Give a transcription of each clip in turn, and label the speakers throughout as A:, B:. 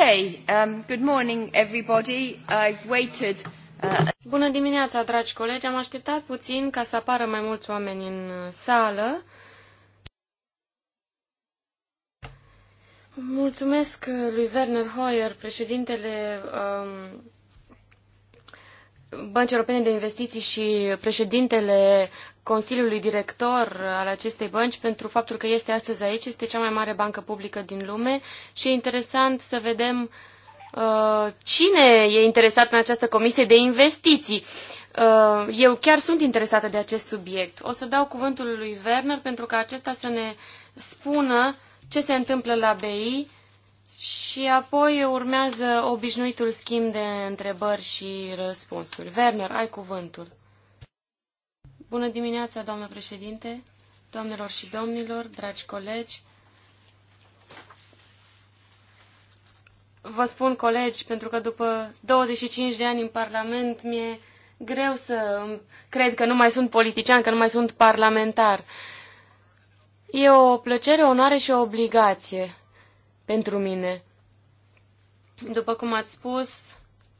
A: Okay, um, good morning everybody. I've waited.
B: Uh... Bună dimineața, dragi colegi. Am așteptat puțin ca să apară mai mulți oameni în uh, sală. Mulțumesc uh, lui Werner Hoyer, președintele um, Băncii Europene de Investiții și președintele Consiliului Director al acestei bănci pentru faptul că este astăzi aici. Este cea mai mare bancă publică din lume și e interesant să vedem uh, cine e interesat în această comisie de investiții. Uh, eu chiar sunt interesată de acest subiect. O să dau cuvântul lui Werner pentru ca acesta să ne spună ce se întâmplă la BI și apoi urmează obișnuitul schimb de întrebări și răspunsuri. Werner, ai cuvântul. Bună dimineața, doamnă președinte, doamnelor și domnilor, dragi colegi. Vă spun colegi pentru că după 25 de ani în Parlament mi-e greu să cred că nu mai sunt politician, că nu mai sunt parlamentar. E o plăcere, o onoare și o obligație pentru mine. După cum ați spus,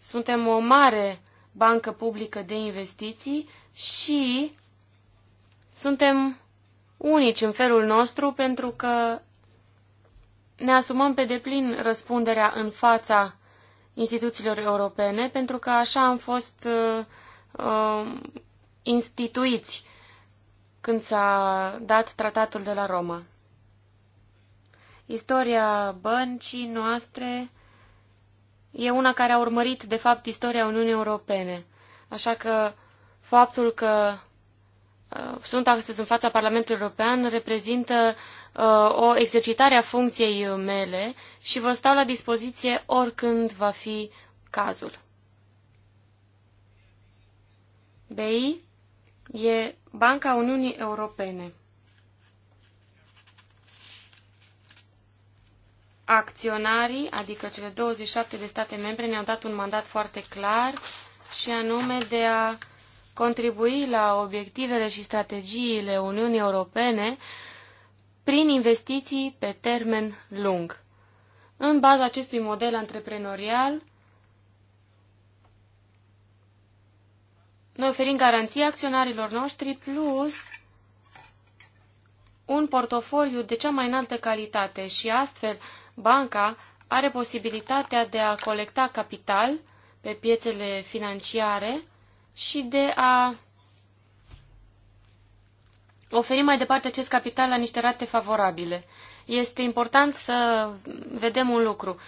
B: suntem o mare bancă publică de investiții și suntem unici în felul nostru pentru că ne asumăm pe deplin răspunderea în fața instituțiilor europene, pentru că așa am fost uh, uh, instituiți când s-a dat tratatul de la Roma. Istoria băncii noastre e una care a urmărit, de fapt, istoria Uniunii Europene. Așa că faptul că Uh, sunt astăzi în fața Parlamentului European reprezintă uh, o exercitare a funcției mele și vă stau la dispoziție oricând va fi cazul. BI e Banca Uniunii Europene. Acționarii, adică cele 27 de state membre, ne-au dat un mandat foarte clar și anume de a contribui la obiectivele și strategiile Uniunii Europene prin investiții pe termen lung. În baza acestui model antreprenorial, noi oferim garanții acționarilor noștri plus un portofoliu de cea mai înaltă calitate și astfel banca are posibilitatea de a colecta capital pe piețele financiare și de a oferi mai departe acest capital la niște rate favorabile. Este important să vedem un lucru.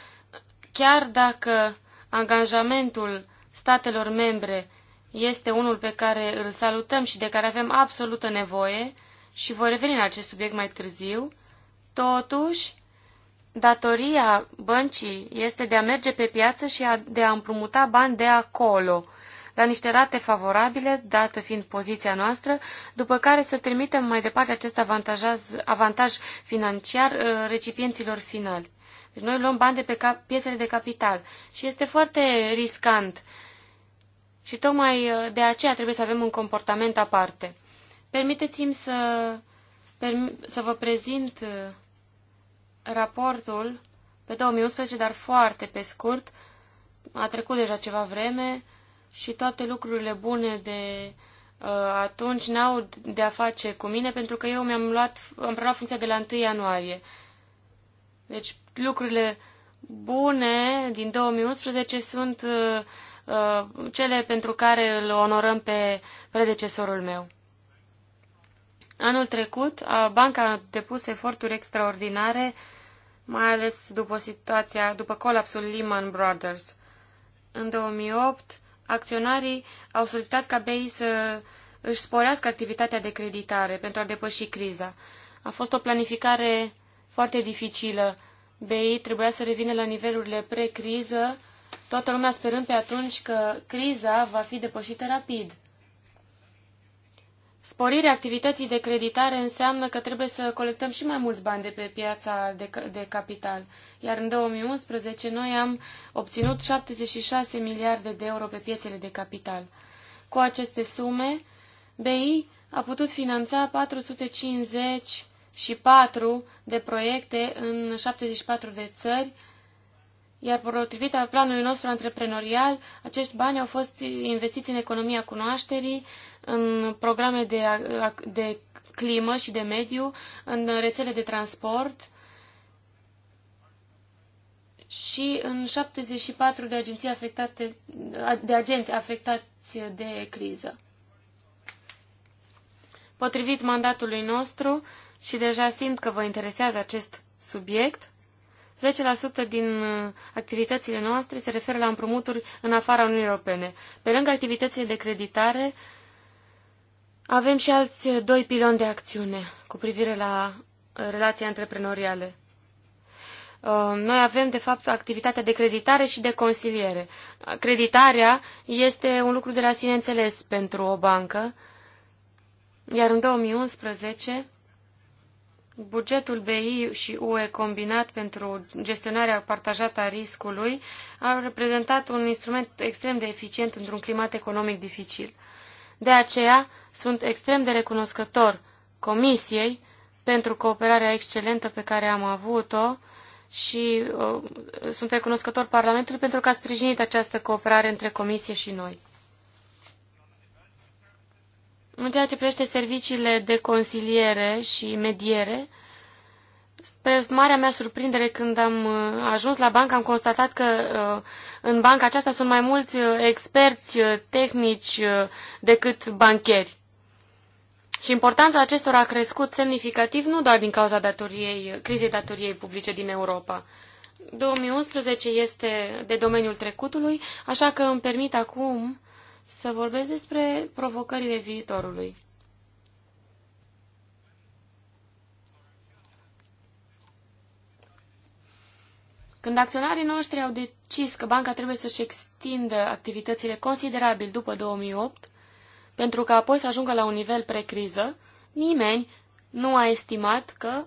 B: Chiar dacă angajamentul statelor membre este unul pe care îl salutăm și de care avem absolută nevoie, și voi reveni la acest subiect mai târziu, totuși, datoria băncii este de a merge pe piață și a, de a împrumuta bani de acolo la niște rate favorabile, dată fiind poziția noastră, după care să trimitem mai departe acest avantaj financiar uh, recipienților finali. Deci noi luăm bani de pe cap, piețele de capital și este foarte riscant și tocmai uh, de aceea trebuie să avem un comportament aparte. Permiteți-mi să, să vă prezint uh, raportul pe 2011, dar foarte pe scurt. A trecut deja ceva vreme și toate lucrurile bune de uh, atunci n-au de a face cu mine pentru că eu mi-am luat, am preluat funcția de la 1 ianuarie. Deci lucrurile bune din 2011 sunt uh, uh, cele pentru care îl onorăm pe predecesorul meu. Anul trecut, banca a depus eforturi extraordinare, mai ales după situația, după colapsul Lehman Brothers. În 2008, acționarii au solicitat ca BEI să își sporească activitatea de creditare pentru a depăși criza. A fost o planificare foarte dificilă. BEI trebuia să revină la nivelurile pre-criză, toată lumea sperând pe atunci că criza va fi depășită rapid. Sporirea activității de creditare înseamnă că trebuie să colectăm și mai mulți bani de pe piața de, de capital. Iar în 2011 noi am obținut 76 miliarde de euro pe piețele de capital. Cu aceste sume, BI a putut finanța 454 de proiecte în 74 de țări, iar potrivit planului nostru antreprenorial, acești bani au fost investiți în economia cunoașterii, în programe de, de climă și de mediu, în rețele de transport și în 74 de agenții afectate, de agenți afectați de criză. Potrivit mandatului nostru, și deja simt că vă interesează acest subiect, 10% din activitățile noastre se referă la împrumuturi în afara Uniunii Europene. Pe lângă activitățile de creditare, avem și alți doi piloni de acțiune cu privire la uh, relații antreprenoriale. Uh, noi avem, de fapt, activitatea de creditare și de consiliere. Creditarea este un lucru de la sine înțeles pentru o bancă, iar în 2011 bugetul BI și UE combinat pentru gestionarea partajată a riscului a reprezentat un instrument extrem de eficient într-un climat economic dificil. De aceea sunt extrem de recunoscător Comisiei pentru cooperarea excelentă pe care am avut-o și uh, sunt recunoscător Parlamentului pentru că a sprijinit această cooperare între Comisie și noi. În ceea ce privește serviciile de consiliere și mediere, Spre marea mea surprindere, când am uh, ajuns la bancă, am constatat că uh, în banca aceasta sunt mai mulți uh, experți tehnici decât bancheri. Și importanța acestora a crescut semnificativ nu doar din cauza datoriei, crizei datoriei publice din Europa. 2011 este de domeniul trecutului, așa că îmi permit acum să vorbesc despre provocările viitorului. Când acționarii noștri au decis că banca trebuie să-și extindă activitățile considerabil după 2008, pentru că apoi să ajungă la un nivel precriză, nimeni nu a estimat că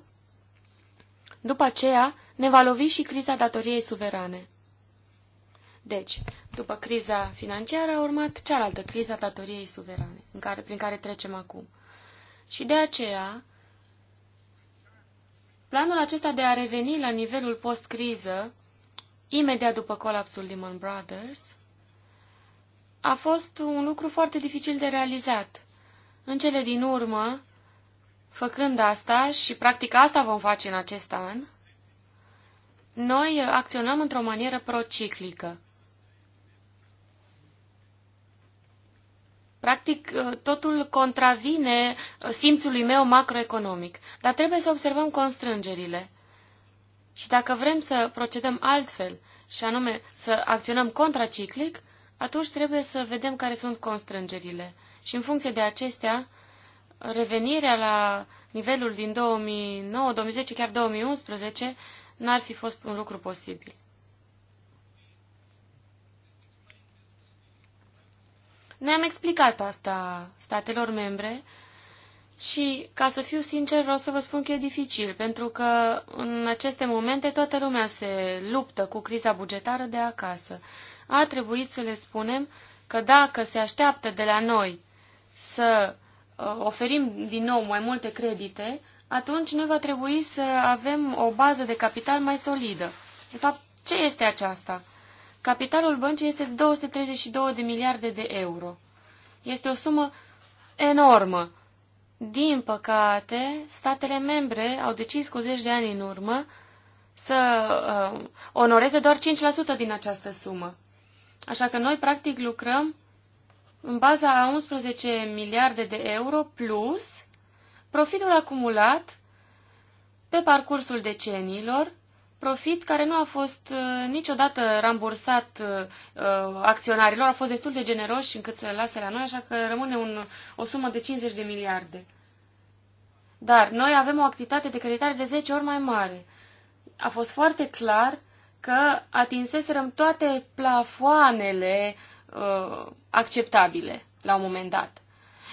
B: după aceea ne va lovi și criza datoriei suverane. Deci, după criza financiară a urmat cealaltă criza datoriei suverane, în care, prin care trecem acum. Și de aceea, Planul acesta de a reveni la nivelul post-criză, imediat după colapsul Lehman Brothers, a fost un lucru foarte dificil de realizat. În cele din urmă, făcând asta, și practic asta vom face în acest an, noi acționăm într-o manieră prociclică. Practic, ă, totul contravine ă, simțului meu macroeconomic. Dar trebuie să observăm constrângerile. Și dacă vrem să procedăm altfel, și anume să acționăm contraciclic, atunci trebuie să vedem care sunt constrângerile. Și în funcție de acestea, revenirea la nivelul din 2009, 2010, chiar 2011, n-ar fi fost un lucru posibil. Ne-am explicat asta statelor membre și, ca să fiu sincer, vreau să vă spun că e dificil, pentru că în aceste momente toată lumea se luptă cu criza bugetară de acasă. A trebuit să le spunem că dacă se așteaptă de la noi să uh, oferim din nou mai multe credite, atunci noi va trebui să avem o bază de capital mai solidă. De fapt, ce este aceasta? Capitalul băncii este 232 de miliarde de euro. Este o sumă enormă. Din păcate, statele membre au decis cu zeci de ani în urmă să uh, onoreze doar 5% din această sumă. Așa că noi, practic, lucrăm în baza a 11 miliarde de euro plus profitul acumulat pe parcursul deceniilor profit care nu a fost uh, niciodată rambursat uh, uh, acționarilor. Au fost destul de generoși încât să le lase la noi, așa că rămâne un, o sumă de 50 de miliarde. Dar noi avem o activitate de creditare de 10 ori mai mare. A fost foarte clar că atinseserăm toate plafoanele uh, acceptabile la un moment dat.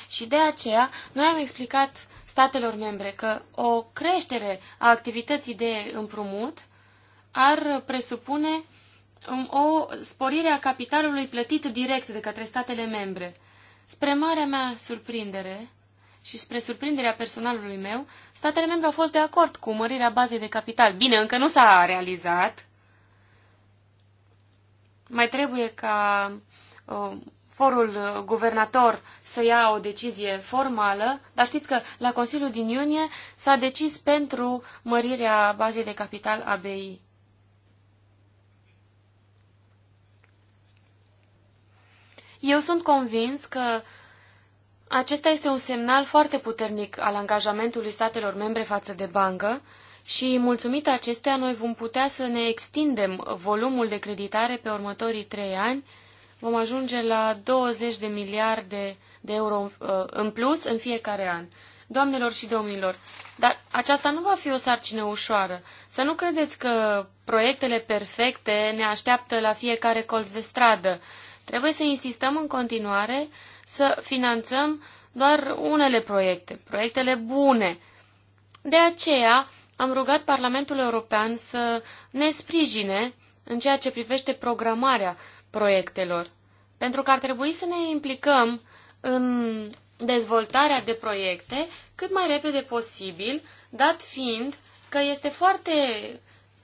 B: Și de aceea noi am explicat statelor membre că o creștere a activității de împrumut ar presupune um, o sporire a capitalului plătit direct de către statele membre. Spre marea mea surprindere și spre surprinderea personalului meu, statele membre au fost de acord cu mărirea bazei de capital. Bine, încă nu s-a realizat. Mai trebuie ca uh, forul guvernator să ia o decizie formală, dar știți că la Consiliul din iunie s-a decis pentru mărirea bazei de capital ABI. Eu sunt convins că acesta este un semnal foarte puternic al angajamentului statelor membre față de bancă și, mulțumită acestea, noi vom putea să ne extindem volumul de creditare pe următorii trei ani. Vom ajunge la 20 de miliarde de euro uh, în plus în fiecare an. Doamnelor și domnilor, dar aceasta nu va fi o sarcină ușoară. Să nu credeți că proiectele perfecte ne așteaptă la fiecare colț de stradă. Trebuie să insistăm în continuare să finanțăm doar unele proiecte, proiectele bune. De aceea am rugat Parlamentul European să ne sprijine în ceea ce privește programarea proiectelor, pentru că ar trebui să ne implicăm în dezvoltarea de proiecte cât mai repede posibil, dat fiind că este foarte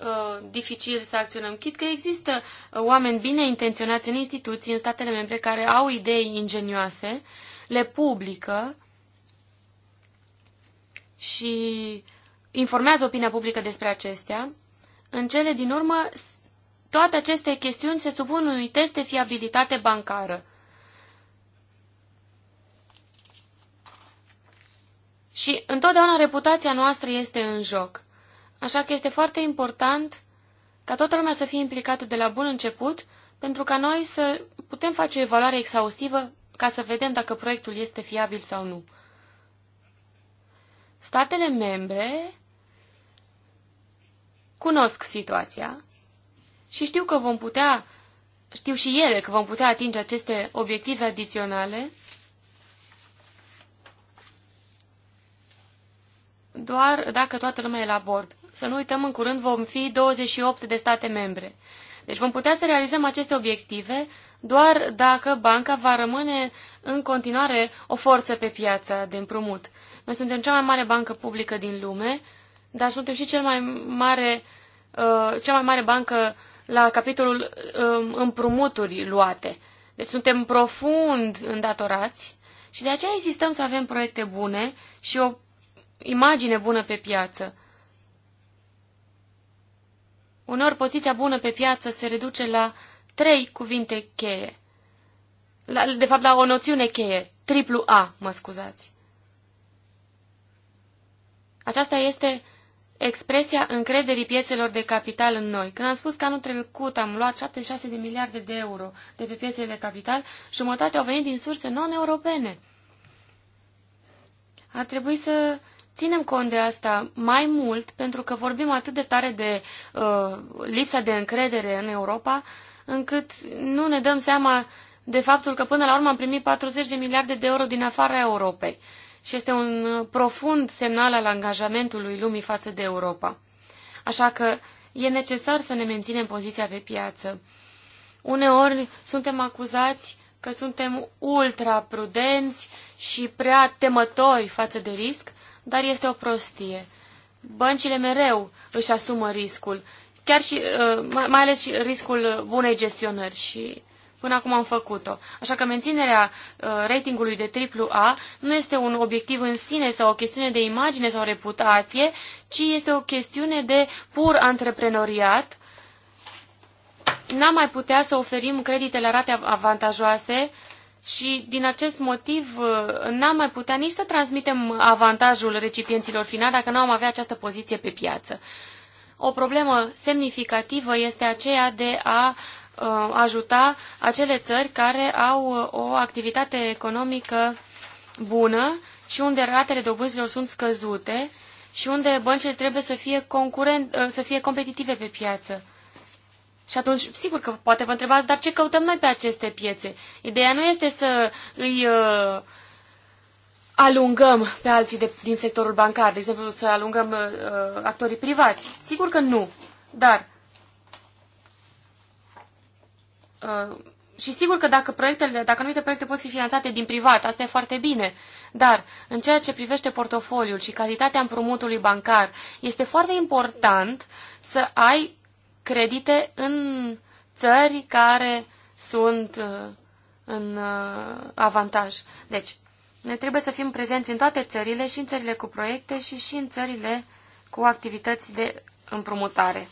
B: Uh, dificil să acționăm. Chit că există uh, oameni bine intenționați în instituții, în statele membre, care au idei ingenioase, le publică și informează opinia publică despre acestea. În cele din urmă, toate aceste chestiuni se supun unui test de fiabilitate bancară. Și întotdeauna reputația noastră este în joc. Așa că este foarte important ca toată lumea să fie implicată de la bun început, pentru ca noi să putem face o evaluare exhaustivă ca să vedem dacă proiectul este fiabil sau nu. Statele membre cunosc situația și știu că vom putea, știu și ele că vom putea atinge aceste obiective adiționale doar dacă toată lumea e la bord. Să nu uităm, în curând vom fi 28 de state membre. Deci vom putea să realizăm aceste obiective doar dacă banca va rămâne în continuare o forță pe piața de împrumut. Noi suntem cea mai mare bancă publică din lume, dar suntem și cel mai mare, uh, cea mai mare bancă la capitolul uh, împrumuturi luate. Deci suntem profund îndatorați și de aceea insistăm să avem proiecte bune și o imagine bună pe piață unor poziția bună pe piață se reduce la trei cuvinte cheie. La, de fapt, la o noțiune cheie. Triplu A, mă scuzați. Aceasta este expresia încrederii piețelor de capital în noi. Când am spus că anul trecut am luat 76 de miliarde de euro de pe piețele de capital, jumătate au venit din surse non-europene. Ar trebui să ținem cont de asta mai mult, pentru că vorbim atât de tare de uh, lipsa de încredere în Europa, încât nu ne dăm seama de faptul că până la urmă am primit 40 de miliarde de euro din afara Europei. Și este un uh, profund semnal al angajamentului lumii față de Europa. Așa că e necesar să ne menținem poziția pe piață. Uneori suntem acuzați că suntem ultra prudenți și prea temători față de risc, dar este o prostie. Băncile mereu își asumă riscul, chiar și, uh, mai ales și riscul bunei gestionări și până acum am făcut-o. Așa că menținerea uh, ratingului de AAA nu este un obiectiv în sine sau o chestiune de imagine sau reputație, ci este o chestiune de pur antreprenoriat. N-am mai putea să oferim credite la rate avantajoase și din acest motiv uh, n-am mai putea nici să transmitem avantajul recipienților finali dacă nu am avea această poziție pe piață. O problemă semnificativă este aceea de a uh, ajuta acele țări care au uh, o activitate economică bună și unde ratele dobânzilor sunt scăzute și unde băncile trebuie să fie, concurent, să fie competitive pe piață. Și atunci, sigur că poate vă întrebați, dar ce căutăm noi pe aceste piețe? Ideea nu este să îi uh, alungăm pe alții de, din sectorul bancar, de exemplu, să alungăm uh, actorii privați. Sigur că nu, dar... Uh, și sigur că dacă, proiectele, dacă anumite proiecte pot fi finanțate din privat, asta e foarte bine. Dar, în ceea ce privește portofoliul și calitatea împrumutului bancar, este foarte important să ai credite în țări care sunt uh, în uh, avantaj. Deci, noi trebuie să fim prezenți în toate țările, și în țările cu proiecte și și în țările cu activități de împrumutare.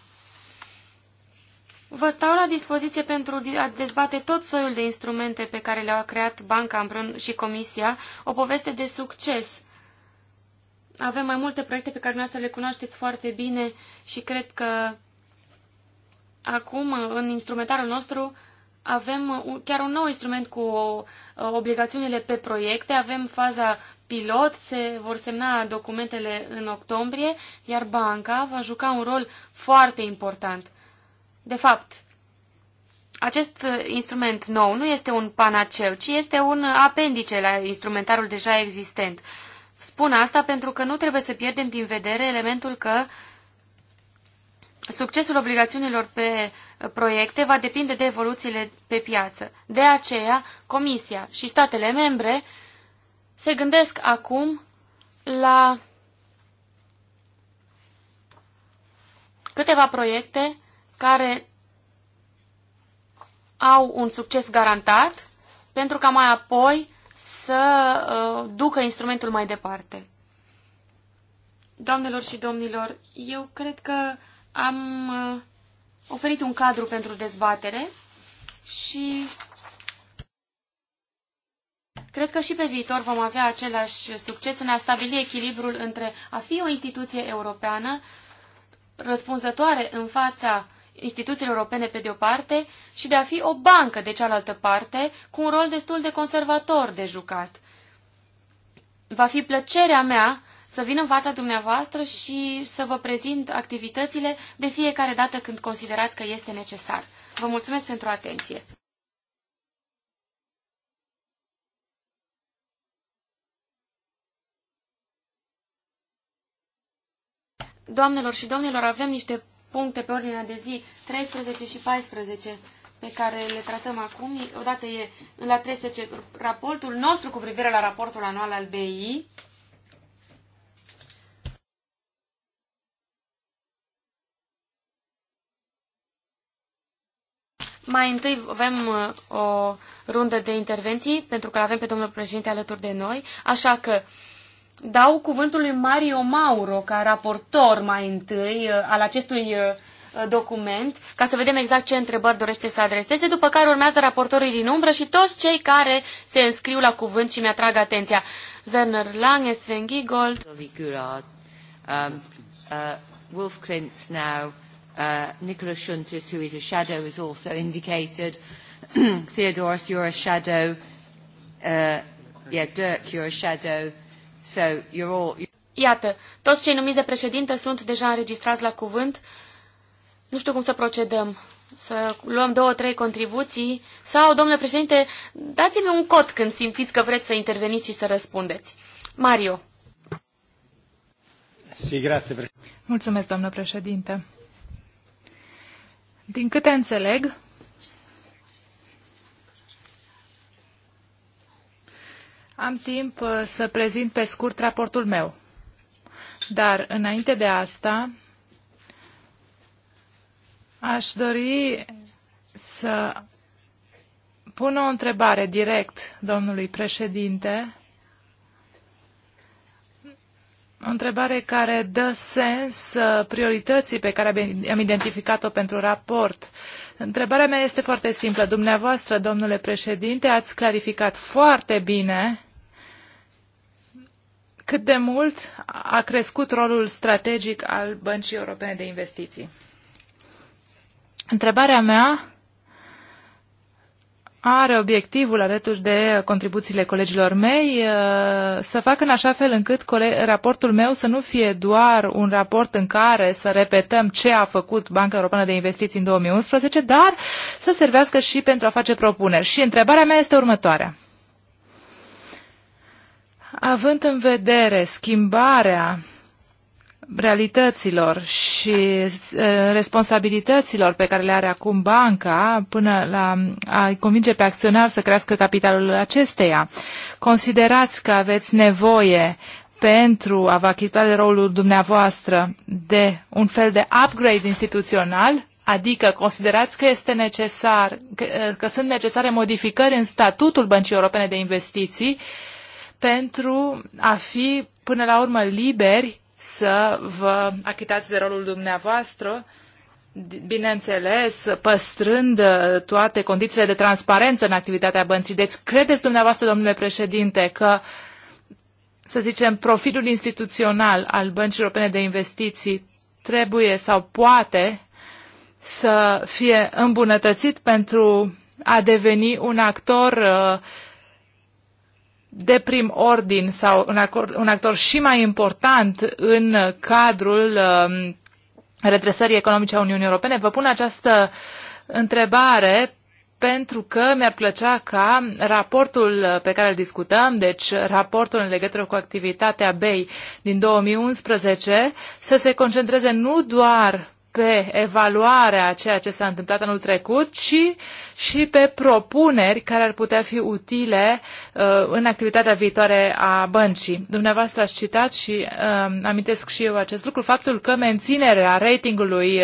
B: Vă stau la dispoziție pentru a dezbate tot soiul de instrumente pe care le-au creat Banca împreună și Comisia, o poveste de succes. Avem mai multe proiecte pe care dumneavoastră le cunoașteți foarte bine și cred că acum în instrumentarul nostru avem chiar un nou instrument cu uh, obligațiunile pe proiecte, avem faza pilot, se vor semna documentele în octombrie, iar banca va juca un rol foarte important. De fapt, acest uh, instrument nou nu este un panaceu, ci este un apendice la instrumentarul deja existent. Spun asta pentru că nu trebuie să pierdem din vedere elementul că uh, succesul obligațiunilor pe uh, proiecte va depinde de evoluțiile pe piață. De aceea, Comisia și statele membre se gândesc acum la câteva proiecte care au un succes garantat pentru ca mai apoi să uh, ducă instrumentul mai departe. Doamnelor și domnilor, eu cred că am uh, oferit un cadru pentru dezbatere și cred că și pe viitor vom avea același succes în a stabili echilibrul între a fi o instituție europeană răspunzătoare în fața instituțiilor europene pe de o parte și de a fi o bancă de cealaltă parte, cu un rol destul de conservator de jucat. Va fi plăcerea mea să vin în fața dumneavoastră și să vă prezint activitățile de fiecare dată când considerați că este necesar. Vă mulțumesc pentru atenție! Doamnelor și domnilor, avem niște puncte pe ordinea de zi 13 și 14 pe care le tratăm acum. Odată e la 13 raportul nostru cu privire la raportul anual al BI. Mai întâi avem uh, o rundă de intervenții, pentru că avem pe domnul președinte alături de noi, așa că dau cuvântul lui Mario Mauro, ca raportor mai întâi uh, al acestui uh, document, ca să vedem exact ce întrebări dorește să adreseze, după care urmează raportorii din umbră și toți cei care se înscriu la cuvânt și mi-atrag atenția. Werner Lange, Sven Giegold,
A: um, uh, Wolf Klintz now, Uh, Shuntis, who is a shadow, is also indicated. Theodorus, you're a shadow. Uh, yeah, Dirk, you're a shadow. So you're all... Iată,
B: toți cei numiți de președinte sunt deja înregistrați la cuvânt. Nu știu cum să procedăm. Să luăm două, trei contribuții. Sau, domnule președinte, dați-mi un cot când simțiți că vreți să interveniți și să răspundeți. Mario.
C: Mulțumesc, doamnă președinte. Din câte înțeleg, am timp uh, să prezint pe scurt raportul meu. Dar înainte de asta, aș dori să pun o întrebare direct domnului președinte o întrebare care dă sens uh, priorității pe care am identificat-o pentru raport. Întrebarea mea este foarte simplă. Dumneavoastră, domnule președinte, ați clarificat foarte bine cât de mult a crescut rolul strategic al Băncii Europene de Investiții. Întrebarea mea are obiectivul, alături de contribuțiile colegilor mei, uh, să fac în așa fel încât raportul meu să nu fie doar un raport în care să repetăm ce a făcut Banca Europeană de Investiții în 2011, dar să servească și pentru a face propuneri. Și întrebarea mea este următoarea. Având în vedere schimbarea realităților și eh, responsabilităților pe care le are acum banca până la a-i convinge pe acționar să crească capitalul acesteia. Considerați că aveți nevoie pentru a vă achita de rolul dumneavoastră de un fel de upgrade instituțional? Adică considerați că este necesar, că, eh, că sunt necesare modificări în statutul Băncii Europene de Investiții pentru a fi până la urmă liberi să vă achitați de rolul dumneavoastră, bineînțeles, păstrând uh, toate condițiile de transparență în activitatea băncii. Deci, credeți dumneavoastră, domnule președinte, că să zicem, profilul instituțional al băncii europene de investiții trebuie sau poate să fie îmbunătățit pentru a deveni un actor uh, de prim ordin sau un, acord, un actor și mai important în cadrul um, redresării economice a Uniunii Europene. Vă pun această întrebare pentru că mi-ar plăcea ca raportul pe care îl discutăm, deci raportul în legătură cu activitatea BEI din 2011, să se concentreze nu doar pe evaluarea a ceea ce s-a întâmplat anul trecut, ci și pe propuneri care ar putea fi utile uh, în activitatea viitoare a băncii. Dumneavoastră ați citat și uh, amintesc și eu acest lucru, faptul că menținerea ratingului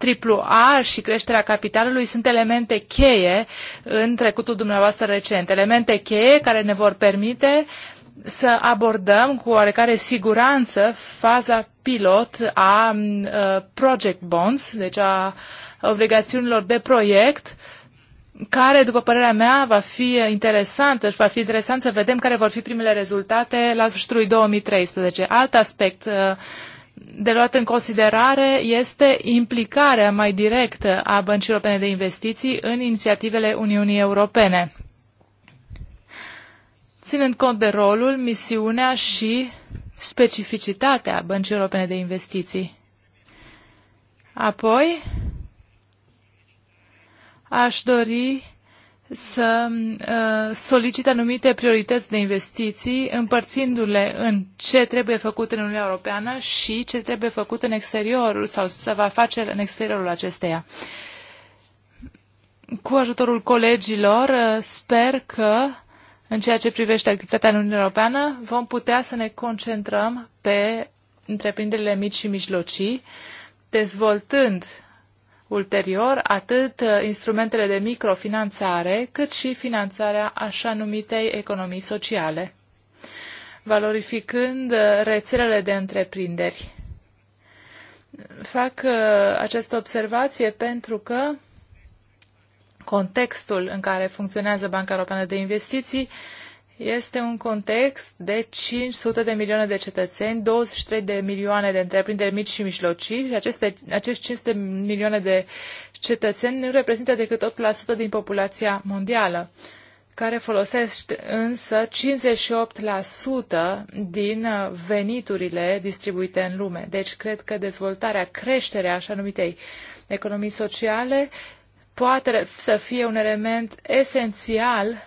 C: uh, AAA și creșterea capitalului sunt elemente cheie în trecutul dumneavoastră recent, elemente cheie care ne vor permite uh, să abordăm cu oarecare siguranță faza pilot a uh, project bonds, deci a obligațiunilor de proiect, care, după părerea mea, va fi interesantă și va fi interesant să vedem care vor fi primele rezultate la sfârșitul 2013. Alt aspect uh, de luat în considerare este implicarea mai directă a băncii europene de investiții în inițiativele Uniunii Europene ținând cont de rolul, misiunea și specificitatea Băncii Europene de Investiții. Apoi, aș dori să uh, solicit anumite priorități de investiții, împărțindu-le în ce trebuie făcut în Uniunea Europeană și ce trebuie făcut în exteriorul sau să va face în exteriorul acesteia. Cu ajutorul colegilor, uh, sper că în ceea ce privește activitatea în Uniunea Europeană, vom putea să ne concentrăm pe întreprinderile mici și mijlocii, dezvoltând ulterior atât uh, instrumentele de microfinanțare, cât și finanțarea așa numitei economii sociale, valorificând uh, rețelele de întreprinderi. Fac uh, această observație pentru că contextul în care funcționează Banca Europeană de Investiții este un context de 500 de milioane de cetățeni, 23 de milioane de întreprinderi mici și mijlocii și aceste, acești 500 de milioane de cetățeni nu reprezintă decât 8% din populația mondială, care folosește însă 58% din uh, veniturile distribuite în lume. Deci cred că dezvoltarea, creșterea așa numitei economii sociale poate să fie un element esențial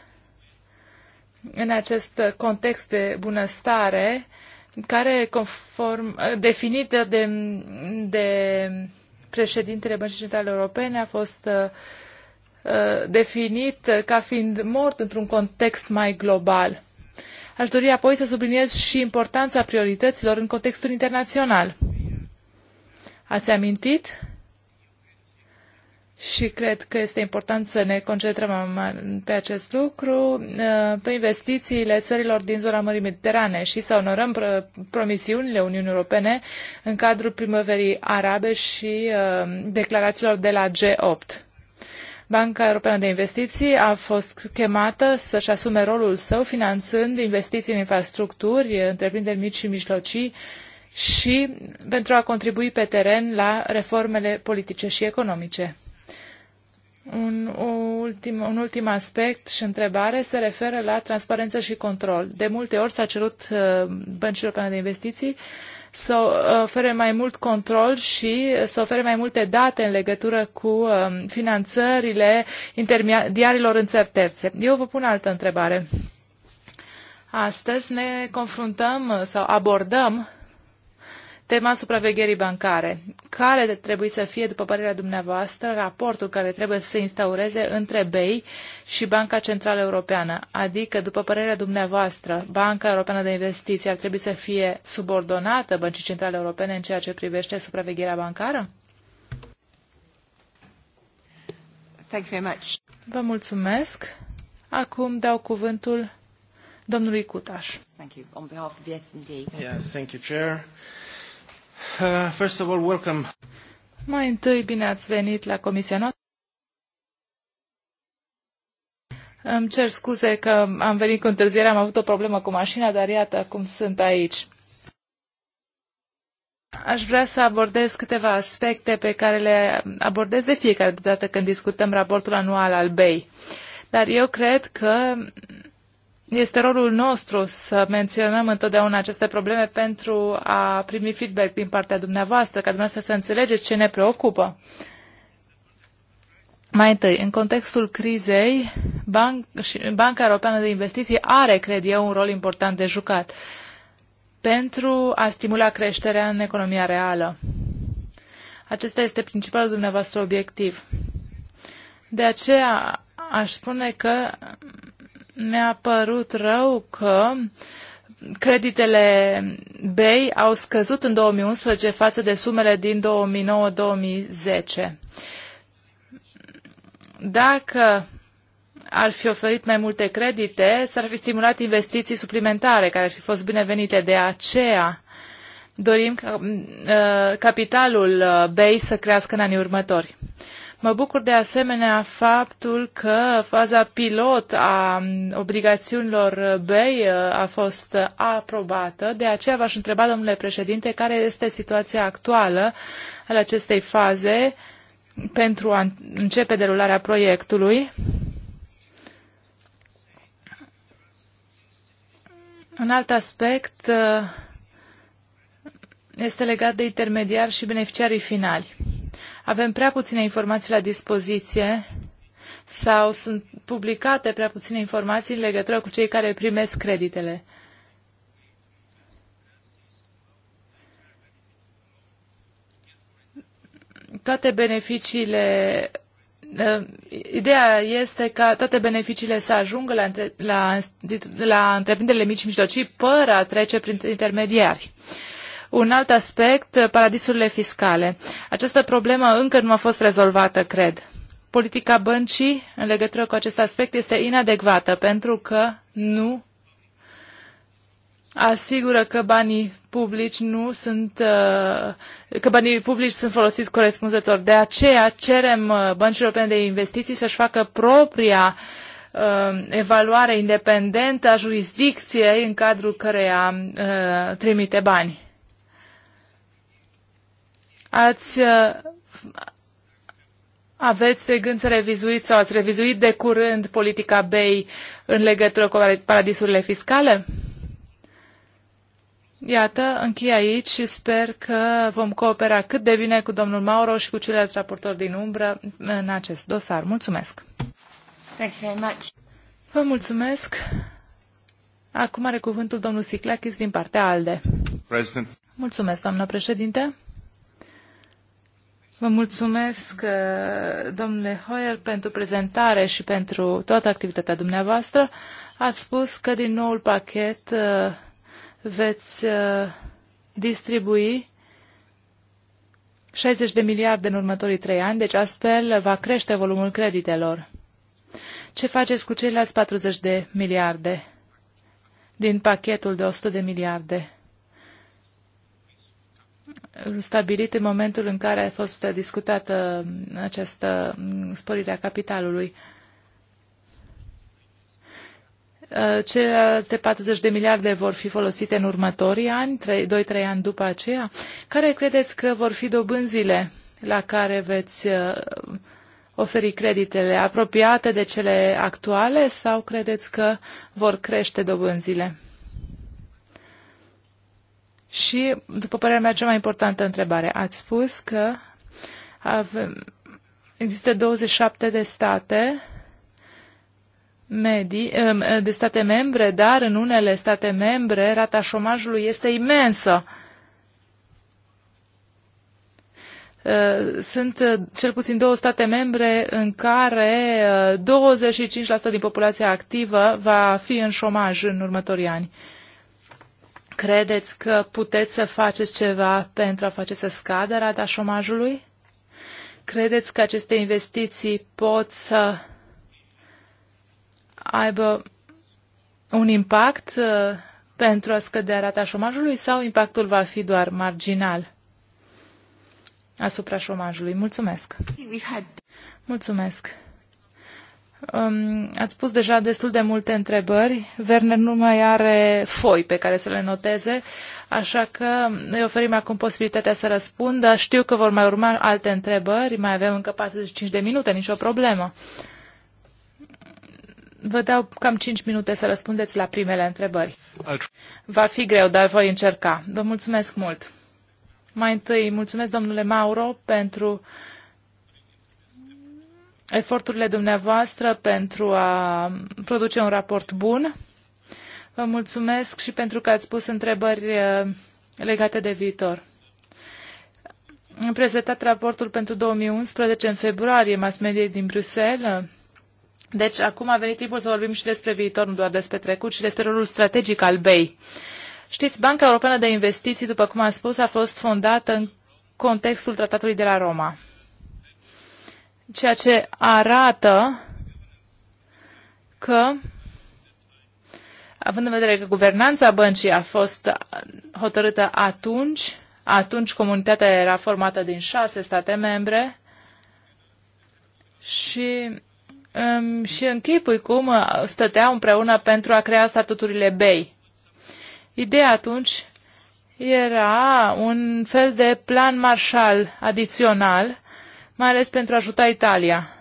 C: în acest context de bunăstare care conform, definită de, de președintele Băncii Centrale Europene a fost uh, uh definit ca fiind mort într-un context mai global. Aș dori apoi să subliniez și importanța priorităților în contextul internațional. Ați amintit și cred că este important să ne concentrăm pe acest lucru, uh, pe investițiile țărilor din zona Mării Mediterane și să onorăm promisiunile Uniunii Europene în cadrul primăverii arabe și uh, declarațiilor de la G8. Banca Europeană de Investiții a fost chemată să-și asume rolul său finanțând investiții în infrastructuri, întreprinderi mici și mijlocii și pentru a contribui pe teren la reformele politice și economice. Un, ultim, un ultim aspect și întrebare se referă la transparență și control. De multe ori s-a cerut uh, băncilor până de investiții să uh, ofere mai mult control și să ofere mai multe date în legătură cu uh, finanțările intermediarilor în țări terțe. Eu vă pun altă întrebare. Astăzi ne confruntăm uh, sau abordăm tema supravegherii bancare. Care trebuie să fie, după părerea dumneavoastră, raportul care trebuie să se instaureze între BEI și Banca Centrală Europeană? Adică, după părerea dumneavoastră, Banca Europeană de Investiții ar trebui să fie subordonată Băncii Centrale Europene în ceea ce privește supravegherea bancară? Thank you very much. Vă mulțumesc. Acum dau cuvântul domnului Cutaș.
A: Thank you. On behalf of the S&D. Yes, thank you, Chair. Uh, first of all, welcome.
C: Mai întâi, bine ați venit la comisia noastră. Îmi cer scuze că am venit cu întârziere, am avut o problemă cu mașina, dar iată cum sunt aici. Aș vrea să abordez câteva aspecte pe care le abordez de fiecare dată când discutăm raportul anual al BEI. Dar eu cred că este rolul nostru să menționăm întotdeauna aceste probleme pentru a primi feedback din partea dumneavoastră, ca dumneavoastră să înțelegeți ce ne preocupă. Mai întâi, în contextul crizei, Ban Banca Europeană de Investiții are, cred eu, un rol important de jucat pentru a stimula creșterea în economia reală. Acesta este principalul dumneavoastră obiectiv. De aceea aș spune că mi-a părut rău că creditele BEI au scăzut în 2011 față de sumele din 2009-2010. Dacă ar fi oferit mai multe credite, s-ar fi stimulat investiții suplimentare care ar fi fost binevenite. De aceea dorim ca, mm, uh, capitalul uh, BEI să crească în anii următori. Mă bucur de asemenea faptul că faza pilot a obligațiunilor BEI a fost aprobată. De aceea v-aș întreba, domnule președinte, care este situația actuală al acestei faze pentru a începe derularea proiectului. Un alt aspect uh, este legat de intermediari și beneficiarii finali. Avem prea puține informații la dispoziție sau sunt publicate prea puține informații în legătură cu cei care primesc creditele. Toate beneficiile ă, Ideea este ca toate beneficiile să ajungă la, la, la întreprinderile mici și mijlocii fără a trece prin intermediari. Uh, un alt aspect, uh, paradisurile fiscale. Această problemă încă nu a fost rezolvată, cred. Politica băncii în legătură cu acest aspect este inadecvată pentru că nu asigură că banii publici nu sunt uh, că banii publici sunt folosiți corespunzător. De aceea cerem uh, băncilor europene de investiții să-și facă propria evaluare independentă a jurisdicției în cadrul căreia trimite bani ați uh, aveți de gând să revizuiți sau ați revizuit de curând politica BEI în legătură cu paradisurile fiscale? Iată, închei aici și sper că vom coopera cât de bine cu domnul Mauro și cu ceilalți raportori din umbră în acest dosar. Mulțumesc! Thank you very much. Vă mulțumesc! Acum are cuvântul domnul Siclachis din partea ALDE. President. Mulțumesc, doamnă președinte! Vă mulțumesc, uh, domnule Hoyer, pentru prezentare și pentru toată activitatea dumneavoastră. Ați spus că din noul pachet uh, veți uh, distribui 60 de miliarde în următorii trei ani, deci astfel va crește volumul creditelor. Ce faceți cu ceilalți 40 de miliarde din pachetul de 100 de miliarde? stabilit în momentul în care a fost discutată această sporire a capitalului. Uh, celelalte 40 de miliarde vor fi folosite în următorii ani, 2-3 ani după aceea. Care credeți că vor fi dobânzile la care veți uh, oferi creditele apropiate de cele actuale sau credeți că vor crește dobânzile? Și, după părerea mea, cea mai importantă întrebare. Ați spus că avem, există 27 de state medii, de state membre, dar în unele state membre rata șomajului este imensă. Eh, sunt eh, cel puțin două state membre în care 25% eh, din populația activă va fi în șomaj în următorii ani. Credeți că puteți să faceți ceva pentru a face să scadă rata șomajului? Credeți că aceste investiții pot să aibă un impact uh, pentru a scădea rata șomajului sau impactul va fi doar marginal asupra șomajului? Mulțumesc! Mulțumesc! Um, ați pus deja destul de multe întrebări. Werner nu mai are foi pe care să le noteze, așa că îi oferim acum posibilitatea să răspundă. Știu că vor mai urma alte întrebări, mai avem încă 45 de minute, nicio problemă. Vă dau cam 5 minute să răspundeți la primele întrebări. Va fi greu, dar voi încerca. Vă mulțumesc mult. Mai întâi, mulțumesc domnule Mauro pentru uh, eforturile dumneavoastră pentru a produce un raport bun. Vă mulțumesc și pentru că ați pus întrebări uh, legate de viitor. Am prezentat raportul pentru 2011 în februarie mass media din Bruxelles. Deci acum a venit timpul să vorbim și despre viitor, nu doar despre trecut, și despre rolul strategic al BEI. Știți, Banca Europeană de Investiții, după cum am spus, a fost fondată în contextul Tratatului de la Roma ceea ce arată că, având în vedere că guvernanța băncii a fost hotărâtă atunci, atunci comunitatea era formată din șase state membre și și închipui cum stăteau împreună pentru a crea statuturile BEI. Ideea atunci era un fel de plan marșal adițional mai ales pentru a ajuta Italia.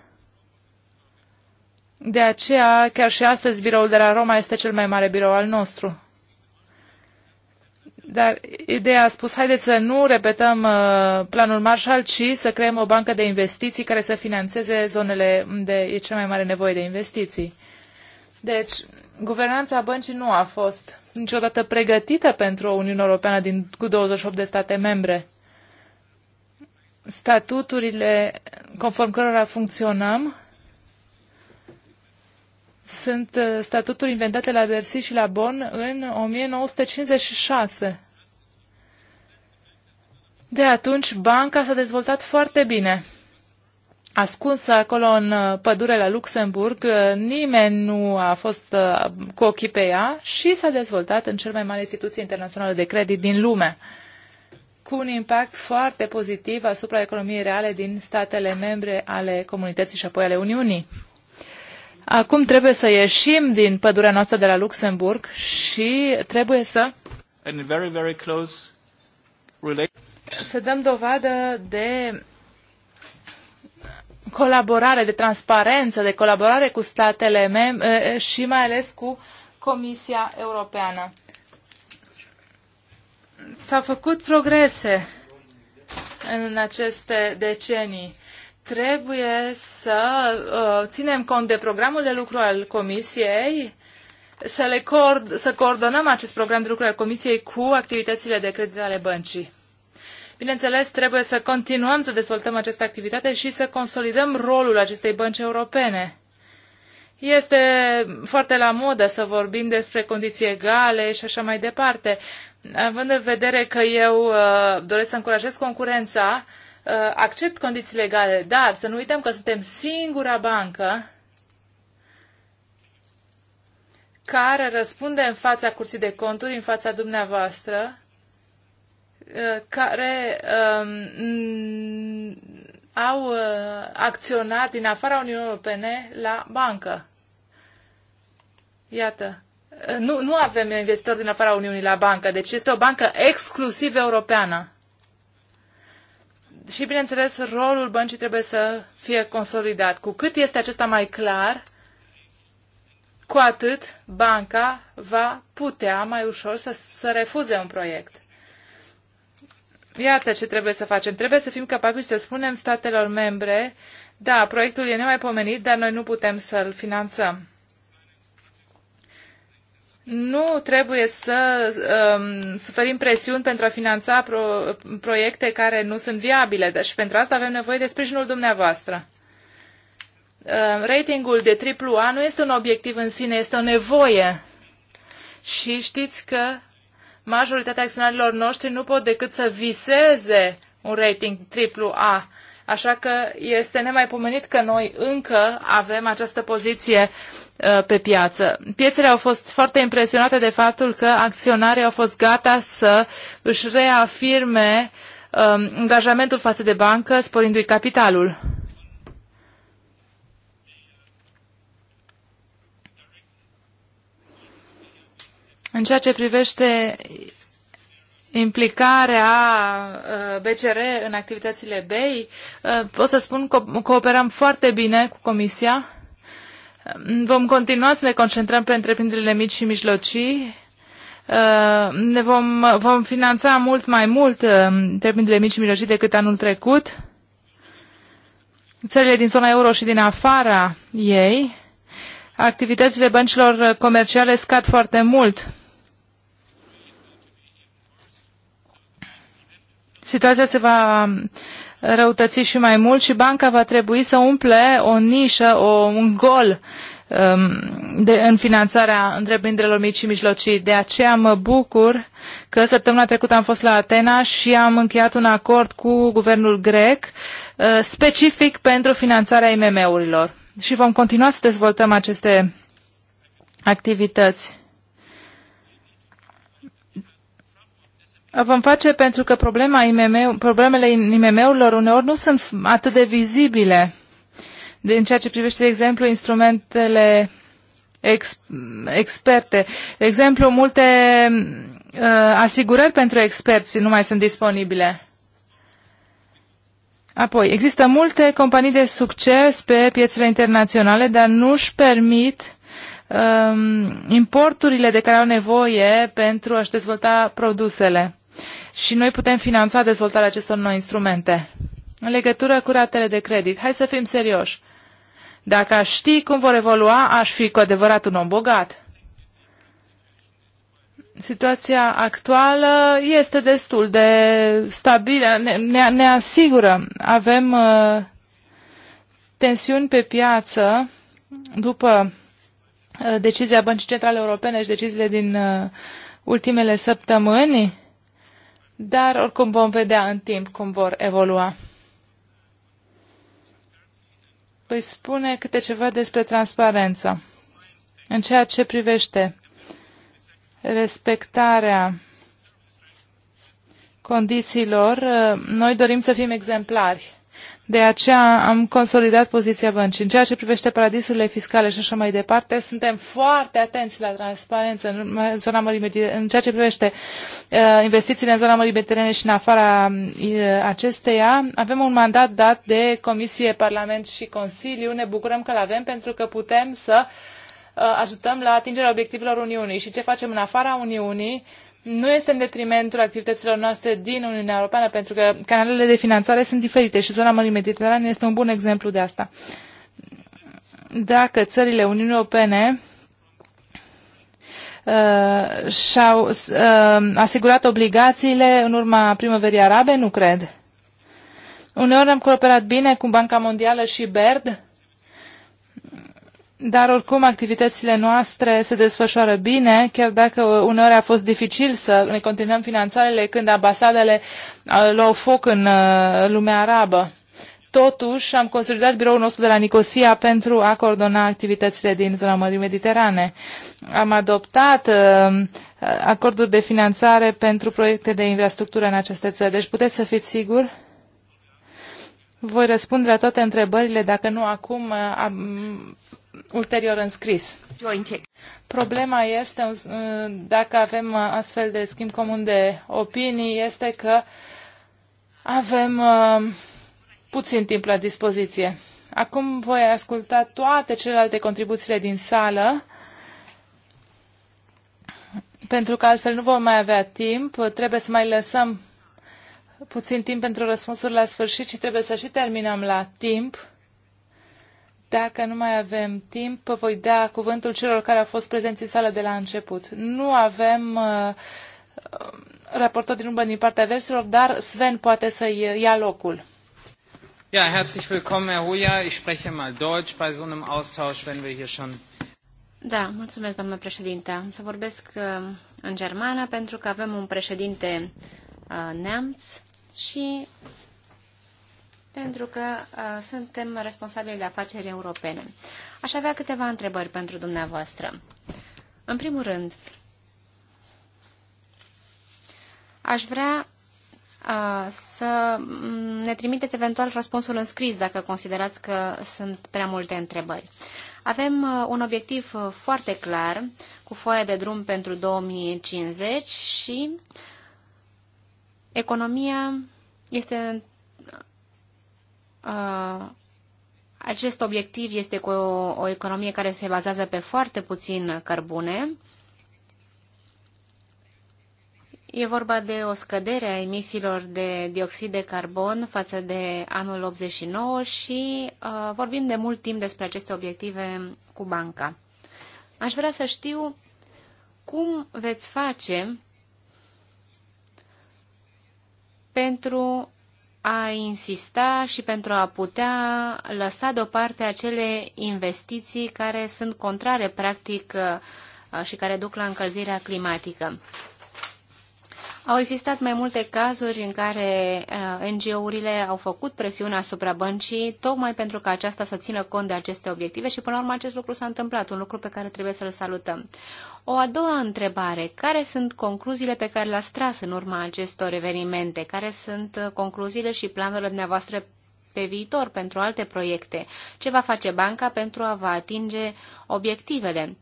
C: De aceea, chiar și astăzi, biroul de la Roma este cel mai mare birou al nostru. Dar ideea a spus, haideți să nu repetăm uh, planul Marshall, ci să creăm o bancă de investiții care să financeze zonele unde e cea mai mare nevoie de investiții. Deci, guvernanța băncii nu a fost niciodată pregătită pentru o Uniune Europeană din, cu 28 de state membre statuturile conform cărora funcționăm sunt uh, statuturi inventate la Bercy și la Bonn în 1956. De atunci, banca s-a dezvoltat foarte bine. Ascunsă acolo în uh, pădure la Luxemburg, uh, nimeni nu a fost cu ochii pe ea și s-a dezvoltat în cel mai mare instituție internațională de credit din lume cu un impact foarte pozitiv asupra economiei reale din statele membre ale comunității și apoi ale Uniunii. Acum trebuie să ieșim din pădurea noastră de la Luxemburg și trebuie să
A: very, very close
C: să dăm dovadă de colaborare, de transparență, de colaborare cu statele membre și mai ales cu Comisia Europeană. S-au făcut progrese în aceste decenii. Trebuie să uh, ținem cont de programul de lucru al Comisiei, să, le cord- să coordonăm acest program de lucru al Comisiei cu activitățile de credit ale băncii. Bineînțeles, trebuie să continuăm să dezvoltăm această activitate și să consolidăm rolul acestei bănci europene. Este foarte la modă să vorbim despre condiții egale și așa mai departe, având în vedere că eu uh, doresc să încurajez concurența, uh, accept condiții legale, dar să nu uităm că suntem singura bancă care răspunde în fața curții de conturi, în fața dumneavoastră, uh, care um, au uh, acționat din afara Uniunii Europene la bancă. Iată, nu, nu avem investitori din afara Uniunii la bancă, deci este o bancă exclusiv europeană. Și, bineînțeles, rolul băncii trebuie să fie consolidat. Cu cât este acesta mai clar, cu atât banca va putea mai ușor să, să refuze un proiect. Iată ce trebuie să facem. Trebuie să fim capabili să spunem statelor membre, da, proiectul e nemaipomenit, dar noi nu putem să-l finanțăm nu trebuie să um, suferim presiuni pentru a finanța pro- proiecte care nu sunt viabile. și deci, pentru asta avem nevoie de sprijinul dumneavoastră. Uh, ratingul de AAA nu este un obiectiv în sine, este o nevoie. Și știți că majoritatea acționarilor noștri nu pot decât să viseze un rating AAA. Așa că este nemaipomenit că noi încă avem această poziție uh, pe piață. Piețele au fost foarte impresionate de faptul că acționarii au fost gata să își reafirme um, angajamentul față de bancă, sporindu-i capitalul. În ceea ce privește implicarea uh, BCR în activitățile BEI. Uh, pot să spun că cooperăm foarte bine cu Comisia. Vom continua să ne concentrăm pe întreprinderile mici și mijlocii. Uh, ne vom, vom finanța mult mai mult întreprinderile mici și mijlocii decât anul trecut. Țările din zona euro și din afara ei, activitățile băncilor comerciale scad foarte mult situația se va uh, răutăți și mai mult și banca va trebui să umple o nișă, o, un gol um, de, în finanțarea întreprinderilor mici și mijlocii. De aceea mă bucur că săptămâna trecută am fost la Atena și am încheiat un acord cu guvernul grec uh, specific pentru finanțarea IMM-urilor. Și vom continua să dezvoltăm aceste activități. vom face pentru că problema IMM, problemele IMM-urilor uneori nu sunt atât de vizibile Din ceea ce privește, de exemplu, instrumentele ex, experte. De exemplu, multe uh, asigurări pentru experți nu mai sunt disponibile. Apoi, există multe companii de succes pe piețele internaționale, dar nu își permit um, importurile de care au nevoie pentru a-și dezvolta produsele și noi putem finanța dezvoltarea acestor noi instrumente. În legătură cu ratele de credit, hai să fim serioși. Dacă aș ști cum vor evolua, aș fi cu adevărat un om bogat. Situația actuală este destul de stabilă, ne, ne, ne asigură. Avem uh, tensiuni pe piață după uh, decizia Băncii Centrale Europene și deciziile din uh, ultimele săptămâni dar oricum vom vedea în timp cum vor evolua. Voi spune câte ceva despre transparență. În ceea ce privește respectarea condițiilor, uh, noi dorim să fim exemplari de aceea am consolidat poziția băncii. În ceea ce privește paradisurile fiscale și așa mai departe, suntem foarte atenți la transparență în, în zona Mării în ceea ce privește uh, investițiile în zona Mării Mediterane și în afara uh, acesteia. Avem un mandat dat de Comisie, Parlament și Consiliu. Ne bucurăm că-l avem pentru că putem să uh, ajutăm la atingerea obiectivelor Uniunii. Și ce facem în afara Uniunii nu este în detrimentul activităților noastre din Uniunea Europeană, pentru că canalele de finanțare sunt diferite și zona Mării Mediterane este un bun exemplu de asta. Dacă țările Uniunii Europene uh, și-au uh, asigurat obligațiile în urma primăverii arabe, nu cred. Uneori am cooperat bine cu Banca Mondială și BERD dar oricum activitățile noastre se desfășoară bine, chiar dacă uh, uneori a fost dificil să ne continuăm finanțarele când ambasadele uh, luau foc în uh, lumea arabă. Totuși, am consolidat biroul nostru de la Nicosia pentru a coordona activitățile din zona Mării Mediterane. Am adoptat uh, acorduri de finanțare pentru proiecte de infrastructură în aceste țări. Deci puteți să fiți siguri? Voi răspunde la toate întrebările, dacă nu acum, ulterior în scris. Problema este, dacă avem astfel de schimb comun de opinii, este că avem uh, puțin timp la dispoziție. Acum voi asculta toate celelalte contribuțiile din sală, pentru că altfel nu vom mai avea timp. Trebuie să mai lăsăm puțin timp pentru răspunsuri la sfârșit și trebuie să și terminăm la timp dacă nu mai avem timp, voi da cuvântul celor care au fost prezenți în sală de la început. Nu avem uh, uh raportor din umbră din partea versilor, dar Sven poate să ia locul. Ja, herzlich willkommen, Herr Hoja. Ich spreche mal Deutsch bei so einem Austausch, wenn wir hier schon
D: da, mulțumesc, doamnă președinte. Să vorbesc uh, în germană pentru că avem un președinte uh, neamț și pentru că uh, suntem responsabili de afaceri europene. Aș avea câteva întrebări pentru dumneavoastră. În primul rând, aș vrea uh, să ne trimiteți eventual răspunsul în scris dacă considerați că sunt prea multe întrebări. Avem uh, un obiectiv uh, foarte clar cu foaia de drum pentru 2050 și economia este Uh, acest obiectiv este cu o, o economie care se bazează pe foarte puțin cărbune. E vorba de o scădere a emisiilor de dioxid de carbon față de anul 89 și uh, vorbim de mult timp despre aceste obiective cu banca. Aș vrea să știu cum veți face pentru a insista și pentru a putea lăsa deoparte acele investiții care sunt contrare, practic, uh, și care duc la încălzirea climatică. Au existat mai multe cazuri în care uh, NGO-urile au făcut presiune asupra băncii, tocmai pentru ca aceasta să țină cont de aceste obiective și, până la urmă, acest lucru s-a întâmplat, un lucru pe care trebuie să-l salutăm. O a doua întrebare, care sunt concluziile pe care le-ați tras în urma acestor evenimente? Care sunt uh, concluziile și planurile dumneavoastră pe viitor pentru alte proiecte? Ce va face banca pentru a vă atinge obiectivele?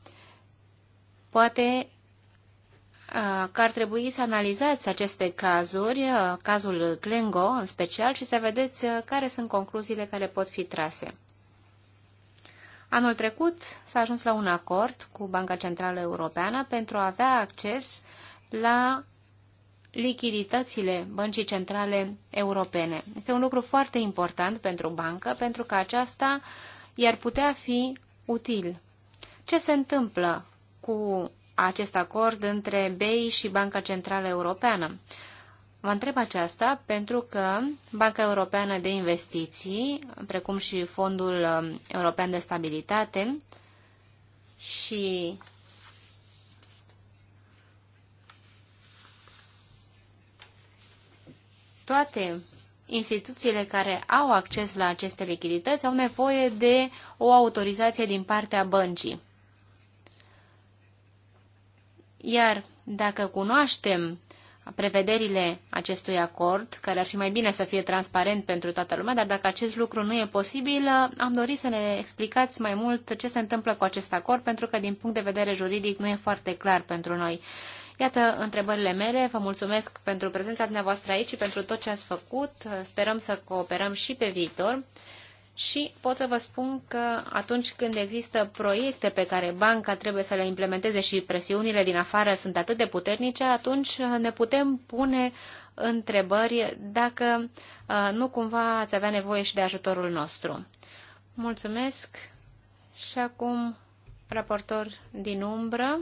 D: Poate uh, că ar trebui să analizați aceste cazuri, uh, cazul Glengo în special, și să vedeți care sunt concluziile care pot fi trase. Anul trecut s-a ajuns la un acord cu Banca Centrală Europeană pentru a avea acces la lichiditățile Băncii Centrale Europene. Este un lucru foarte important pentru bancă, pentru că aceasta i-ar putea fi util. Ce se întâmplă cu acest acord între BEI și Banca Centrală Europeană? Vă întreb aceasta pentru că Banca Europeană de Investiții, precum și Fondul um, European de Stabilitate și toate instituțiile care au acces la aceste lichidități au nevoie de o autorizație din partea băncii. Iar dacă cunoaștem prevederile acestui acord, care ar fi mai bine să fie transparent pentru toată lumea, dar dacă acest lucru nu e posibil, am dorit să ne explicați mai mult ce se întâmplă cu acest acord, pentru că din punct de vedere juridic nu e foarte clar pentru noi. Iată întrebările mele. Vă mulțumesc pentru prezența dumneavoastră aici și pentru tot ce ați făcut. Sperăm să cooperăm și pe viitor și pot să vă spun că atunci când există proiecte pe care banca trebuie să le implementeze și presiunile din afară sunt atât de puternice, atunci ne putem pune întrebări dacă uh, nu cumva ați avea nevoie și de ajutorul nostru. Mulțumesc și acum raportor din umbră.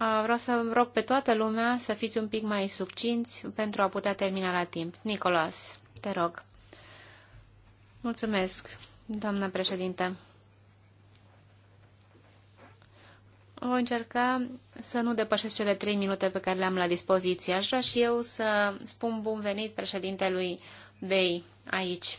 D: Uh, vreau să rog pe toată lumea să fiți un pic mai subcinți pentru a putea termina la timp. Nicolas, te rog. Mulțumesc, președinte. Voi încerca să nu depășesc cele trei minute pe care le am la dispoziție. Aș vrea și eu să spun bun venit președintelui Bei aici.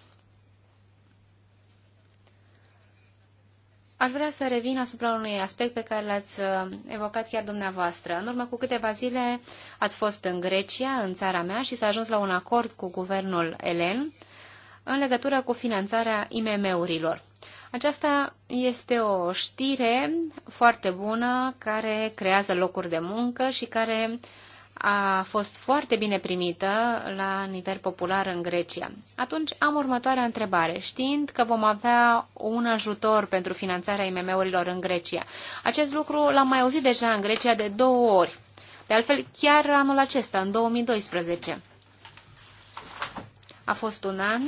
D: Aș vrea să revin asupra unui aspect pe care l-ați uh, evocat chiar dumneavoastră. În urmă cu câteva zile ați fost în Grecia, în țara mea, și s-a ajuns la un acord cu guvernul elen în legătură cu finanțarea IMM-urilor. Aceasta este o știre foarte bună care creează locuri de muncă și care a fost foarte bine primită la nivel popular în Grecia. Atunci am următoarea întrebare. Știind că vom avea un ajutor pentru finanțarea IMM-urilor în Grecia, acest lucru l-am mai auzit deja în Grecia de două ori. De altfel, chiar anul acesta, în 2012. A fost un an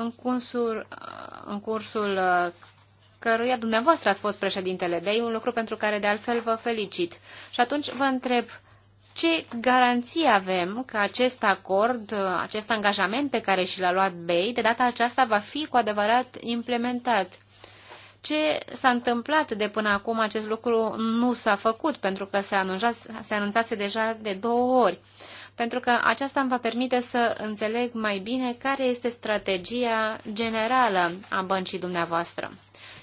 D: în, cursul, în cursul uh, căruia dumneavoastră ați fost președintele BEI, un lucru pentru care de altfel vă felicit. Și atunci vă întreb, ce garanții avem că acest acord, uh, acest angajament pe care și l-a luat BEI, de data aceasta va fi cu adevărat implementat? Ce s-a întâmplat de până acum acest lucru nu s-a făcut, pentru că se, anunja, se anunțase deja de două ori pentru că aceasta îmi va permite să înțeleg mai bine care este strategia generală a băncii dumneavoastră.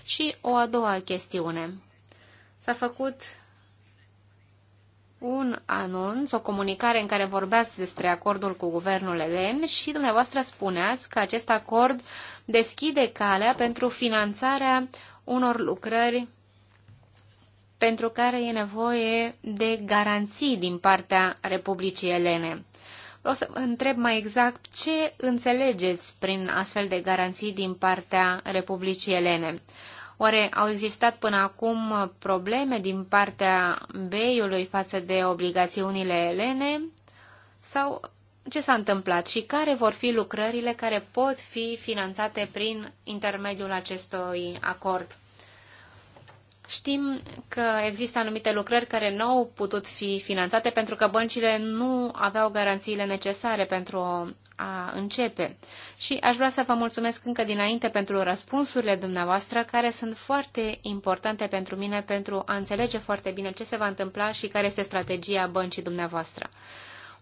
D: Și o a doua chestiune. S-a făcut un anunț, o comunicare în care vorbeați despre acordul cu guvernul elen și dumneavoastră spuneați că acest acord deschide calea pentru finanțarea unor lucrări pentru care e nevoie de garanții din partea Republicii Elene. Vreau să întreb mai exact ce înțelegeți prin astfel de garanții din partea Republicii Elene. Oare au existat până acum probleme din partea BEI-ului față de obligațiunile elene? Sau ce s-a întâmplat și care vor fi lucrările care pot fi finanțate prin intermediul acestui acord? Știm că există anumite lucrări care nu au putut fi finanțate pentru că băncile nu aveau garanțiile necesare pentru a începe. Și aș vrea să vă mulțumesc încă dinainte pentru răspunsurile dumneavoastră, care sunt foarte importante pentru mine pentru a înțelege foarte bine ce se va întâmpla și care este strategia băncii dumneavoastră.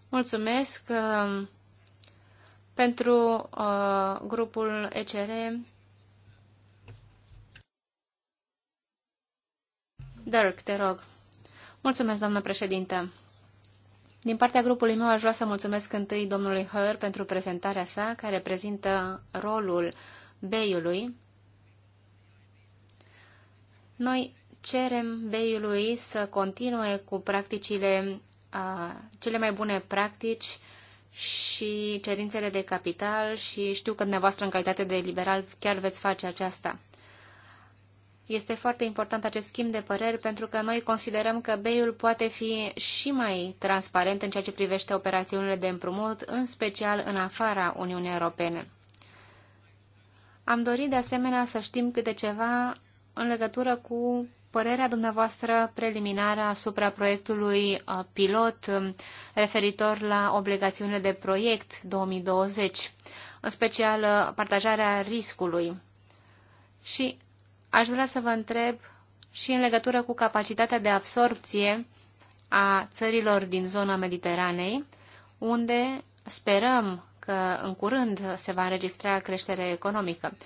D: Mulțumesc uh, pentru uh, grupul ECR. Dirk, te rog. Mulțumesc, doamnă președinte. Din partea grupului meu aș vrea să mulțumesc întâi domnului Hör pentru prezentarea sa, care prezintă rolul Beiului. Noi cerem Beiului să continue cu practicile, cele mai bune practici și cerințele de capital și știu că dumneavoastră în calitate de liberal chiar veți face aceasta. Este foarte important acest schimb de păreri pentru că noi considerăm că BEI-ul poate fi și mai transparent în ceea ce privește operațiunile de împrumut, în special în afara Uniunii Europene. Am dorit de asemenea să știm câte ceva în legătură cu părerea dumneavoastră preliminară asupra proiectului uh, pilot um, referitor la obligațiunile de proiect 2020, în special uh, partajarea riscului. Și Aș vrea să vă întreb și în legătură cu capacitatea de absorpție a țărilor din zona Mediteranei, unde sperăm că în curând se va înregistra creștere economică.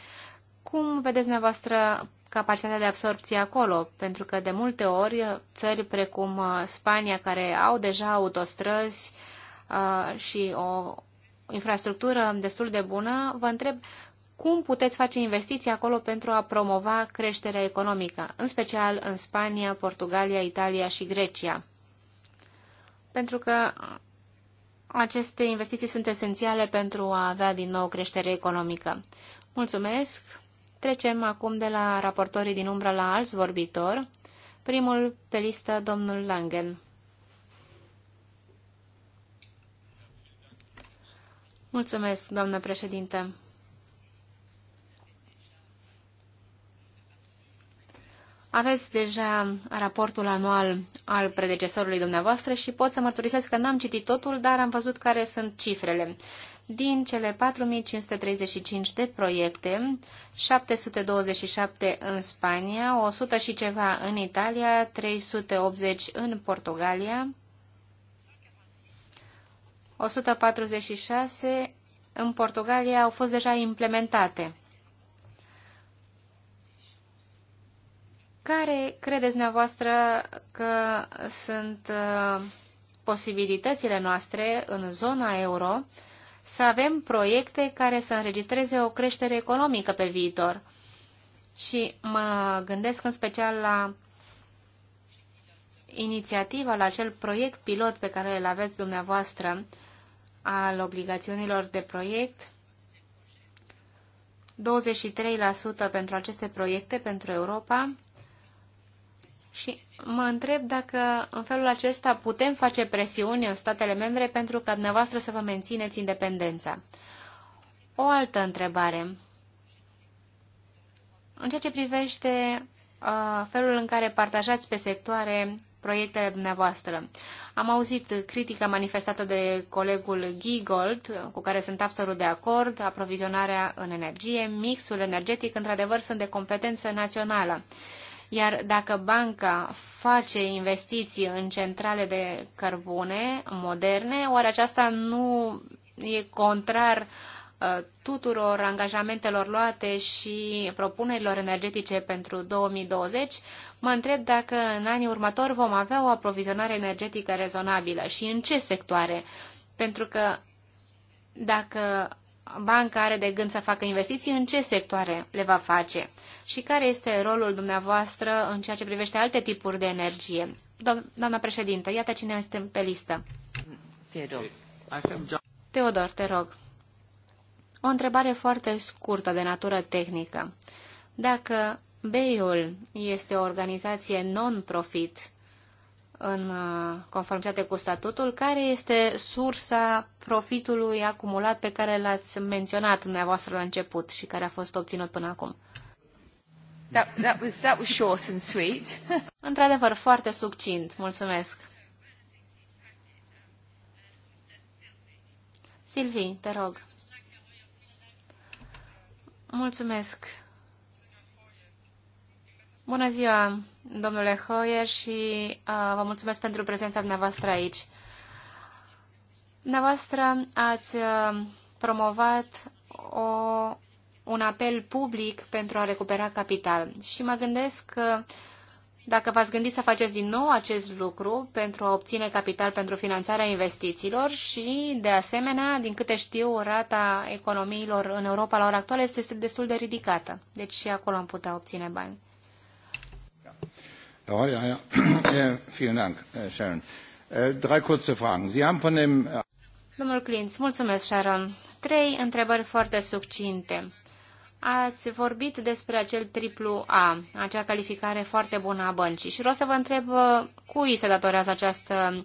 D: Cum vedeți dumneavoastră capacitatea de absorpție acolo? Pentru că de multe ori țări precum uh, Spania, care au deja autostrăzi uh, și o infrastructură destul de bună, vă întreb cum puteți face investiții acolo pentru a promova creșterea economică, în special în Spania, Portugalia, Italia și Grecia. Pentru că aceste investiții sunt esențiale pentru a avea din nou creștere economică. Mulțumesc! Trecem acum de la raportorii din umbră la alți vorbitori. Primul pe listă, domnul Langen. Mulțumesc, doamnă președinte. Aveți deja raportul anual al predecesorului dumneavoastră și pot să mărturisesc că n-am citit totul, dar am văzut care sunt cifrele. Din cele 4535 de proiecte, 727 în Spania, 100 și ceva în Italia, 380 în Portugalia, 146 în Portugalia au fost deja implementate. Care credeți dumneavoastră că sunt uh, posibilitățile noastre în zona euro să avem proiecte care să înregistreze o creștere economică pe viitor? Și mă gândesc în special la inițiativa, la acel proiect pilot pe care îl aveți dumneavoastră al obligațiunilor de proiect, 23% pentru aceste proiecte pentru Europa și mă întreb dacă în felul acesta putem face presiuni în statele membre pentru ca dumneavoastră să vă mențineți independența. O altă întrebare. În ceea ce privește uh, felul în care partajați pe sectoare proiectele dumneavoastră. Am auzit critica manifestată de colegul Giegold, cu care sunt absolut de acord, aprovizionarea în energie, mixul energetic, într-adevăr, sunt de competență națională. Uh, iar dacă banca face investiții în centrale de cărbune moderne, oare aceasta nu e contrar uh, tuturor angajamentelor luate și propunerilor energetice pentru 2020, mă întreb dacă în anii următori vom avea o aprovizionare energetică rezonabilă și în ce sectoare. Pentru că dacă banca are de gând să facă investiții, în ce sectoare le va face și care este rolul dumneavoastră în ceea ce privește alte tipuri de energie. doamna președintă, iată cine este pe listă. Teodor. Teodor, te rog. O întrebare foarte scurtă de natură tehnică. Dacă BEI-ul este o organizație non-profit în uh, conformitate cu statutul, care este sursa profitului acumulat pe care l-ați menționat dumneavoastră la început și care a fost obținut până acum. That, that was, that was short and sweet. Într-adevăr, foarte succint. Mulțumesc. Silvi, te rog. Mulțumesc. Bună ziua, domnule Hoyer, și uh, vă mulțumesc pentru prezența dumneavoastră aici. Dumneavoastră ați uh, promovat o, un apel public pentru a recupera capital și mă gândesc că dacă v-ați gândit să faceți din nou acest lucru pentru a obține capital pentru finanțarea investițiilor și, de asemenea, din câte știu, rata economiilor în Europa la ora actuală este destul de ridicată. Deci și acolo am putea obține bani.
A: Ja, ja, ja. Vielen Dank, äh, Sharon. Äh, drei kurze Fragen. Sie haben von dem... Äh,
D: Domnul Clint, mulțumesc, Sharon. Trei întrebări foarte succinte. Ați vorbit despre acel triplu A, acea calificare foarte bună a băncii și vreau să vă întreb uh, cui se datorează această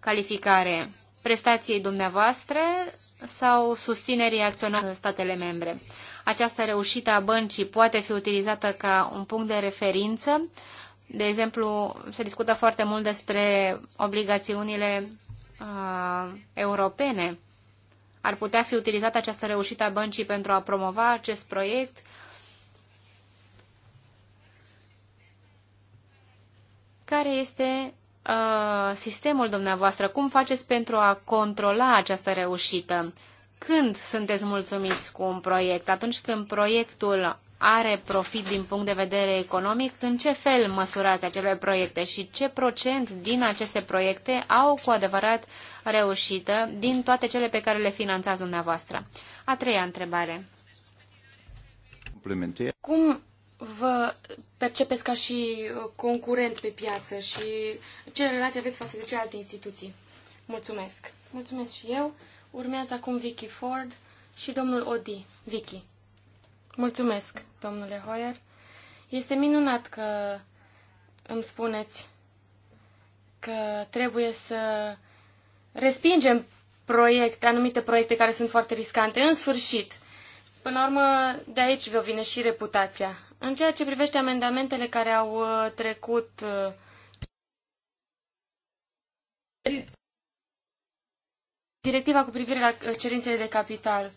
D: calificare? Prestației dumneavoastră sau susținerii acționare în statele membre? Această reușită a băncii poate fi utilizată ca un punct de referință de exemplu, se discută foarte mult despre obligațiunile uh, europene. Ar putea fi utilizată această reușită a băncii pentru a promova acest proiect? Care este uh, sistemul dumneavoastră? Cum faceți pentru a controla această reușită? Când sunteți mulțumiți cu un proiect? Atunci când proiectul are profit din punct de vedere economic, în ce fel măsurați acele proiecte și ce procent din aceste proiecte au cu adevărat reușită din toate cele pe care le finanțați dumneavoastră? A treia întrebare.
B: Cum vă percepeți ca și concurent pe piață și ce relație aveți față de celelalte instituții? Mulțumesc! Mulțumesc și eu! Urmează acum Vicky Ford și domnul Odi. Vicky. Mulțumesc, domnule Hoyer. Este minunat că îmi spuneți că trebuie să respingem proiecte, anumite proiecte care sunt foarte riscante. În sfârșit, până la urmă, de aici vă vine și reputația. În ceea ce privește amendamentele care au uh, trecut uh, directiva cu privire la uh, cerințele de capital,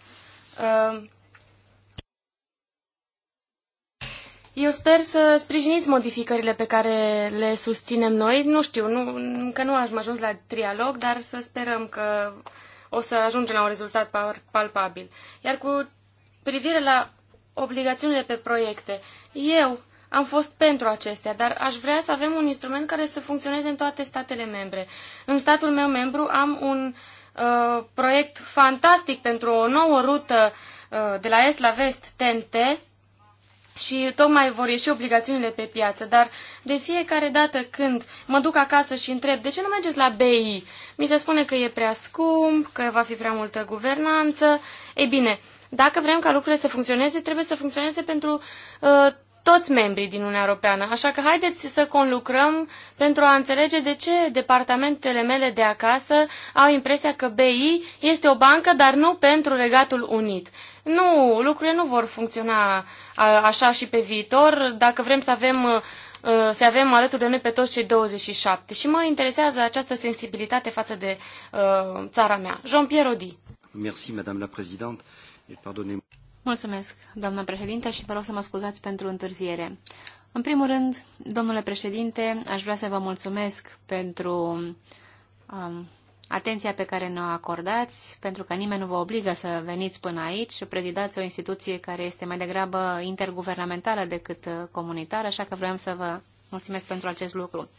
B: Eu sper să sprijiniți modificările pe care le susținem noi. Nu știu, nu, că nu am ajuns la trialog, dar să sperăm că o să ajungem la un rezultat palpabil. Iar cu privire la obligațiunile pe proiecte, eu am fost pentru acestea, dar aș vrea să avem un instrument care să funcționeze în toate statele membre. În statul meu membru am un uh, proiect fantastic pentru o nouă rută uh, de la est la vest TNT, și tocmai vor ieși obligațiunile pe piață, dar de fiecare dată când mă duc acasă și întreb de ce nu mergeți la BI, mi se spune că e prea scump, că va fi prea multă guvernanță. Ei bine, dacă vrem ca lucrurile să funcționeze, trebuie să funcționeze pentru uh, toți membrii din Uniunea Europeană. Așa că haideți să conlucrăm pentru a înțelege de ce departamentele mele de acasă au impresia că BI este o bancă, dar nu pentru Regatul Unit. Nu, lucrurile nu vor funcționa așa și pe viitor, dacă vrem să avem uh, să avem alături de noi pe toți cei 27. Și mă interesează această sensibilitate față de uh, țara mea. Jean-Pierre Odi.
D: Merci, Madame la Présidente. Mulțumesc, doamna președinte, și vă rog să mă scuzați pentru întârziere. În primul rând, domnule președinte, aș vrea să vă mulțumesc pentru um, atenția pe care ne-o acordați, pentru că nimeni nu vă obligă să veniți până aici prezidați o instituție care este mai degrabă interguvernamentală decât uh, comunitară, așa că vreau să vă mulțumesc pentru acest lucru.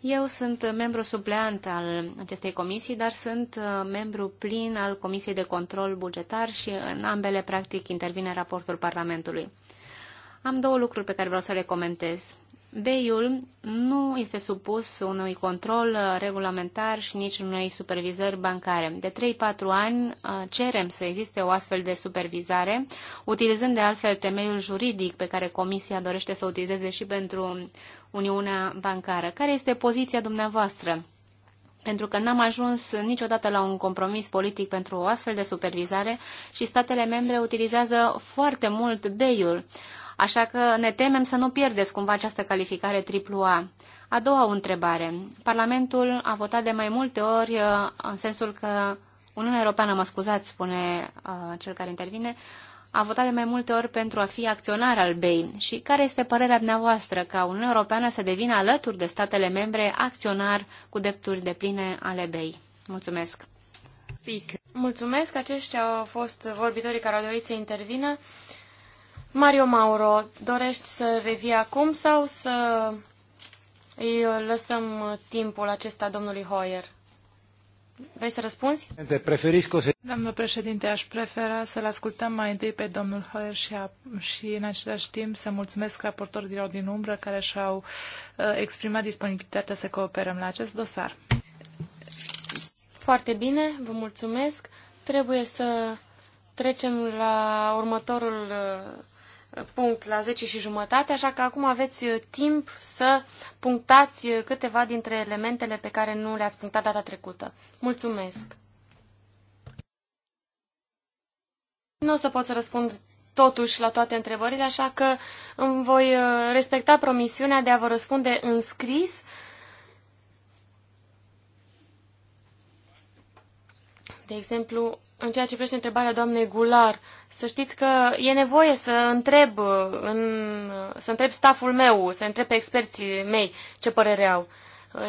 D: Eu sunt membru supleant al acestei comisii, dar sunt uh, membru plin al Comisiei de Control Bugetar și în ambele, practic, intervine raportul Parlamentului. Am două lucruri pe care vreau să le comentez. BEI-ul nu este supus unui control regulamentar și nici unei supervizări bancare. De 3-4 ani uh, cerem să existe o astfel de supervizare, utilizând de altfel temeiul juridic pe care Comisia dorește să o utilizeze și pentru Uniunea Bancară. Care este poziția dumneavoastră? pentru că n-am ajuns niciodată la un compromis politic pentru o astfel de supervizare și statele membre utilizează foarte mult BEI-ul. Așa că ne temem să nu pierdeți cumva această calificare AAA. A doua întrebare. Parlamentul a votat de mai multe ori uh, în sensul că Uniunea Europeană, mă scuzați, spune uh, cel care intervine, a votat de mai multe ori pentru a fi acționar al BEI. Și care este părerea dumneavoastră ca Uniunea Europeană să devină alături de statele membre acționar cu drepturi de pline ale BEI? Mulțumesc!
B: Mulțumesc! Aceștia au fost vorbitorii care au dorit să intervină. Mario Mauro, dorești să revii acum sau să îi lăsăm timpul acesta domnului Hoyer? Vrei să răspunzi? Doamnă președinte, aș prefera să-l ascultăm mai întâi pe
C: domnul Hoyer și, a, și în același timp să mulțumesc raportorilor din umbră care și-au uh, exprimat disponibilitatea să cooperăm la acest dosar.
B: Foarte bine, vă mulțumesc. Trebuie să trecem la următorul uh, punct la 10 și jumătate, așa că acum aveți uh, timp să punctați uh, câteva dintre elementele pe care nu le-ați punctat data trecută. Mulțumesc! Nu o să pot să răspund totuși la toate întrebările, așa că îmi voi uh, respecta promisiunea de a vă răspunde în scris. De exemplu, în ceea ce privește întrebarea doamnei Gular, să știți că e nevoie să întreb, în, să întreb staful meu, să întreb pe experții mei ce părere au.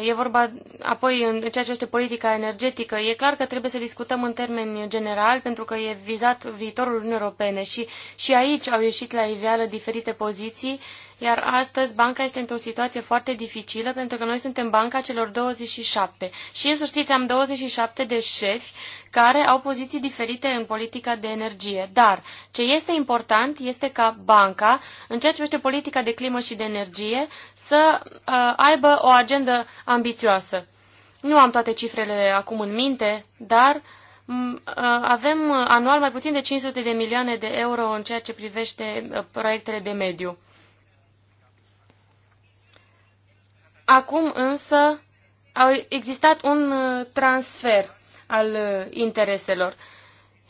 B: E vorba, apoi, în ceea ce privește politica energetică, e clar că trebuie să discutăm în termeni general, pentru că e vizat viitorul Uniunii Europene și, și aici au ieșit la iveală diferite poziții iar astăzi banca este într-o situație foarte dificilă pentru că noi suntem banca celor 27. Și eu să știți, am 27 de șefi care au poziții diferite în politica de energie. Dar ce este important este ca banca, în ceea ce privește politica de climă și de energie, să uh, aibă o agendă ambițioasă. Nu am toate cifrele acum în minte, dar mm, uh, avem anual mai puțin de 500 de milioane de euro în ceea ce privește uh, proiectele de mediu. Acum însă a existat un uh, transfer al uh, intereselor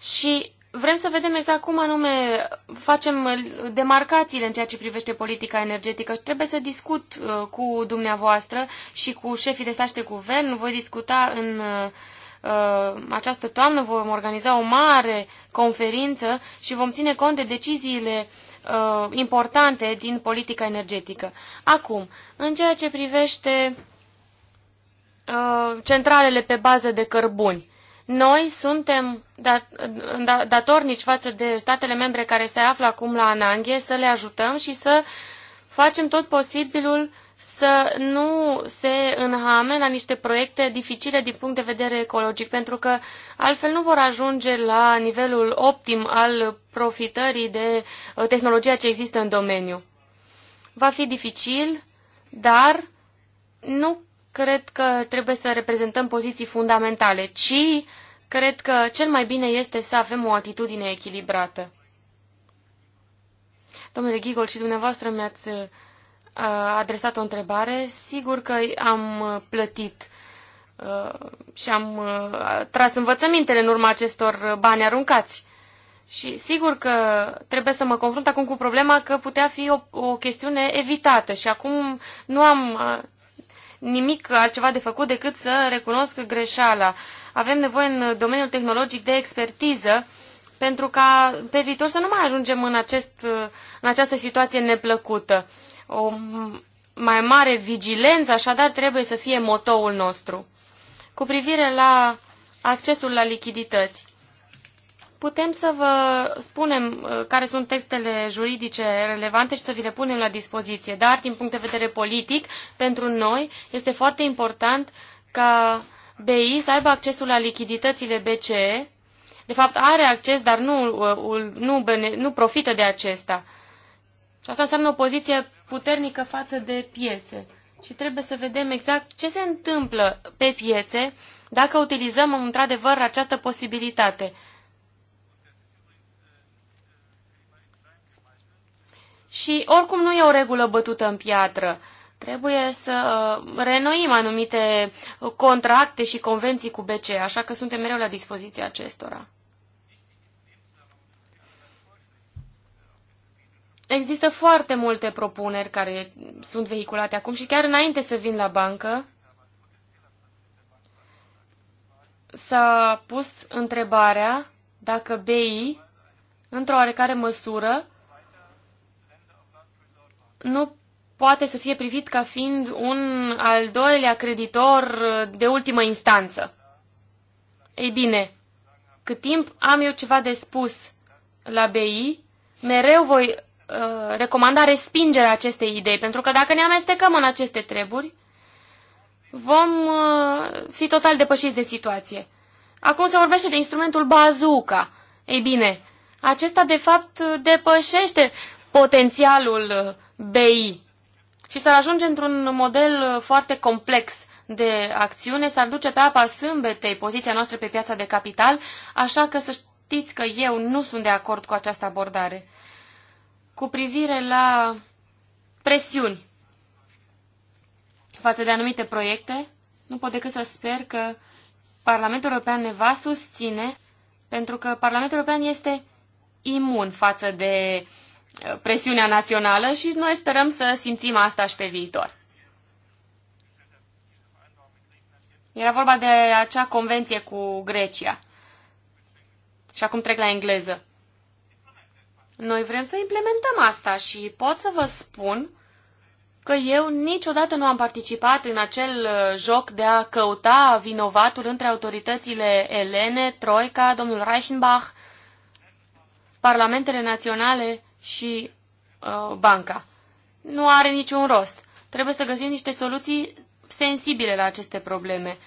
B: și vrem să vedem exact cum anume facem uh, demarcațiile în ceea ce privește politica energetică. Trebuie să discut cu dumneavoastră și cu șefii de stat de guvern. Voi discuta în această toamnă vom organiza o mare conferință și vom ține cont de deciziile uh, importante din politica energetică. Acum, în ceea ce privește uh, centralele pe bază de cărbuni, noi suntem dat, uh, dat, datornici față de statele membre care se află acum la ananghe să le ajutăm și să facem tot posibilul să nu se înhame la niște proiecte dificile din punct de vedere ecologic, pentru că altfel nu vor ajunge la nivelul optim al profitării de uh, tehnologia ce există în domeniu. Va fi dificil, dar nu cred că trebuie să reprezentăm poziții fundamentale, ci cred că cel mai bine este să avem o atitudine echilibrată. Domnule Ghigol, și dumneavoastră mi-ați a adresat o întrebare. Sigur că am plătit uh, și am uh, tras învățămintele în urma acestor bani aruncați. Și sigur că trebuie să mă confrunt acum cu problema că putea fi o, o chestiune evitată și acum nu am uh, nimic altceva de făcut decât să recunosc greșeala. Avem nevoie în domeniul tehnologic de expertiză pentru ca pe viitor să nu mai ajungem în, acest, în această situație neplăcută. O mai mare vigilență, așadar, trebuie să fie motoul nostru. Cu privire la accesul la lichidități, putem să vă spunem uh, care sunt textele juridice relevante și să vi le punem la dispoziție. Dar, din punct de vedere politic, pentru noi este foarte important ca BI să aibă accesul la lichiditățile BCE. De fapt, are acces, dar nu, uh, nu, nu profită de acesta. Și asta înseamnă o poziție puternică față de piețe. Și trebuie să vedem exact ce se întâmplă pe piețe dacă utilizăm într-adevăr această posibilitate. Și oricum nu e o regulă bătută în piatră. Trebuie să uh, renoim anumite contracte și convenții cu BC, așa că suntem mereu la dispoziția acestora. Există foarte multe propuneri care sunt vehiculate acum și chiar înainte să vin la bancă s-a pus întrebarea dacă BI, într-o oarecare măsură, nu poate să fie privit ca fiind un al doilea creditor de ultimă instanță. Ei bine, cât timp am eu ceva de spus la BI, mereu voi Uh, recomanda respingerea acestei idei, pentru că dacă ne amestecăm în aceste treburi, vom uh, fi total depășiți de situație. Acum se vorbește de instrumentul bazooka. Ei bine, acesta de fapt depășește potențialul uh, BI și s-ar ajunge într-un model uh, foarte complex de acțiune, s-ar duce pe apa sâmbetei poziția noastră pe piața de capital, așa că să știți că eu nu sunt de acord cu această abordare cu privire la presiuni față de anumite proiecte, nu pot decât să sper că Parlamentul European ne va susține, pentru că Parlamentul European este imun față de uh, presiunea națională și noi sperăm să simțim asta și pe viitor. Era vorba de acea convenție cu Grecia. Și acum trec la engleză. Noi vrem să implementăm asta și pot să vă spun că eu niciodată nu am participat în acel uh, joc de a căuta vinovatul între autoritățile elene, Troica, domnul Reichenbach, parlamentele naționale și uh, banca. Nu are niciun rost. Trebuie să găsim niște soluții sensibile la aceste probleme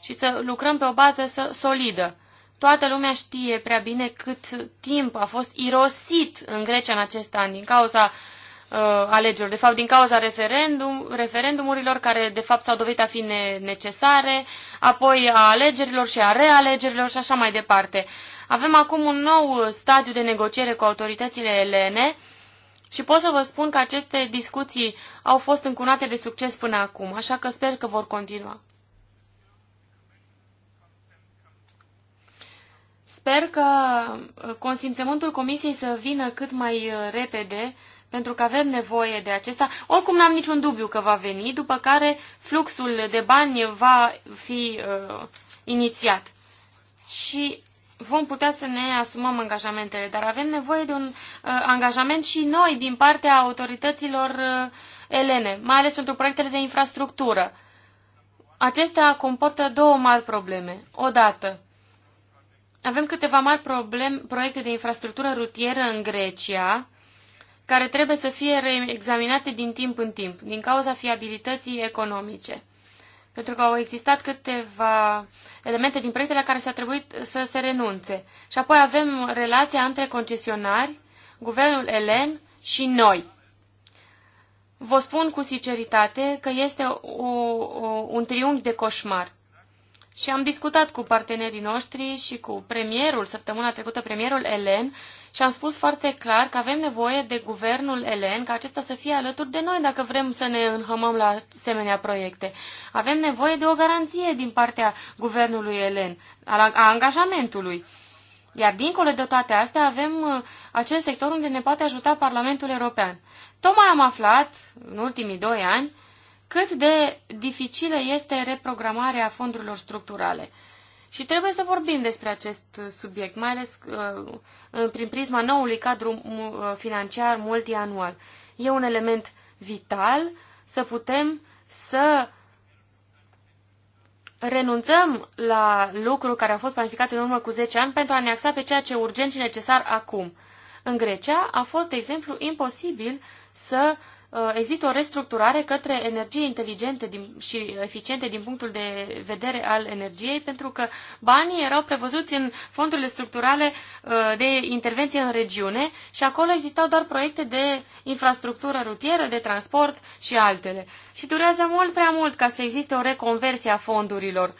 B: și să lucrăm pe o bază solidă. Toată lumea știe prea bine cât timp a fost irosit în Grecia în acest an din cauza uh, alegerilor, de fapt din cauza referendum, referendumurilor care de fapt s-au dovedit a fi ne necesare, apoi a alegerilor și a realegerilor și așa mai departe. Avem acum un nou stadiu de negociere cu autoritățile elene și pot să vă spun că aceste discuții au fost încunate de succes până acum, așa că sper că vor continua. Sper că uh, consimțământul comisiei să vină cât mai uh, repede, pentru că avem nevoie de acesta. Oricum n-am niciun dubiu că va veni, după care fluxul de bani va fi uh, inițiat. Și vom putea să ne asumăm angajamentele, dar avem nevoie de un uh, angajament și noi din partea autorităților uh, elene, mai ales pentru proiectele de infrastructură. Acestea comportă două mari probleme. Odată, avem câteva mari problem, proiecte de infrastructură rutieră în Grecia, care trebuie să fie reexaminate din timp în timp, din cauza fiabilității economice. Pentru că au existat câteva elemente din proiectele care s-a trebuit să se renunțe. Și apoi avem relația între concesionari, guvernul elen și noi. Vă spun cu sinceritate că este o, o, un triunghi de coșmar. Și am discutat cu partenerii noștri și cu premierul, săptămâna trecută premierul Elen, și am spus foarte clar că avem nevoie de guvernul Elen, ca acesta să fie alături de noi dacă vrem să ne înhămăm la asemenea proiecte. Avem nevoie de o garanție din partea guvernului Elen, a, a angajamentului. Iar dincolo de toate astea avem uh, acel sector unde ne poate ajuta Parlamentul European. Tocmai am aflat, în ultimii doi ani, cât de dificilă este reprogramarea fondurilor structurale. Și trebuie să vorbim despre acest subiect, mai ales uh, prin prisma noului cadru uh, financiar multianual. E un element vital să putem să renunțăm la lucruri care au fost planificate în urmă cu 10 ani pentru a ne axa pe ceea ce e urgent și necesar acum. În Grecia a fost, de exemplu, imposibil să Uh, există o restructurare către energie inteligente din, și eficiente din punctul de vedere al energiei, pentru că banii erau prevăzuți în fondurile structurale uh, de intervenție în regiune și acolo existau doar proiecte de infrastructură rutieră, de transport și altele. Și durează mult prea mult ca să existe o reconversie a fondurilor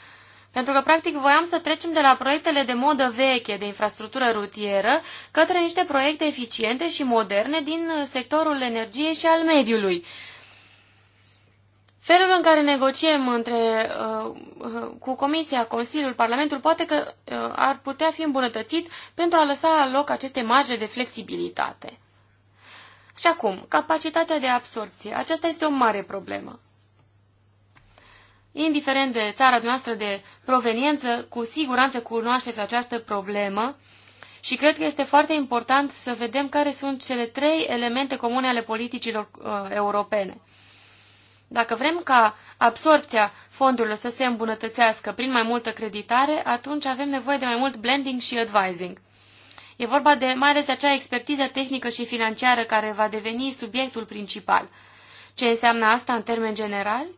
B: pentru că, practic, voiam să trecem de la proiectele de modă veche de infrastructură rutieră către niște proiecte eficiente și moderne din sectorul energiei și al mediului. Felul în care negociem între, uh, uh cu Comisia, Consiliul, Parlamentul poate că uh, ar putea fi îmbunătățit pentru a lăsa loc aceste marje de flexibilitate. Și acum, capacitatea de absorpție. Aceasta este o mare problemă indiferent de țara noastră de proveniență, cu siguranță cunoașteți această problemă și cred că este foarte important să vedem care sunt cele trei elemente comune ale politicilor uh, europene. Dacă vrem ca absorpția fondurilor să se îmbunătățească prin mai multă creditare, atunci avem nevoie de mai mult blending și advising. E vorba de mai ales de acea expertiză tehnică și financiară care va deveni subiectul principal. Ce înseamnă asta în termeni generali?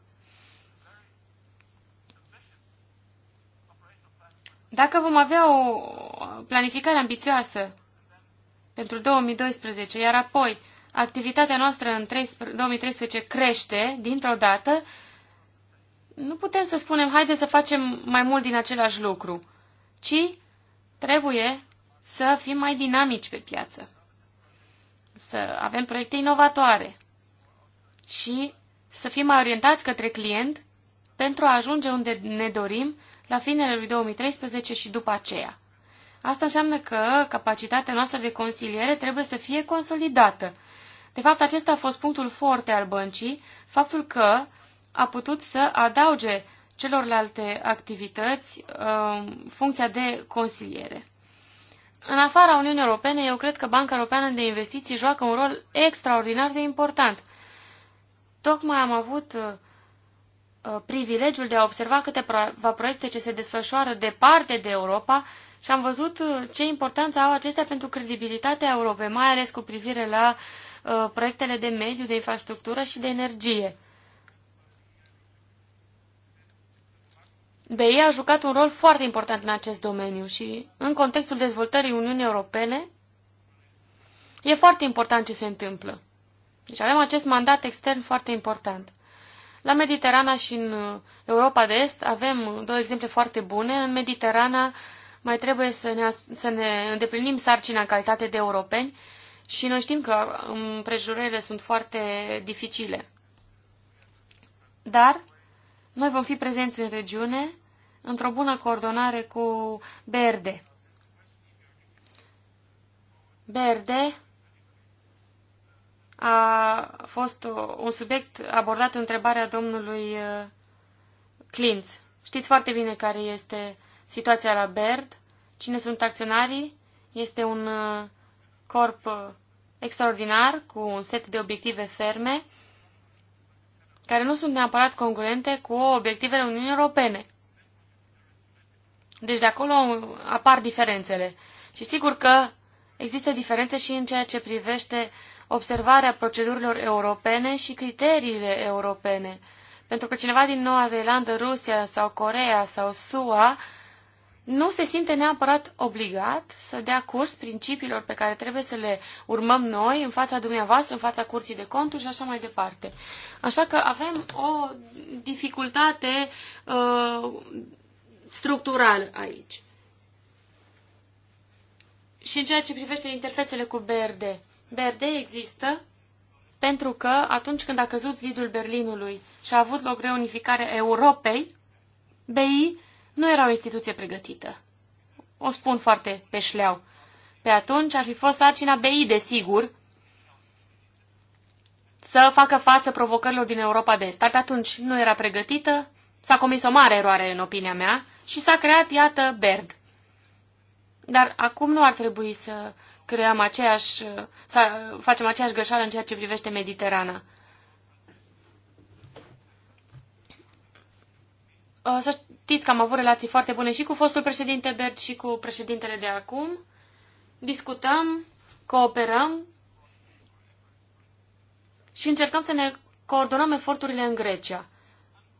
B: Dacă vom avea o planificare ambițioasă pentru 2012, iar apoi activitatea noastră în 2013 crește dintr-o dată, nu putem să spunem, haide să facem mai mult din același lucru, ci trebuie să fim mai dinamici pe piață, să avem proiecte inovatoare și să fim mai orientați către client pentru a ajunge unde ne dorim la finele lui 2013 și după aceea. Asta înseamnă că capacitatea noastră de consiliere trebuie să fie consolidată. De fapt, acesta a fost punctul forte al băncii, faptul că a putut să adauge celorlalte activități um, funcția de consiliere. În afara Uniunii Europene, eu cred că Banca Europeană de Investiții joacă un rol extraordinar de important. Tocmai am avut uh, Uh, privilegiul de a observa câteva proiecte ce se desfășoară departe de Europa și am văzut uh, ce importanță au acestea pentru credibilitatea Europei, mai ales cu privire la uh, proiectele de mediu, de infrastructură și de energie. BEI a jucat un rol foarte important în acest domeniu și în contextul dezvoltării Uniunii Europene e foarte important ce se întâmplă. Deci avem acest mandat extern foarte important. La Mediterana și în uh, Europa de Est avem două exemple foarte bune. În Mediterana mai trebuie să ne, să ne îndeplinim sarcina în calitate de europeni și noi știm că împrejurările sunt foarte dificile. Dar noi vom fi prezenți în regiune într-o bună coordonare cu BRD. BRD a fost un subiect abordat în întrebarea domnului uh, Clinț. Știți foarte bine care este situația la BERD, cine sunt acționarii. Este un uh, corp uh, extraordinar cu un set de obiective ferme care nu sunt neapărat congruente cu obiectivele Uniunii Europene. Deci de acolo apar diferențele. Și sigur că există diferențe și în ceea ce privește observarea procedurilor europene și criteriile europene. Pentru că cineva din Noua Zeelandă, Rusia sau Corea sau SUA nu se simte neapărat obligat să dea curs principiilor pe care trebuie să le urmăm noi în fața dumneavoastră, în fața curții de conturi și așa mai departe. Așa că avem o dificultate uh, structurală aici. Și în ceea ce privește interfețele cu BRD, Berde există pentru că atunci când a căzut zidul Berlinului și a avut loc reunificarea Europei, BI nu era o instituție pregătită. O spun foarte pe șleau. Pe atunci ar fi fost sarcina BI, desigur, să facă față provocărilor din Europa de Est. Dacă atunci nu era pregătită, s-a comis o mare eroare în opinia mea și s-a creat, iată, BERD. Dar acum nu ar trebui să creăm aceeași, să facem aceeași greșeală în ceea ce privește Mediterana. Să știți că am avut relații foarte bune și cu fostul președinte Bert și cu președintele de acum. Discutăm, cooperăm și încercăm să ne coordonăm eforturile în Grecia.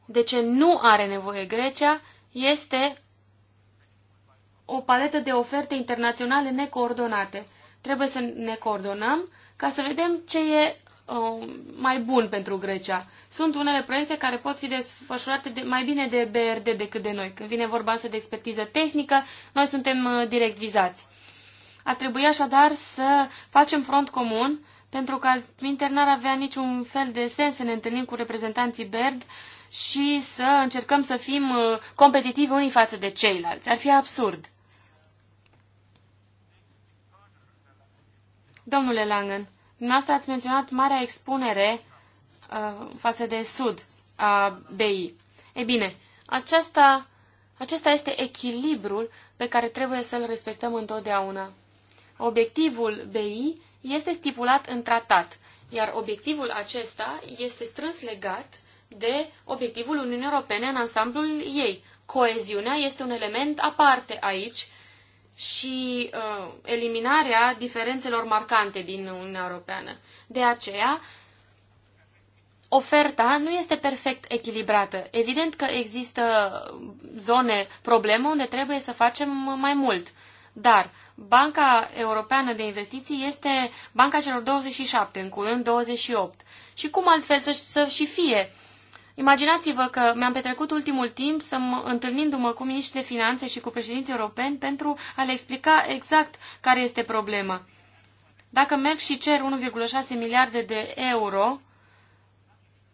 B: De ce nu are nevoie Grecia este o paletă de oferte internaționale necoordonate. Trebuie să ne coordonăm ca să vedem ce e uh, mai bun pentru Grecia. Sunt unele proiecte care pot fi desfășurate de, mai bine de BRD decât de noi. Când vine vorba însă de expertiză tehnică, noi suntem uh, direct vizați. A trebui așadar să facem front comun, pentru că minter n-ar avea niciun fel de sens să ne întâlnim cu reprezentanții BERD și să încercăm să fim uh, competitivi unii față de ceilalți. Ar fi absurd. Domnule Langen, dumneavoastră ați menționat marea expunere uh, față de sud a BI. E bine, aceasta, acesta este echilibrul pe care trebuie să-l respectăm întotdeauna. Obiectivul BI este stipulat în tratat, iar obiectivul acesta este strâns legat de obiectivul Uniunii Europene în ansamblul ei. Coeziunea este un element aparte aici și uh, eliminarea diferențelor marcante din Uniunea Europeană. De aceea, oferta nu este perfect echilibrată. Evident că există zone, probleme unde trebuie să facem mai mult. Dar Banca Europeană de Investiții este banca celor 27, în curând 28. Și cum altfel să, să și fie? Uh, Imaginați-vă că mi-am petrecut ultimul timp să mă, întâlnindu-mă cu miniștri de finanțe și cu președinții europeni pentru a le explica exact care este problema. Dacă merg și cer 1,6 miliarde de euro,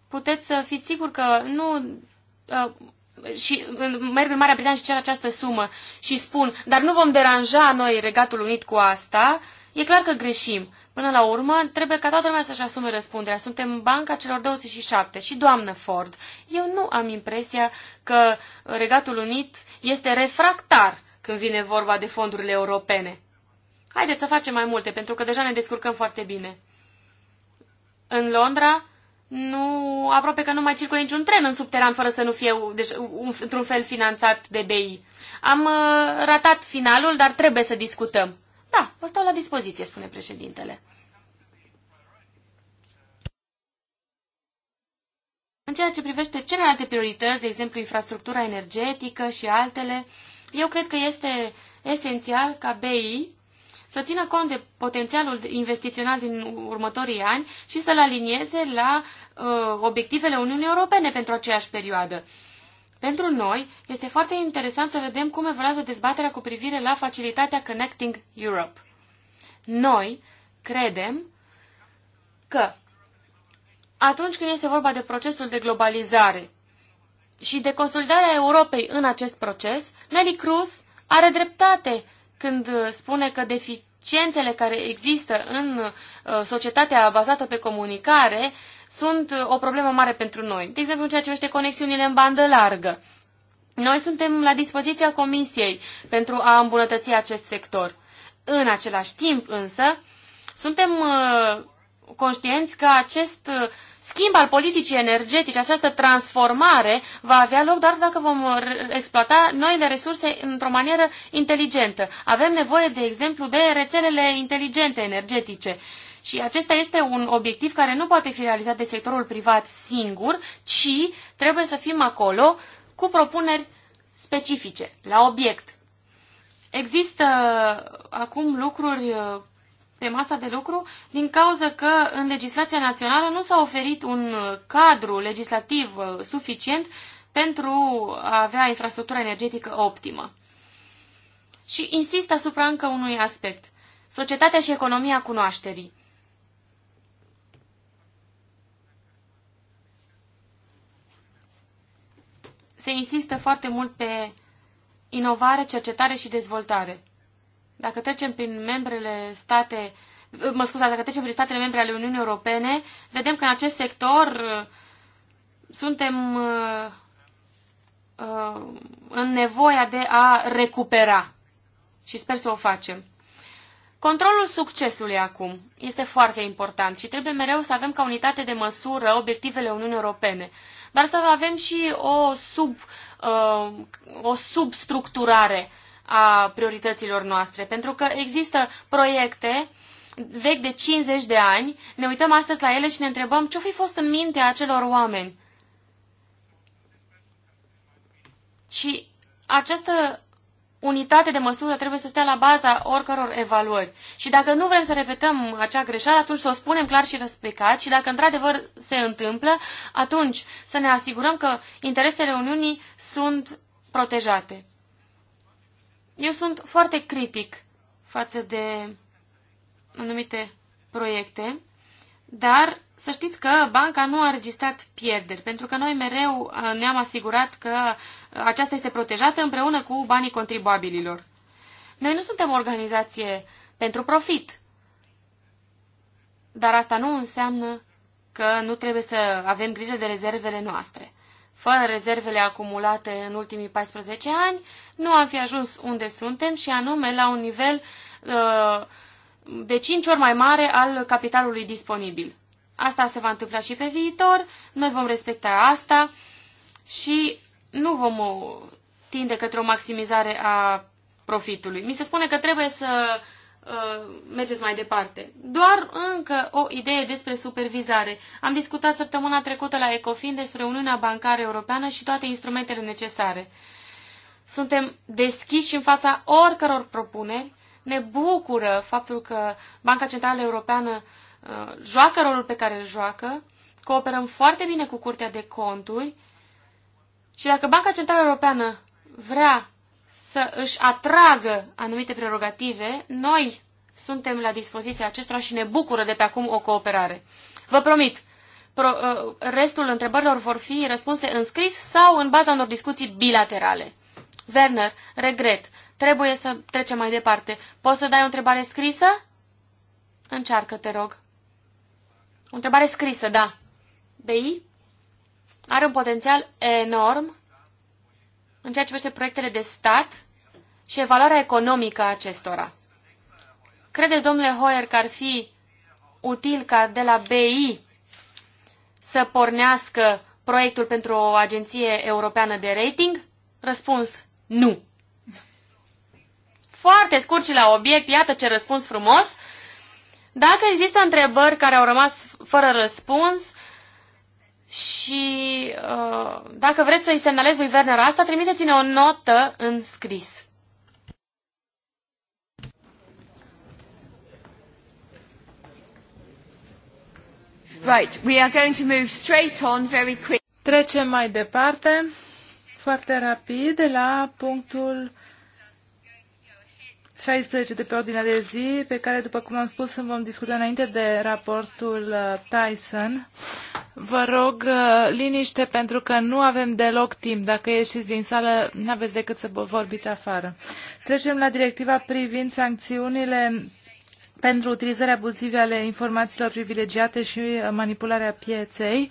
B: puteți să fiți sigur că nu... Uh, și merg în Marea Britanie și cer această sumă și spun, dar nu vom deranja noi Regatul Unit cu asta, e clar că greșim. Până la urmă, trebuie ca toată lumea să-și asume răspunderea. Suntem banca celor 27 și doamnă Ford. Eu nu am impresia că Regatul Unit este refractar când vine vorba de fondurile europene. Haideți să facem mai multe, pentru că deja ne descurcăm foarte bine. În Londra, nu, aproape că nu mai circulă niciun tren în subteran fără să nu fie deci, într-un fel finanțat de BI. Am uh, ratat finalul, dar trebuie să discutăm. Da, vă stau la dispoziție, spune președintele. În ceea ce privește celelalte priorități, de exemplu infrastructura energetică și altele, eu cred că este esențial ca BI să țină cont de potențialul investițional din următorii ani și să-l alinieze la uh, obiectivele Uniunii Europene pentru aceeași perioadă. Uh, pentru noi este foarte interesant să vedem cum evoluează dezbaterea cu privire la facilitatea Connecting Europe. Noi credem că atunci când este vorba de procesul de globalizare și de consolidarea Europei în acest proces, Nelly Cruz are dreptate când spune că deficiențele care există în uh, societatea bazată pe comunicare uh, sunt uh, o problemă mare pentru noi. De exemplu, în ceea ce vește conexiunile în bandă largă. Noi suntem la dispoziția Comisiei pentru a îmbunătăți acest sector. În același timp, însă, suntem uh, conștienți că acest uh, schimb al politicii energetice, această transformare va avea loc doar dacă vom exploata noile resurse într-o manieră inteligentă. Avem nevoie, de exemplu, de rețelele inteligente energetice. Uh, și acesta este un obiectiv care nu poate fi realizat de sectorul privat singur, ci trebuie să fim acolo cu propuneri specifice, la obiect. Există acum lucruri uh, pe masa de lucru din cauza că în legislația națională nu s-a oferit un uh, cadru legislativ uh, suficient pentru a avea infrastructura energetică optimă. Și insist asupra încă unui aspect. Societatea și economia cunoașterii. se insistă foarte mult pe inovare, cercetare și dezvoltare. Dacă trecem prin membrele state, mă scuzați, dacă trecem prin statele membre ale Uniunii Europene, vedem că în acest sector uh, suntem uh, uh, în nevoia de a recupera și sper să o facem. Controlul succesului acum este foarte important și trebuie mereu să avem ca unitate de măsură obiectivele Uniunii Europene dar să avem și o, sub, uh, o substructurare a priorităților noastre. Pentru că există proiecte vechi de 50 de ani, ne uităm astăzi la ele și ne întrebăm ce-o fi fost în mintea acelor oameni. Și această unitate de măsură trebuie să stea la baza oricăror evaluări. Și dacă nu vrem să repetăm acea greșeală, atunci să o spunem clar și răspicat și dacă într-adevăr se întâmplă, atunci să ne asigurăm că interesele Uniunii sunt protejate. Eu sunt foarte critic față de anumite proiecte, dar să știți că banca nu a registrat pierderi, pentru că noi mereu uh, ne-am asigurat că uh, aceasta este protejată împreună cu banii contribuabililor. Noi nu suntem o organizație pentru profit, dar asta nu înseamnă că nu trebuie să avem grijă de rezervele noastre. Fără rezervele acumulate în ultimii 14 ani, nu am fi ajuns unde suntem și anume la un nivel uh, de 5 ori mai mare al capitalului disponibil. Asta se va întâmpla și pe viitor, noi vom respecta asta și nu vom tinde către o maximizare a profitului. Mi se spune că trebuie să uh, mergeți mai departe. Doar încă o idee despre supervizare. Am discutat săptămâna trecută la Ecofin despre Uniunea Bancară Europeană și toate instrumentele necesare. Suntem deschiși în fața oricăror propuneri. Ne bucură faptul că Banca Centrală Europeană Uh, joacă rolul pe care îl joacă, cooperăm foarte bine cu Curtea de Conturi și dacă Banca Centrală Europeană vrea să își atragă anumite prerogative, noi suntem la dispoziția acestora și ne bucură de pe acum o cooperare. Vă promit, pro, uh, restul întrebărilor vor fi răspunse în scris sau în baza unor discuții bilaterale. Werner, regret, trebuie să trecem mai departe. Poți să dai o întrebare scrisă? Încearcă, te rog. O întrebare scrisă, da. BI are un potențial enorm în ceea ce privește proiectele de stat și evaluarea economică a acestora. Credeți, domnule Hoyer, că ar fi util ca de la BI să pornească proiectul pentru o agenție europeană de rating? Răspuns, nu. Foarte scurt și la obiect, iată ce răspuns frumos. Dacă există întrebări care au rămas fără răspuns și uh, dacă vreți să-i semnalez lui Werner asta, trimiteți-ne o notă în scris.
A: Right, we are going to move straight on very quick. Trecem mai
C: departe, foarte rapid, la punctul 16 de pe ordinea de zi, pe care, după cum am spus, vom discuta înainte de raportul uh, Tyson. Vă rog uh, liniște pentru că nu avem deloc timp. Dacă ieșiți din sală, nu aveți decât să vorbiți afară. Trecem la directiva privind sancțiunile pentru utilizarea abuzive ale informațiilor privilegiate și uh, manipularea pieței. Uh,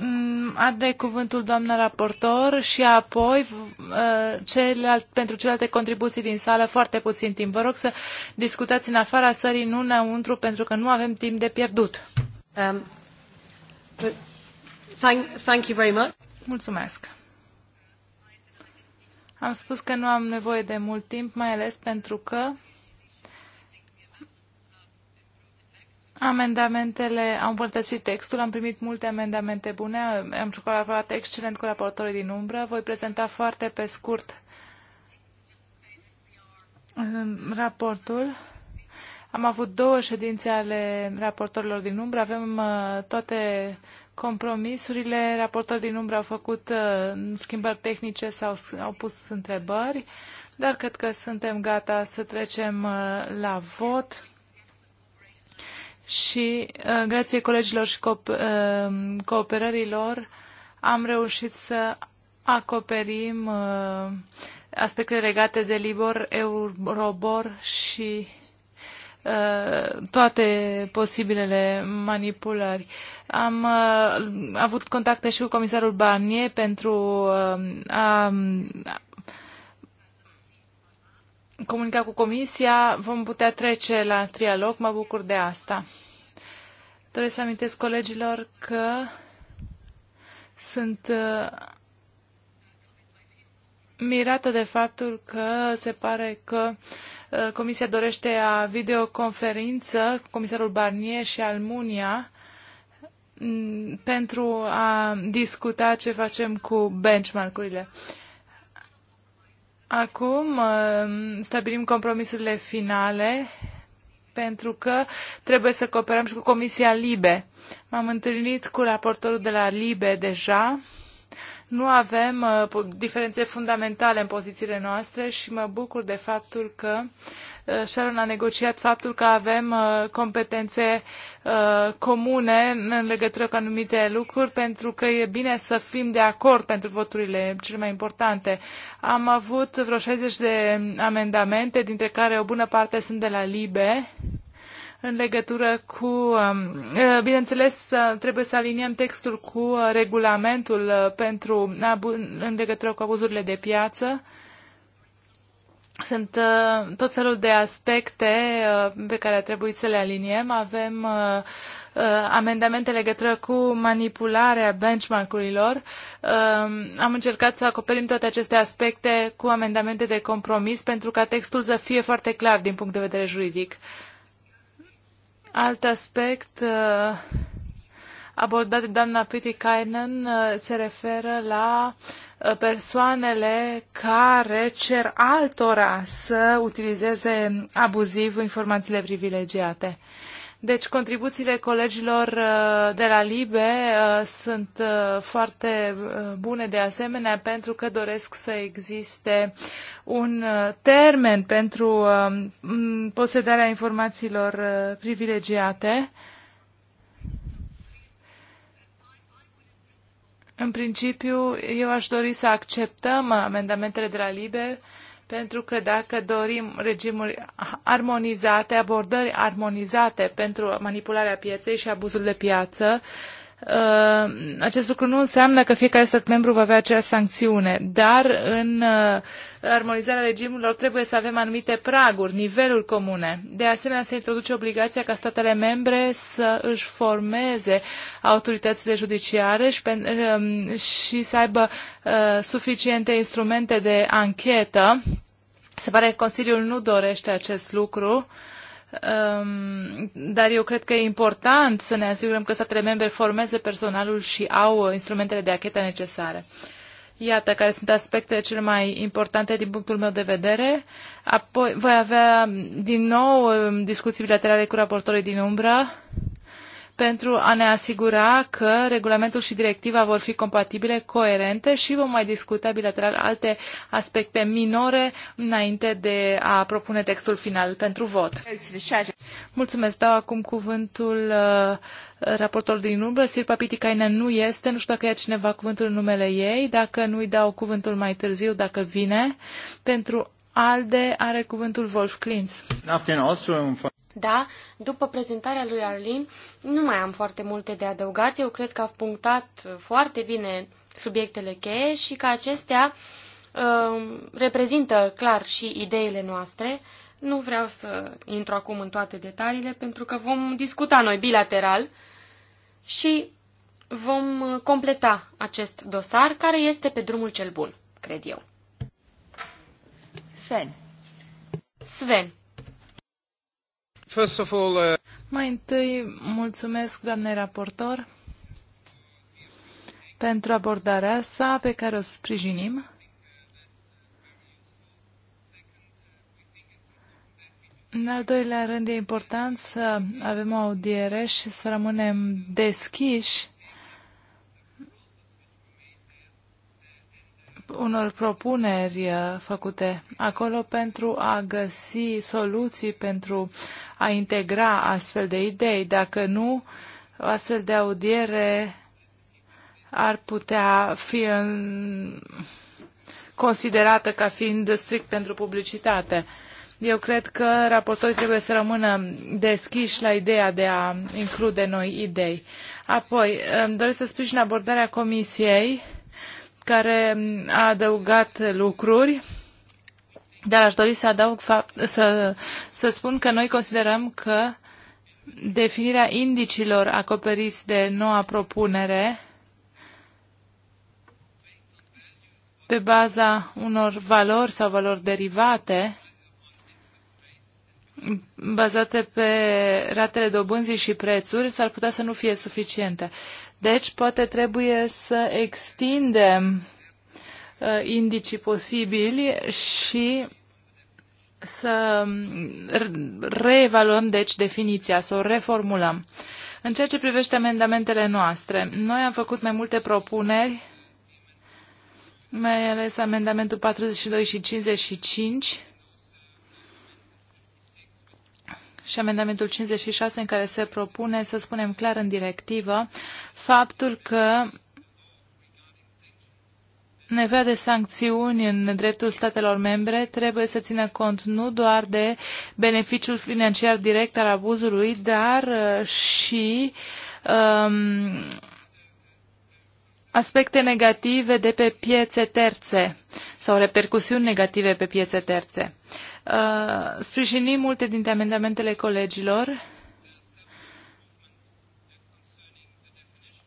C: Mm, Adei cuvântul doamna raportor și apoi uh, celălalt, pentru celelalte contribuții din sală foarte puțin timp. Vă rog să discutați în afara sării, nu înăuntru, pentru că nu avem timp de pierdut. Um, thank, thank you very much. Mulțumesc. Am spus că nu am nevoie de mult timp, mai ales pentru că Amendamentele au îmbunătățit textul, am primit multe amendamente bune, am colaborat excelent cu raportorii din umbră. Voi prezenta foarte pe scurt um, raportul. Am avut două ședințe ale raportorilor din umbră, avem uh, toate compromisurile, raportorii din umbră au făcut uh, schimbări tehnice sau au pus întrebări, dar cred că suntem gata să trecem uh, la vot și uh, grație colegilor și cop, uh, cooperărilor am reușit să acoperim uh, aspecte legate de Libor, Eurobor și uh, toate posibilele manipulări. Am uh, avut contacte și cu comisarul Barnier pentru uh, a comunica cu Comisia, vom putea trece la trialog. Mă bucur de asta. Doresc să amintesc colegilor că sunt uh, mirată de faptul că se pare că uh, Comisia dorește a videoconferință cu comisarul Barnier și Almunia mm, pentru a discuta ce facem cu benchmark-urile. Uh, Acum um, stabilim compromisurile finale pentru că trebuie să cooperăm și cu Comisia Libe. M-am întâlnit cu raportorul de la Libe deja. Nu avem uh, diferențe fundamentale în pozițiile noastre și mă bucur de faptul că uh, Uh, Sharon a negociat faptul că avem uh, competențe uh, comune în legătură cu anumite lucruri, pentru că e bine să fim de acord pentru voturile cele mai importante. Am avut vreo 60 de amendamente, dintre care o bună parte sunt de la LIBE în legătură cu. Um, bineînțeles, trebuie să aliniem textul cu regulamentul pentru, în legătură cu abuzurile de piață sunt uh, tot felul de aspecte uh, pe care a trebuit să le aliniem. Avem uh, amendamente legătură cu manipularea benchmark-urilor. Um, am încercat să acoperim toate aceste aspecte cu amendamente de compromis pentru ca textul să fie foarte clar din punct de vedere juridic. Alt aspect abordat de doamna Pitikainen se referă la uh, Uh, persoanele care cer altora să utilizeze abuziv informațiile privilegiate. Deci contribuțiile colegilor uh, de la LIBE uh, sunt foarte bune de asemenea pentru că doresc să existe un termen pentru posedarea informațiilor privilegiate În principiu, eu aș dori să acceptăm amendamentele de la LIBE, pentru că dacă dorim regimuri armonizate, abordări armonizate pentru manipularea pieței și abuzul de piață, uh, Uh, acest lucru nu înseamnă că fiecare stat membru va avea aceeași sancțiune, dar în uh, armonizarea regimurilor trebuie să avem anumite praguri, niveluri comune. De asemenea, se introduce obligația ca statele membre să își formeze autoritățile judiciare și, pe, um, și să aibă uh, suficiente instrumente de anchetă. Se pare că Consiliul nu dorește acest lucru. Uh, Um, dar eu cred că e important să ne asigurăm că statele membre formeze personalul și au uh, instrumentele de achetă necesare. Iată care sunt aspectele cele mai importante din punctul meu de vedere. Apoi voi avea din nou um, discuții bilaterale cu raportorii din umbră pentru a ne asigura că regulamentul și directiva vor fi compatibile, coerente și vom mai discuta bilateral alte aspecte minore înainte de a propune textul final pentru vot. Mulțumesc, dau acum cuvântul uh, raportor din umbră, Sirpa Pitikainen nu este, nu știu dacă ia cineva cuvântul în numele ei, dacă nu-i dau cuvântul mai târziu, dacă vine,
B: pentru ALDE are cuvântul Wolf Klintz. Da, după prezentarea lui Arlin, nu mai am foarte multe de adăugat. Eu cred că a punctat foarte bine subiectele cheie și că acestea uh, reprezintă clar și ideile noastre. Nu vreau să intru acum în toate detaliile, pentru că vom discuta noi bilateral și vom completa acest dosar, care este pe drumul cel bun, cred eu. Sven. Sven.
A: First of all, uh...
C: Mai întâi, mulțumesc, doamnei raportor, pentru abordarea sa pe care o sprijinim. În al doilea rând, e important să avem o audiere și să rămânem deschiși unor propuneri uh, făcute acolo pentru a găsi soluții pentru a integra astfel de idei. Dacă nu, o astfel de audiere ar putea fi în... considerată ca fiind strict pentru publicitate. Eu cred că raportorii trebuie să rămână deschiși la ideea de a include noi idei. Apoi, îmi doresc să sprijin abordarea comisiei care a adăugat lucruri dar aș dori să adaug fapt, să, să spun că noi considerăm că definirea indicilor acoperiți de noua propunere pe baza unor valori sau valori derivate bazate pe ratele dobânzii și prețuri s-ar putea să nu fie suficiente. Deci, poate trebuie să extindem Uh, indicii posibili și să um, reevaluăm, deci, definiția, să o reformulăm. În ceea ce privește amendamentele noastre, noi am făcut mai multe propuneri, mai ales amendamentul 42 și 55 și amendamentul 56 în care se propune să spunem clar în directivă faptul că nevoia de sancțiuni în dreptul statelor membre trebuie să țină cont nu doar de beneficiul financiar direct al abuzului, dar uh, și um, aspecte negative de pe piețe terțe sau repercusiuni negative pe piețe terțe. Uh, sprijinim multe dintre amendamentele colegilor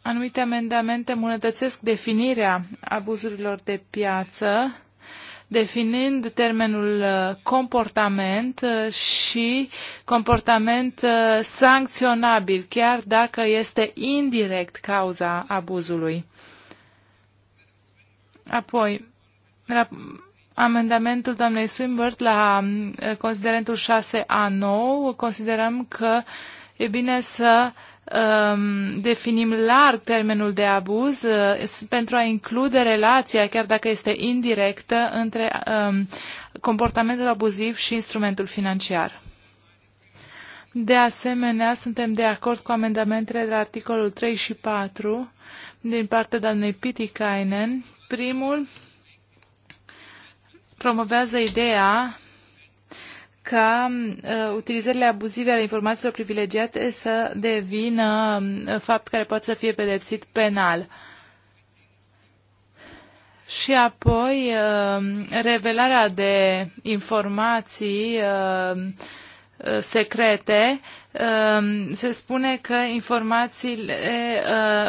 C: anumite amendamente îmbunătățesc definirea abuzurilor de piață, definind termenul uh, comportament uh, și comportament uh, sancționabil, chiar dacă este indirect cauza abuzului. Apoi, amendamentul doamnei Swimbert la considerentul 6A9, considerăm că e bine să uh, um, definim larg termenul de abuz uh, pentru a include relația, chiar dacă este indirectă, între um, comportamentul abuziv și instrumentul financiar. De asemenea, suntem de acord cu amendamentele la articolul 3 și 4 din partea doamnei Pitikainen. Primul promovează ideea ca uh, utilizările abuzive ale informațiilor privilegiate să devină uh, fapt care poate să fie pedepsit penal. Și apoi, uh, revelarea de informații uh, secrete se spune că informațiile,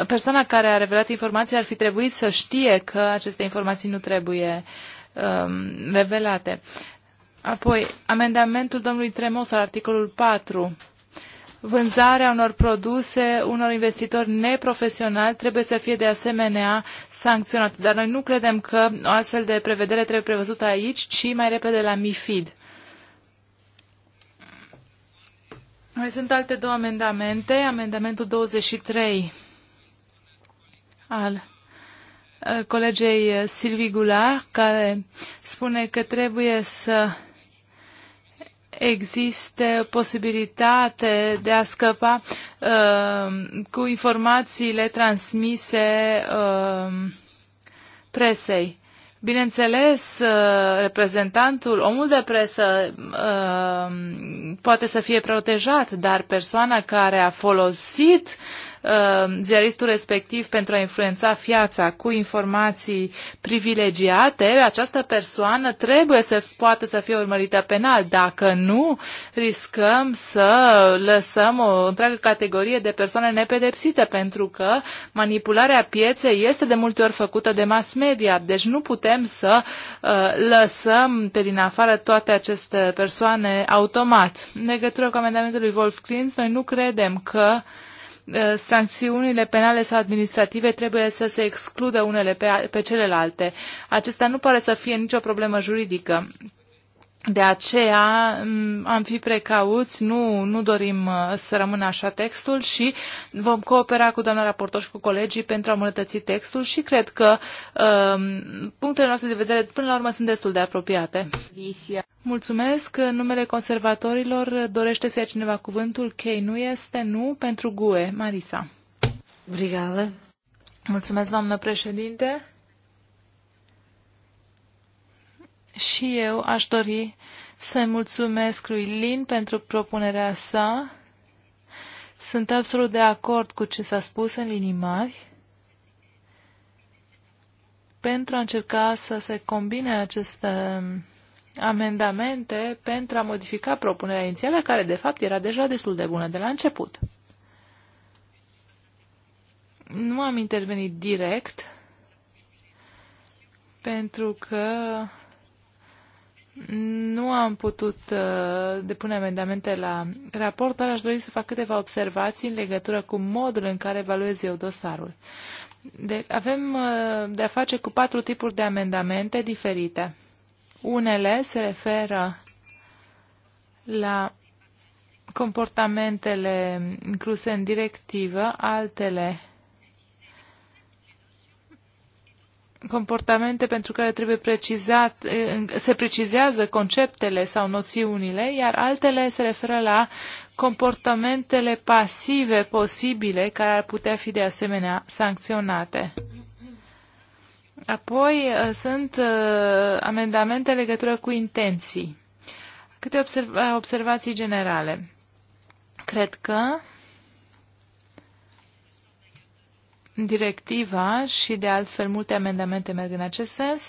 C: uh, persoana care a revelat informații ar fi trebuit să știe că aceste informații nu trebuie revelate. Apoi, amendamentul domnului Tremos al articolul 4. Vânzarea unor produse unor investitori neprofesionali trebuie să fie de asemenea sancționată. Dar noi nu credem că o astfel de prevedere trebuie prevăzută aici, ci mai repede la MIFID. Mai sunt alte două amendamente. Amendamentul 23 al uh, colegei Silvi Goulart, care spune că trebuie să existe posibilitate de a scăpa uh, cu informațiile transmise uh, presei. Bineînțeles, uh, reprezentantul, omul de presă uh, poate să fie protejat, dar persoana care a folosit Uh, ziaristul respectiv pentru a influența viața cu informații privilegiate, această persoană trebuie să poată să fie urmărită penal. Dacă nu, riscăm să lăsăm o întreagă categorie de persoane nepedepsite, pentru că manipularea pieței este de multe ori făcută de mass media. Deci nu putem să uh, lăsăm pe din afară toate aceste persoane automat. În legătură cu amendamentul lui Wolf Klins, noi nu credem că uh, Eh, sancțiunile penale sau administrative trebuie să se excludă unele pe, pe celelalte. Acesta nu pare să fie nicio problemă juridică. De aceea mm, am fi precauți, nu, nu dorim uh, să rămână așa textul și vom coopera cu doamna raportor și cu colegii pentru a îmbunătăți textul și cred că um, punctele noastre de vedere până la urmă sunt destul de apropiate. Visia. Mulțumesc. În numele conservatorilor dorește să ia cineva cuvântul? Chei nu este, nu, pentru GUE. Marisa.
A: Brigada.
C: Mulțumesc, doamnă președinte. Și eu aș dori să-i mulțumesc lui Lin pentru propunerea sa. Sunt absolut de acord cu ce s-a spus în linii mari pentru a încerca să se combine aceste um, amendamente pentru a modifica propunerea inițială, care de fapt era deja destul de bună de la început. Nu am intervenit direct, pentru că nu am putut uh, depune amendamente la raport, dar aș dori să fac câteva observații în legătură cu modul în care evaluez eu dosarul. De, avem uh, de-a face cu patru tipuri de amendamente diferite. Unele se referă la comportamentele incluse în directivă, altele comportamente pentru care trebuie precizat, se precizează conceptele sau noțiunile, iar altele se referă la comportamentele pasive posibile care ar putea fi de asemenea sancționate. Apoi sunt amendamente legătură cu intenții. Câte observa observații generale. Cred că directiva și de altfel multe amendamente merg în acest sens.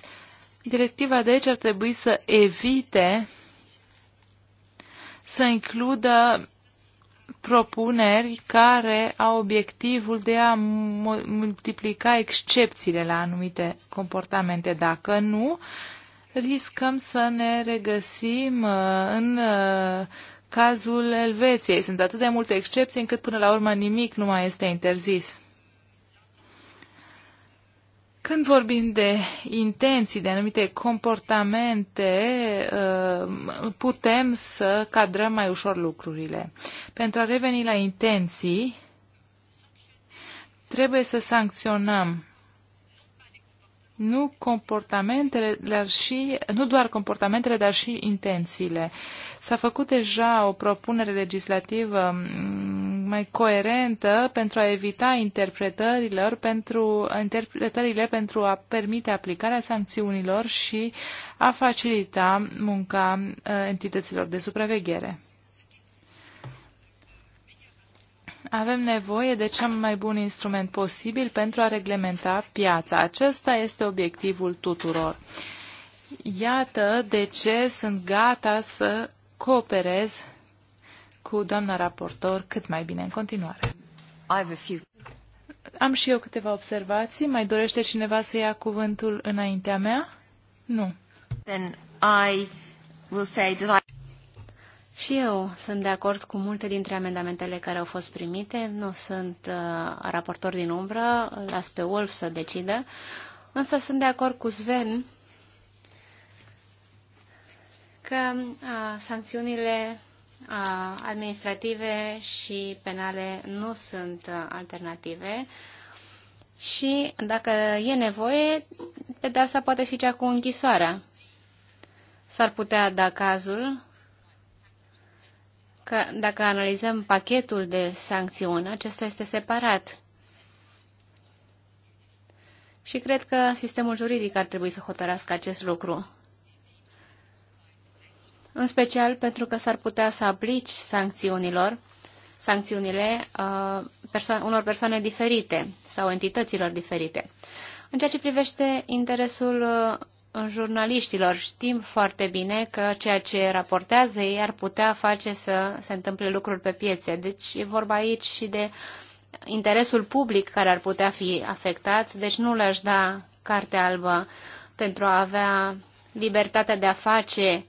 C: Directiva de aici ar trebui să evite să includă propuneri care au obiectivul de a multiplica excepțiile la anumite comportamente. Dacă nu, riscăm să ne regăsim uh, în uh, cazul Elveției. Sunt atât de multe excepții încât până la urmă nimic nu mai este interzis. Când vorbim de intenții, de anumite comportamente, uh, putem să cadrăm mai ușor lucrurile. Pentru a reveni la intenții, trebuie să sancționăm nu comportamentele, dar și, nu doar comportamentele, dar și intențiile. S-a făcut deja o propunere legislativă mm, mai coerentă pentru a evita interpretărilor, pentru, interpretările pentru a permite aplicarea sancțiunilor și a facilita munca uh, entităților de supraveghere. avem nevoie de cel mai bun instrument posibil pentru a reglementa piața. Acesta este obiectivul tuturor. Iată de ce sunt gata să cooperez cu doamna raportor cât mai bine în continuare. Am și eu câteva observații. Mai dorește cineva să ia cuvântul înaintea mea? Nu. Then I will say that I... Și eu sunt de acord cu multe dintre
D: amendamentele care au fost primite. Nu sunt uh, raportor din umbră, las pe Wolf să decidă, însă sunt de acord cu Sven că uh, sancțiunile uh, administrative și penale nu sunt uh, alternative și dacă e nevoie, pedeapsa poate fi cea cu închisoarea. S-ar putea da cazul că dacă analizăm pachetul de sancțiuni, acesta este separat. Și cred că sistemul juridic ar trebui să hotărască acest lucru. În special pentru că s-ar putea să aplici sancțiunilor, sancțiunile uh, perso unor persoane diferite sau entităților diferite. În ceea ce privește interesul uh, jurnaliștilor. Știm foarte bine că ceea ce raportează ei ar putea face să se întâmple lucruri pe piețe. Deci e vorba aici și de interesul public care ar putea fi afectat, deci nu le-aș da carte albă pentru a avea libertatea de a face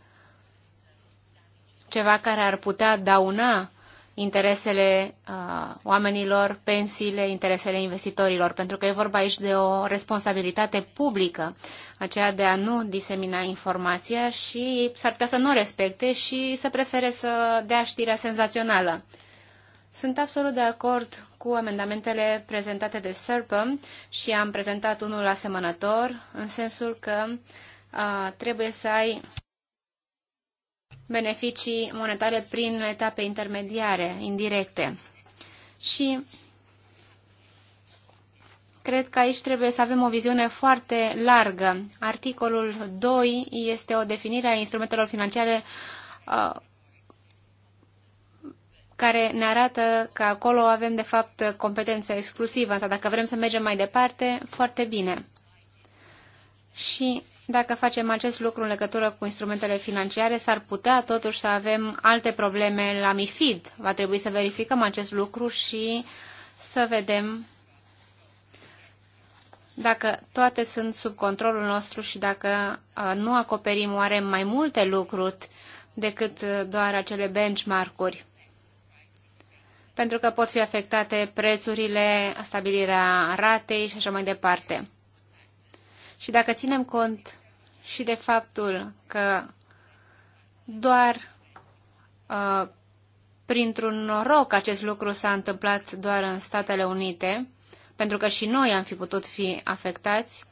D: ceva care ar putea dauna interesele uh, oamenilor, pensiile, interesele investitorilor, pentru că e vorba aici de o responsabilitate publică, aceea de a nu disemina informația și s-ar putea să nu respecte și să prefere să dea știrea senzațională. Sunt absolut de acord cu amendamentele prezentate de SERPM și am prezentat unul asemănător, în sensul că uh, trebuie să ai beneficii monetare prin etape intermediare, indirecte. Și cred că aici trebuie să avem o viziune foarte largă. Articolul 2 este o definire a instrumentelor financiare uh, care ne arată că acolo avem, de fapt, competența exclusivă. Asta dacă vrem să mergem mai departe, foarte bine. Și dacă facem acest lucru în legătură cu instrumentele financiare, s-ar putea totuși să avem alte probleme la MIFID. Va trebui să verificăm acest lucru și să vedem dacă toate sunt sub controlul nostru și dacă uh, nu acoperim oare mai multe lucruri decât uh, doar acele benchmark-uri. Pentru că pot fi afectate prețurile, stabilirea ratei și așa mai departe. Și dacă ținem cont și de faptul că doar uh, printr-un noroc acest lucru s-a întâmplat doar în Statele Unite, pentru că și noi am fi putut fi afectați,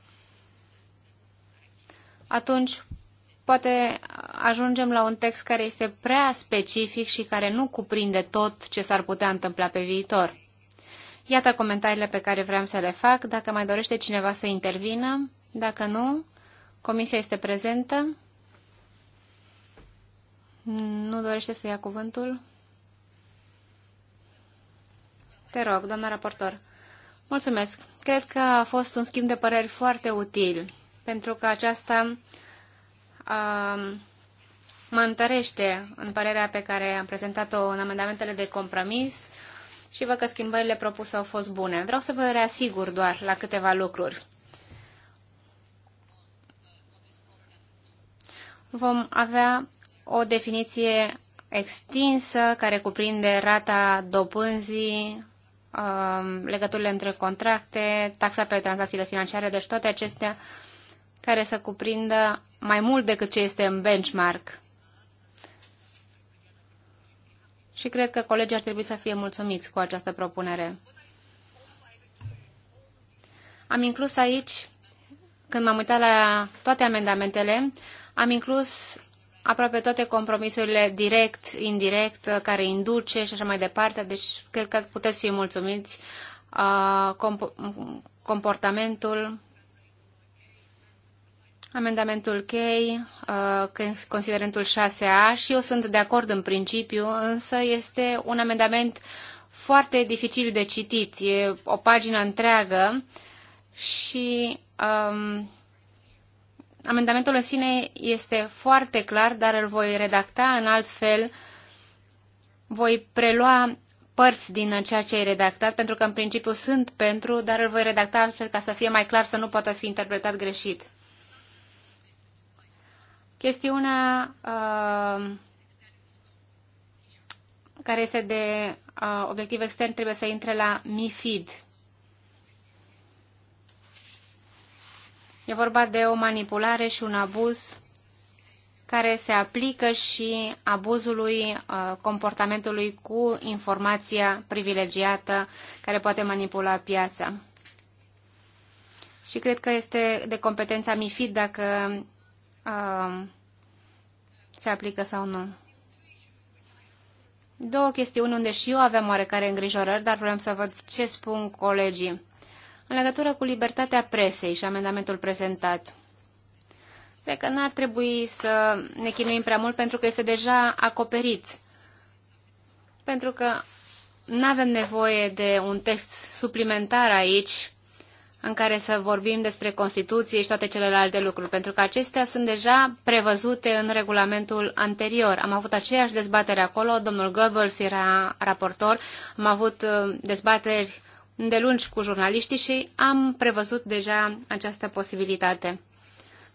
D: atunci poate ajungem la un text care este prea specific și care nu cuprinde tot ce s-ar putea întâmpla pe viitor. Iată comentariile pe care vreau să le fac. Dacă mai dorește cineva să intervină, dacă nu, comisia este prezentă. Nu dorește să ia cuvântul? Te rog, doamna raportor. Mulțumesc. Cred că a fost un schimb de păreri foarte util, pentru că aceasta a, um, mă întărește în părerea pe care am prezentat-o în amendamentele de compromis și văd că schimbările propuse au fost bune. Vreau să vă reasigur doar la câteva lucruri. vom avea o definiție extinsă care cuprinde rata dobânzii, um, legăturile între contracte, taxa pe tranzacțiile financiare, deci toate acestea care să cuprindă mai mult decât ce este în benchmark. Și cred că colegii ar trebui să fie mulțumiți cu această propunere. Am inclus aici, când m-am uitat la toate amendamentele, am inclus aproape toate compromisurile direct, indirect, care induce și așa mai departe, deci cred că puteți fi mulțumiți. Comportamentul, amendamentul chei, considerentul 6A și eu sunt de acord în principiu, însă este un amendament foarte dificil de citit, e o pagină întreagă și um, Amendamentul în sine este foarte clar, dar îl voi redacta în alt fel. Voi prelua părți din ceea ce ai redactat, pentru că în principiu sunt pentru, dar îl voi redacta altfel ca să fie mai clar, să nu poată fi interpretat greșit. Chestiunea uh, care este de uh, obiectiv extern trebuie să intre la MIFID. E vorba de o manipulare și un abuz care se aplică și abuzului uh, comportamentului cu informația privilegiată care poate manipula piața. Și cred că este de competența MIFID dacă uh, se aplică sau nu. Două chestiuni unde și eu aveam oarecare îngrijorări, dar vreau să văd ce spun colegii. În legătură cu libertatea presei și amendamentul prezentat, cred că n-ar trebui să ne chinuim prea mult pentru că este deja acoperit. Pentru că nu avem nevoie de un text suplimentar aici în care să vorbim despre Constituție și toate celelalte lucruri, pentru că acestea sunt deja prevăzute în regulamentul anterior. Am avut aceeași dezbatere acolo, domnul Goebbels era raportor, am avut uh, dezbateri îndelungi cu jurnaliștii și am prevăzut deja această posibilitate.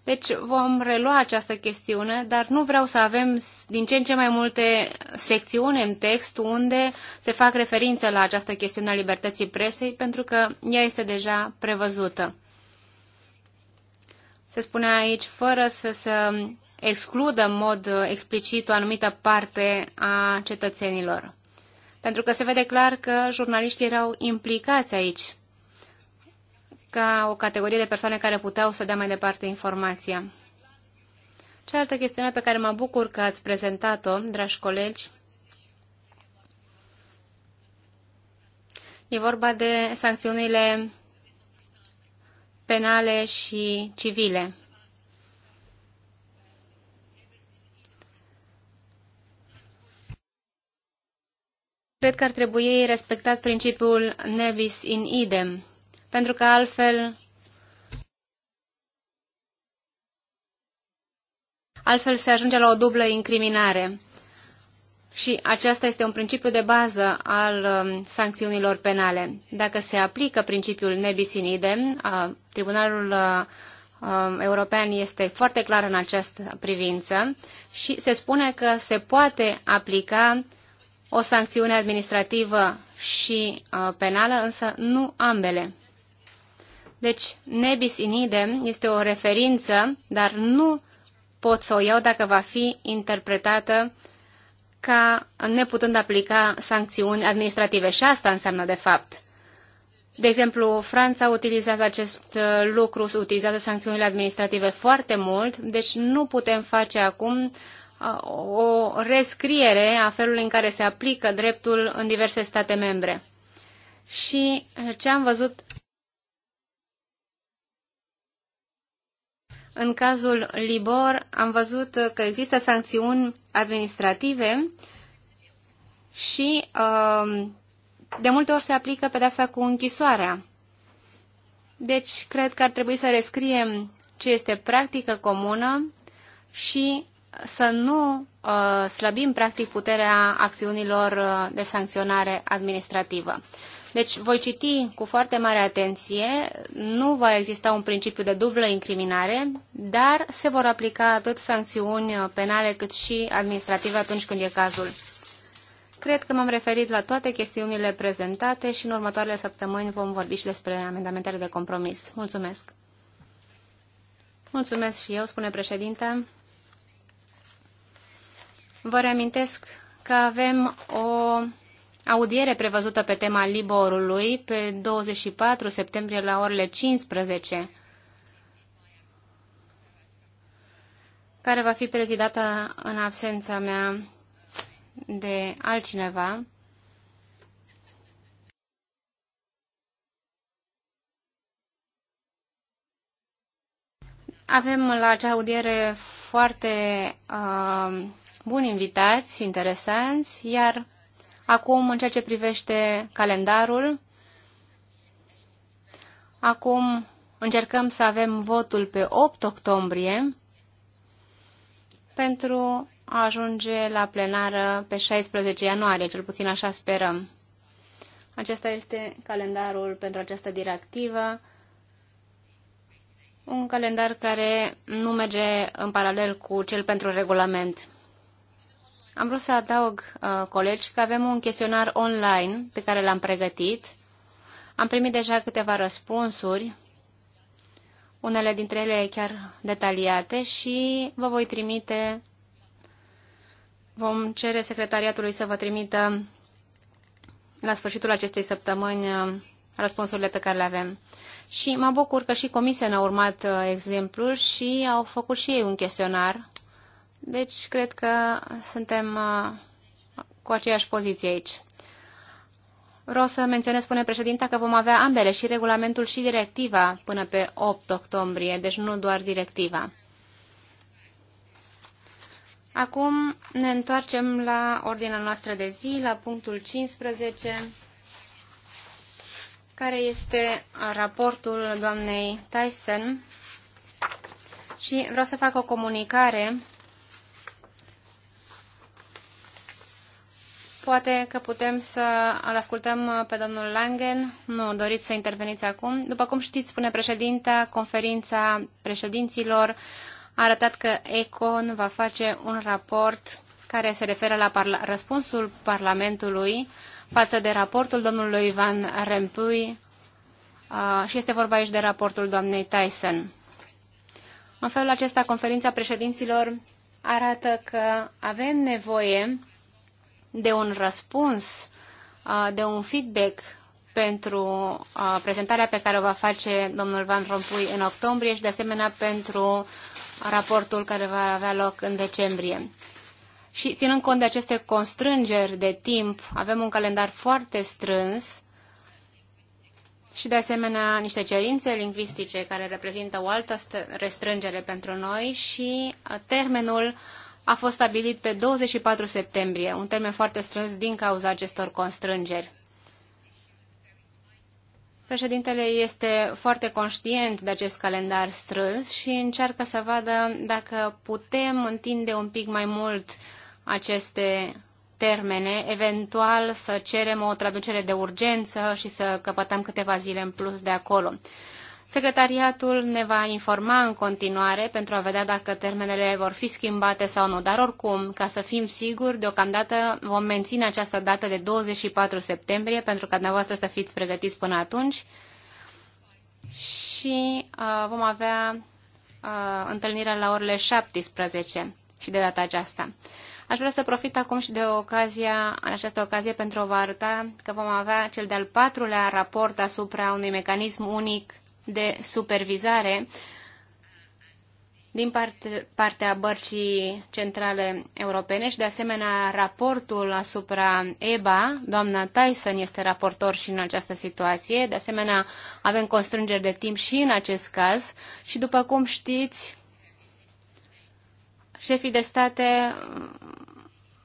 D: Deci vom relua această chestiune, dar nu vreau să avem din ce în ce mai multe secțiuni în text unde se fac referință la această chestiune a libertății presei, pentru că ea este deja prevăzută. Se spune aici, fără să se excludă în mod explicit o anumită parte a cetățenilor. Pentru că se vede clar că jurnaliștii erau implicați aici ca o categorie de persoane care puteau să dea mai departe informația. Cealaltă chestiune pe care mă bucur că ați prezentat-o, dragi colegi, e vorba de sancțiunile penale și civile. Cred că ar trebui respectat principiul nebis in idem, pentru că altfel altfel se ajunge la o dublă incriminare. Și acesta este un principiu de bază al um, sancțiunilor penale. Dacă se aplică principiul nebis in idem, uh, Tribunalul uh, um, European este foarte clar în această privință și se spune că se poate aplica o sancțiune administrativă și uh, penală, însă nu ambele. Deci, nebis in idem este o referință, dar nu pot să o iau dacă va fi interpretată ca neputând aplica sancțiuni administrative. Și asta înseamnă, de fapt. De exemplu, Franța utilizează acest uh, lucru, utilizează sancțiunile administrative foarte mult, deci nu putem face acum o rescriere a felului în care se aplică dreptul în diverse state membre. Și ce am văzut în cazul Libor, am văzut că există sancțiuni administrative și de multe ori se aplică pedeapsa cu închisoarea. Deci, cred că ar trebui să rescriem ce este practică comună și să nu uh, slăbim practic puterea acțiunilor uh, de sancționare administrativă. Deci voi citi cu foarte mare atenție, nu va exista un principiu de dublă incriminare, dar se vor aplica atât sancțiuni uh, penale cât și administrative atunci când e cazul. Cred că m-am referit la toate chestiunile prezentate și în următoarele săptămâni vom vorbi și despre amendamentele de compromis. Mulțumesc! Mulțumesc și eu, spune președinte. Vă reamintesc că avem o audiere prevăzută pe tema Liborului pe 24 septembrie la orele 15, care va fi prezidată în absența mea de altcineva. Avem la acea audiere foarte uh, buni invitați, interesanți, iar acum, în ceea ce privește calendarul, acum încercăm să avem votul pe 8 octombrie pentru a ajunge la plenară pe 16 ianuarie, cel puțin așa sperăm. Acesta este calendarul pentru această directivă, un calendar care nu merge în paralel cu cel pentru regulament. Am vrut să adaug, uh, colegi, că avem un chestionar online pe care l-am pregătit. Am primit deja câteva răspunsuri, unele dintre ele chiar detaliate și vă voi trimite, vom cere secretariatului să vă trimită la sfârșitul acestei săptămâni uh, răspunsurile pe care le avem. Și mă bucur că și comisia ne-a urmat uh, exemplul și au făcut și ei un chestionar deci, cred că suntem uh, cu aceeași poziție aici. Vreau să menționez, spune președinta, că vom avea ambele, și regulamentul și directiva, până pe 8 octombrie, deci nu doar directiva. Acum ne întoarcem la ordinea noastră de zi, la punctul 15, care este raportul doamnei Tyson. Și vreau să fac o comunicare Poate că putem să îl ascultăm uh, pe domnul Langen. Nu, doriți să interveniți acum. După cum știți, spune președinta, conferința președinților a arătat că ECON va face un raport care se referă la parla răspunsul Parlamentului față de raportul domnului Ivan Rempui uh, și este vorba aici de raportul doamnei Tyson. În felul acesta, conferința președinților arată că avem nevoie de un răspuns, de un feedback pentru prezentarea pe care o va face domnul Van Rompuy în octombrie și de asemenea pentru raportul care va avea loc în decembrie. Și ținând cont de aceste constrângeri de timp, avem un calendar foarte strâns și de asemenea niște cerințe lingvistice care reprezintă o altă restrângere pentru noi și termenul uh, a fost stabilit pe 24 septembrie, un termen foarte strâns din cauza acestor constrângeri. Președintele este foarte conștient de acest calendar strâns și încearcă să vadă dacă putem întinde un pic mai mult aceste termene, eventual să cerem o traducere de urgență și să căpătăm câteva zile în plus de acolo. Secretariatul ne va informa în continuare pentru a vedea dacă termenele vor fi schimbate sau nu, dar oricum, ca să fim siguri, deocamdată vom menține această dată de 24 septembrie pentru ca dumneavoastră să fiți pregătiți până atunci și uh, vom avea uh, întâlnirea la orele 17 și de data aceasta. Aș vrea să profit acum și de ocazia, în această ocazie pentru a vă arăta că vom avea cel de-al patrulea raport asupra unui mecanism unic de supervizare din parte, partea Bărcii Centrale Europene și, de asemenea, raportul asupra EBA. Doamna Tyson este raportor și în această situație. De asemenea, avem constrângeri de timp și în acest caz. Și, după cum știți, șefii de state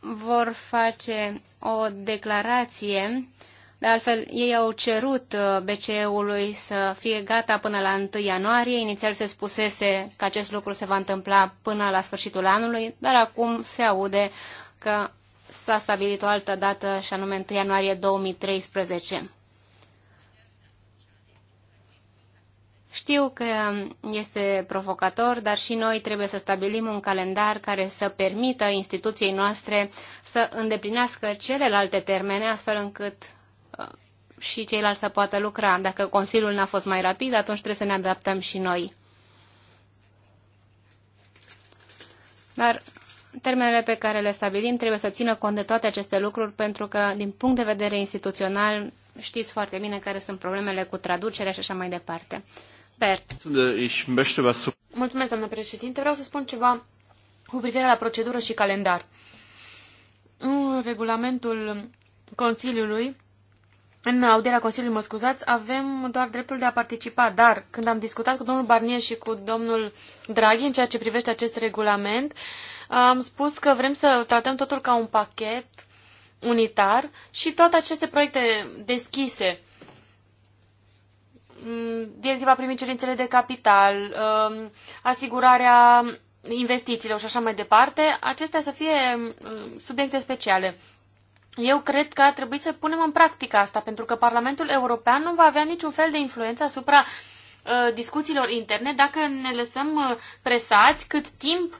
D: vor face o declarație uh, de altfel, ei au cerut uh, BCE-ului să fie gata până la 1 ianuarie. Inițial se spusese că acest lucru se va întâmpla până la sfârșitul anului, dar acum se aude că s-a stabilit o altă dată, și anume 1 ianuarie 2013. Știu că este provocator, dar și noi trebuie să stabilim un calendar care să permită instituției noastre să îndeplinească celelalte termene, astfel încât și ceilalți să poată lucra. Dacă Consiliul n-a fost mai rapid, atunci trebuie să ne adaptăm și noi. Dar termenele pe care le stabilim trebuie să țină cont de toate aceste lucruri, pentru că, din punct de vedere instituțional, știți foarte bine care sunt problemele cu traducerea și așa mai departe. Bert.
B: Mulțumesc, doamnă președinte. Vreau să spun ceva cu privire la procedură și calendar. În regulamentul Consiliului în audierea Consiliului, mă scuzați, avem doar dreptul de a participa, dar când am discutat cu domnul Barnier și cu domnul Draghi în ceea ce privește acest regulament, am spus că vrem să tratăm totul ca un pachet unitar și toate aceste proiecte deschise, mm, directiva primi cerințele de capital, um, asigurarea investițiilor și așa mai departe, acestea să fie mm, subiecte speciale. Eu cred că ar trebui să punem în practică asta, pentru că Parlamentul European nu va avea niciun fel de influență asupra uh, discuțiilor interne dacă ne lăsăm uh, presați cât timp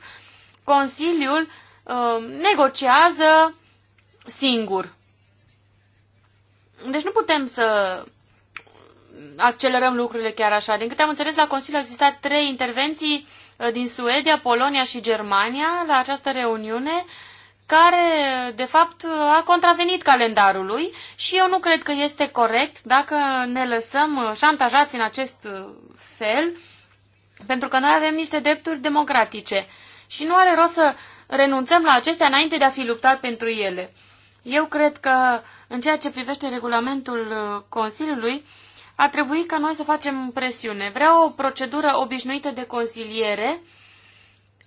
B: Consiliul uh, negociază singur. Deci nu putem să accelerăm lucrurile chiar așa. Din câte am înțeles, la Consiliu au existat trei intervenții din Suedia, Polonia și Germania la această reuniune. Uh, care, de fapt, a contravenit calendarului și eu nu cred că este corect dacă ne lăsăm uh, șantajați în acest uh, fel, pentru că noi avem niște drepturi democratice și nu are rost să renunțăm la acestea înainte de a fi luptat pentru ele. Eu cred că, în ceea ce privește regulamentul uh, Consiliului, a trebuit ca noi să facem presiune. Vreau o procedură obișnuită de consiliere,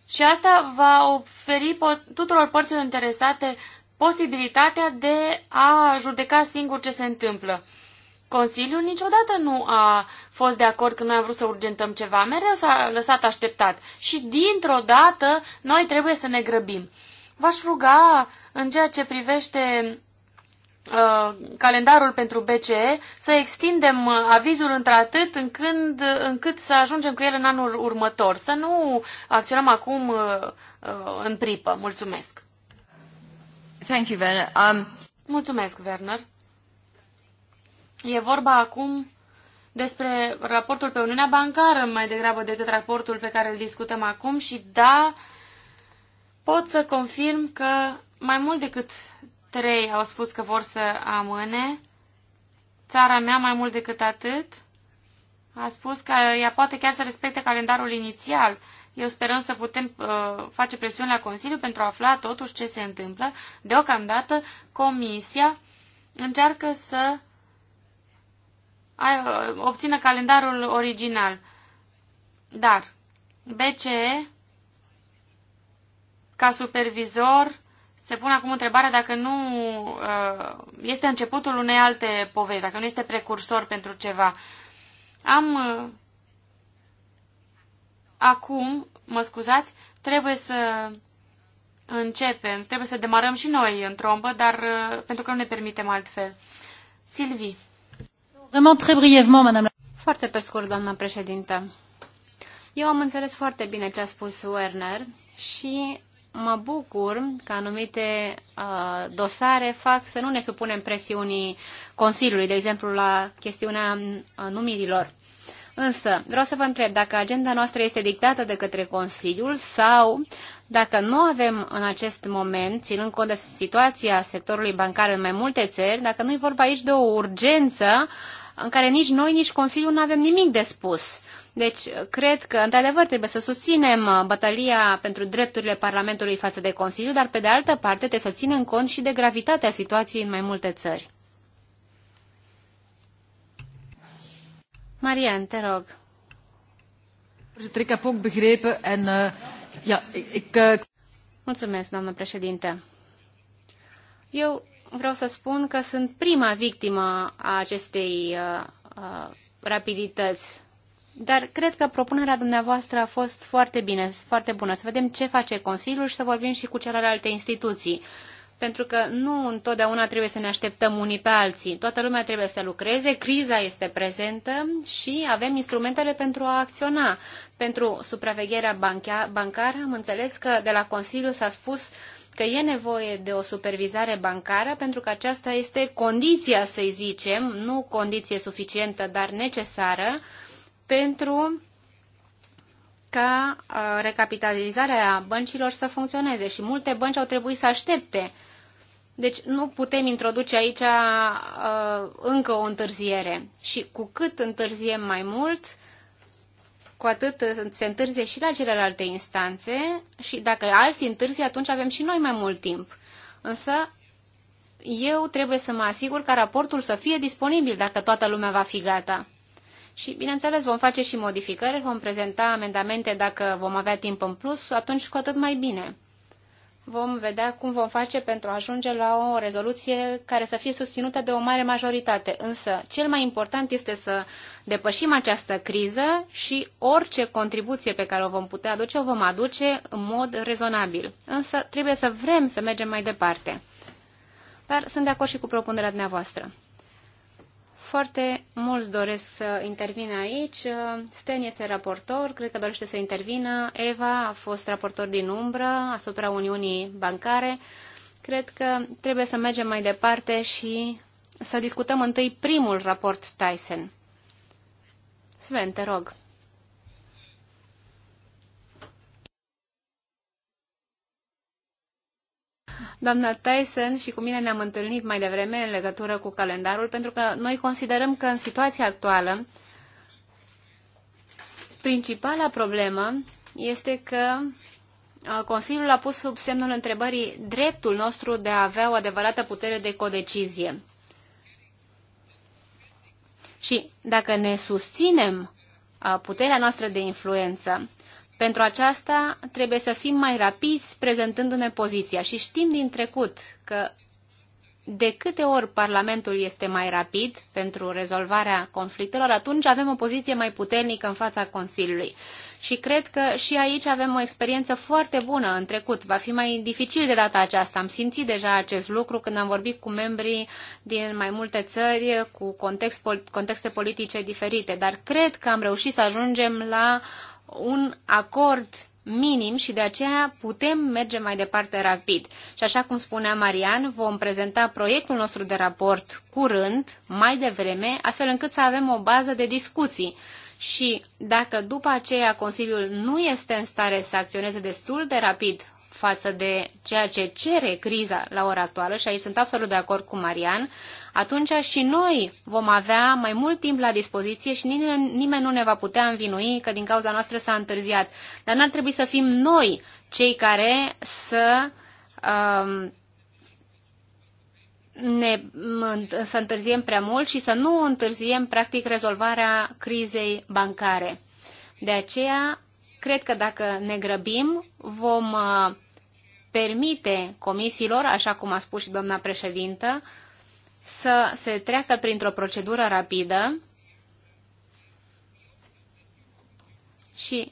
B: și asta va oferi tuturor părților interesate posibilitatea de a judeca singur ce se întâmplă. Consiliul niciodată nu a fost de acord că noi am vrut să urgentăm ceva, mereu s-a lăsat așteptat și dintr-o dată noi trebuie să ne grăbim. V-aș ruga în ceea ce privește Uh, calendarul pentru BCE, să extindem uh, avizul într-atât încât, uh, încât să ajungem cu el în anul următor. Să nu acționăm acum în pripă. Mulțumesc. Thank you, Werner. Um... Mulțumesc, Werner. E vorba acum despre raportul pe Uniunea Bancară mai degrabă decât raportul pe care îl discutăm acum și da, pot să confirm că mai mult decât Trei au spus că vor să amâne. Țara mea, mai mult decât atât, a spus că ea poate chiar să respecte calendarul inițial. Eu sperăm să putem uh, face presiune la Consiliu pentru a afla totuși ce se întâmplă. Deocamdată, Comisia încearcă să uh, obțină calendarul original. Dar BCE, ca supervizor, se pune acum întrebarea dacă nu uh, este începutul unei alte povești, dacă nu este precursor pentru ceva. Am uh, acum, mă scuzați, trebuie să începem, trebuie să demarăm și noi în trombă, dar uh, pentru că nu ne permitem altfel. Silvi. Foarte pe scurt, doamna președintă.
D: Eu am înțeles foarte bine ce a spus Werner și mă bucur că anumite uh, dosare fac să nu ne supunem presiunii Consiliului, de exemplu la chestiunea uh, numirilor. Însă, vreau să vă întreb dacă agenda noastră este dictată de către Consiliul sau dacă nu avem în acest moment, ținând cont de situația sectorului bancar în mai multe țări, dacă nu i vorba aici de o urgență în care nici noi, nici Consiliul nu avem nimic de spus. Deci, cred că, într-adevăr, trebuie să susținem uh, bătălia pentru drepturile Parlamentului față de Consiliu, dar, pe de altă parte, trebuie să ținem cont și de gravitatea situației în mai multe țări. Marian, te rog. Eh, eh, Mulțumesc, doamnă președinte. Eu vreau să spun că sunt prima victimă a acestei uh, uh, rapidități dar cred că propunerea dumneavoastră a fost foarte bine, foarte bună. Să vedem ce face Consiliul și să vorbim și cu celelalte instituții. Pentru că nu întotdeauna trebuie să ne așteptăm unii pe alții. Toată lumea trebuie să lucreze, criza este prezentă și avem instrumentele pentru a acționa. Pentru supravegherea bancară am înțeles că de la Consiliu s-a spus că e nevoie de o supervizare bancară pentru că aceasta este condiția, să zicem, nu condiție suficientă, dar necesară, pentru ca uh, recapitalizarea băncilor să funcționeze și multe bănci au trebuit să aștepte. Deci nu putem introduce aici uh, încă o întârziere. Și cu cât întârziem mai mult, cu atât uh, se întârzie și la celelalte instanțe și dacă alții întârzie, atunci avem și noi mai mult timp. Însă eu trebuie să mă asigur ca raportul să fie disponibil dacă toată lumea va fi gata. Și, bineînțeles, vom face și modificări, vom prezenta amendamente dacă vom avea timp în plus, atunci cu atât mai bine. Vom vedea cum vom face pentru a ajunge la o rezoluție care să fie susținută de o mare majoritate. Însă, cel mai important este să depășim această criză și orice contribuție pe care o vom putea aduce, o vom aduce în mod rezonabil. Însă, trebuie să vrem să mergem mai departe. Dar sunt de acord și cu propunerea dumneavoastră. Foarte mulți doresc să intervină aici. Sten este raportor, cred că dorește să intervină. Eva a fost raportor din umbră asupra Uniunii Bancare. Cred că trebuie să mergem mai departe și să discutăm întâi primul raport Tyson. Sven, te rog. Doamna Tyson și cu mine ne-am întâlnit mai devreme în legătură cu calendarul, pentru că noi considerăm că în situația actuală principala problemă este că Consiliul a pus sub semnul întrebării dreptul nostru de a avea o adevărată putere de codecizie. Și dacă ne susținem puterea noastră de influență, pentru aceasta trebuie să fim mai rapizi prezentându-ne poziția și știm din trecut că de câte ori Parlamentul este mai rapid pentru rezolvarea conflictelor, atunci avem o poziție mai puternică în fața Consiliului. Și cred că și aici avem o experiență foarte bună în trecut. Va fi mai dificil de data aceasta. Am simțit deja acest lucru când am vorbit cu membrii din mai multe țări, cu context, contexte politice diferite. Dar cred că am reușit să ajungem la un acord minim și de aceea putem merge mai departe rapid. Și așa cum spunea Marian, vom prezenta proiectul nostru de raport curând, mai devreme, astfel încât să avem o bază de discuții. Și dacă după aceea Consiliul nu este în stare să acționeze destul de rapid față de ceea ce cere criza la ora actuală, și aici sunt absolut de acord cu Marian, atunci și noi vom avea mai mult timp la dispoziție și nimeni, nimeni nu ne va putea învinui că din cauza noastră s-a întârziat. Dar n-ar trebui să fim noi cei care să um, ne, să întârziem prea mult și să nu întârziem, practic, rezolvarea crizei bancare. De aceea, cred că dacă ne grăbim, vom uh, permite comisiilor, așa cum a spus și doamna președintă, să se treacă printr-o procedură rapidă și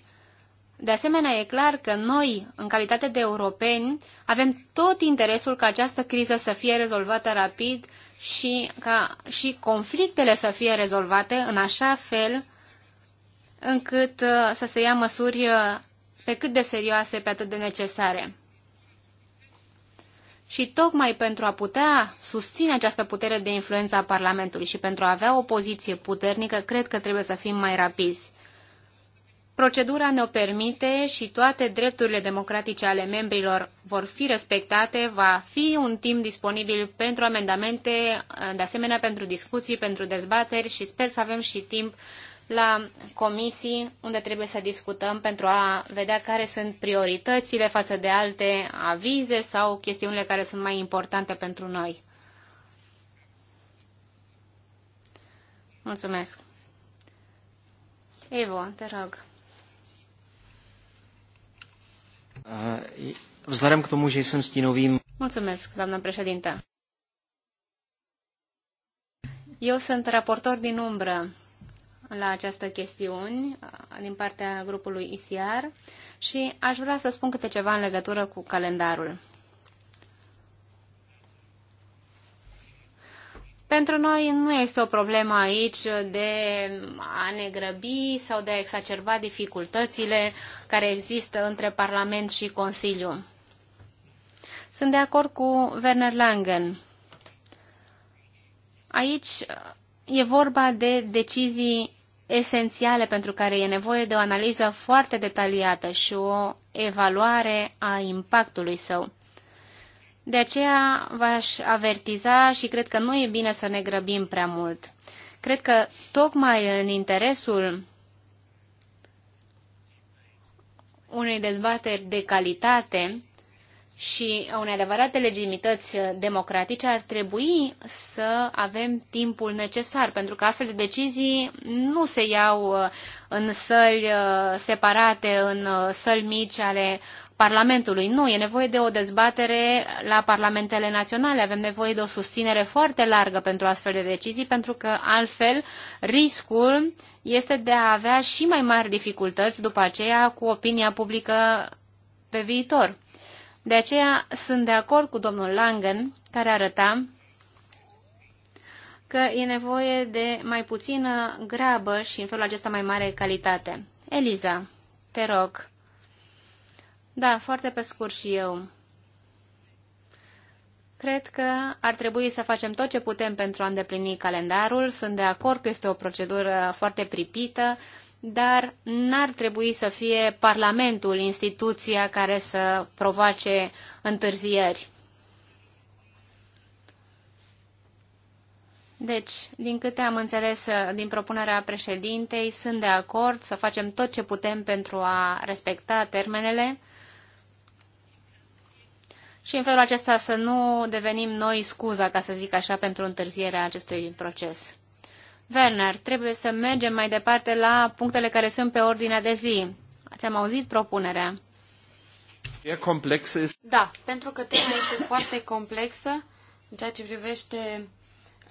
D: de asemenea, e clar că noi, în calitate de europeni, avem tot interesul ca această criză să fie rezolvată rapid și ca și conflictele să fie rezolvate în așa fel încât uh, să se ia măsuri uh, pe cât de serioase, pe atât de necesare. Și tocmai pentru a putea susține această putere de influență a Parlamentului și pentru a avea o poziție puternică, cred că trebuie să fim mai rapizi. Procedura ne-o permite și toate drepturile democratice ale membrilor vor fi respectate, va fi un timp disponibil pentru amendamente, de asemenea pentru discuții, pentru dezbateri și sper să avem și timp la comisii unde trebuie să discutăm pentru a vedea care sunt prioritățile față de alte avize sau chestiunile care sunt mai importante pentru noi. Mulțumesc. Evo, te rog. Uh, vzhledem k tomu, že jsem stínovým... Mulțumesc, doamna președintă. Eu sunt raportor din umbră la această chestiune uh, din partea grupului ICR și aș vrea să spun câte ceva în legătură cu calendarul. Pentru noi nu este o problemă aici de a ne grăbi sau de a exacerba dificultățile care există între Parlament și Consiliu. Sunt de acord cu Werner Langen. Aici e vorba de decizii esențiale pentru care e nevoie de o analiză foarte detaliată și o evaluare a impactului său. De aceea v-aș avertiza și cred că nu e bine să ne grăbim prea mult. Cred că tocmai în interesul unei dezbateri de calitate, și unei adevărate legitimități democratice ar trebui să avem timpul necesar, pentru că astfel de decizii nu se iau uh, în săli uh, separate, în uh, săli mici ale Parlamentului. Nu, e nevoie de o dezbatere la parlamentele naționale. Avem nevoie de o susținere foarte largă pentru astfel de decizii, pentru că altfel riscul este de a avea și mai mari dificultăți după aceea cu opinia publică pe viitor. De aceea sunt de acord cu domnul Langen, care arăta că e nevoie de mai puțină grabă și în felul acesta mai mare calitate. Eliza, te rog. Da, foarte pe scurt și eu. Cred că ar trebui să facem tot ce putem pentru a îndeplini calendarul. Sunt de acord că este o procedură foarte pripită, dar n-ar trebui să fie Parlamentul instituția care să provoace întârzieri. Deci, din câte am înțeles din propunerea președintei, sunt de acord să facem tot ce putem pentru a respecta termenele și în felul acesta să nu devenim noi scuza, ca să zic așa, pentru întârzierea acestui proces. Werner, trebuie să mergem mai departe la punctele care sunt pe ordinea de
B: zi. Ați-am auzit propunerea?
A: E complexă.
B: Da, pentru că tema este foarte complexă în ceea ce privește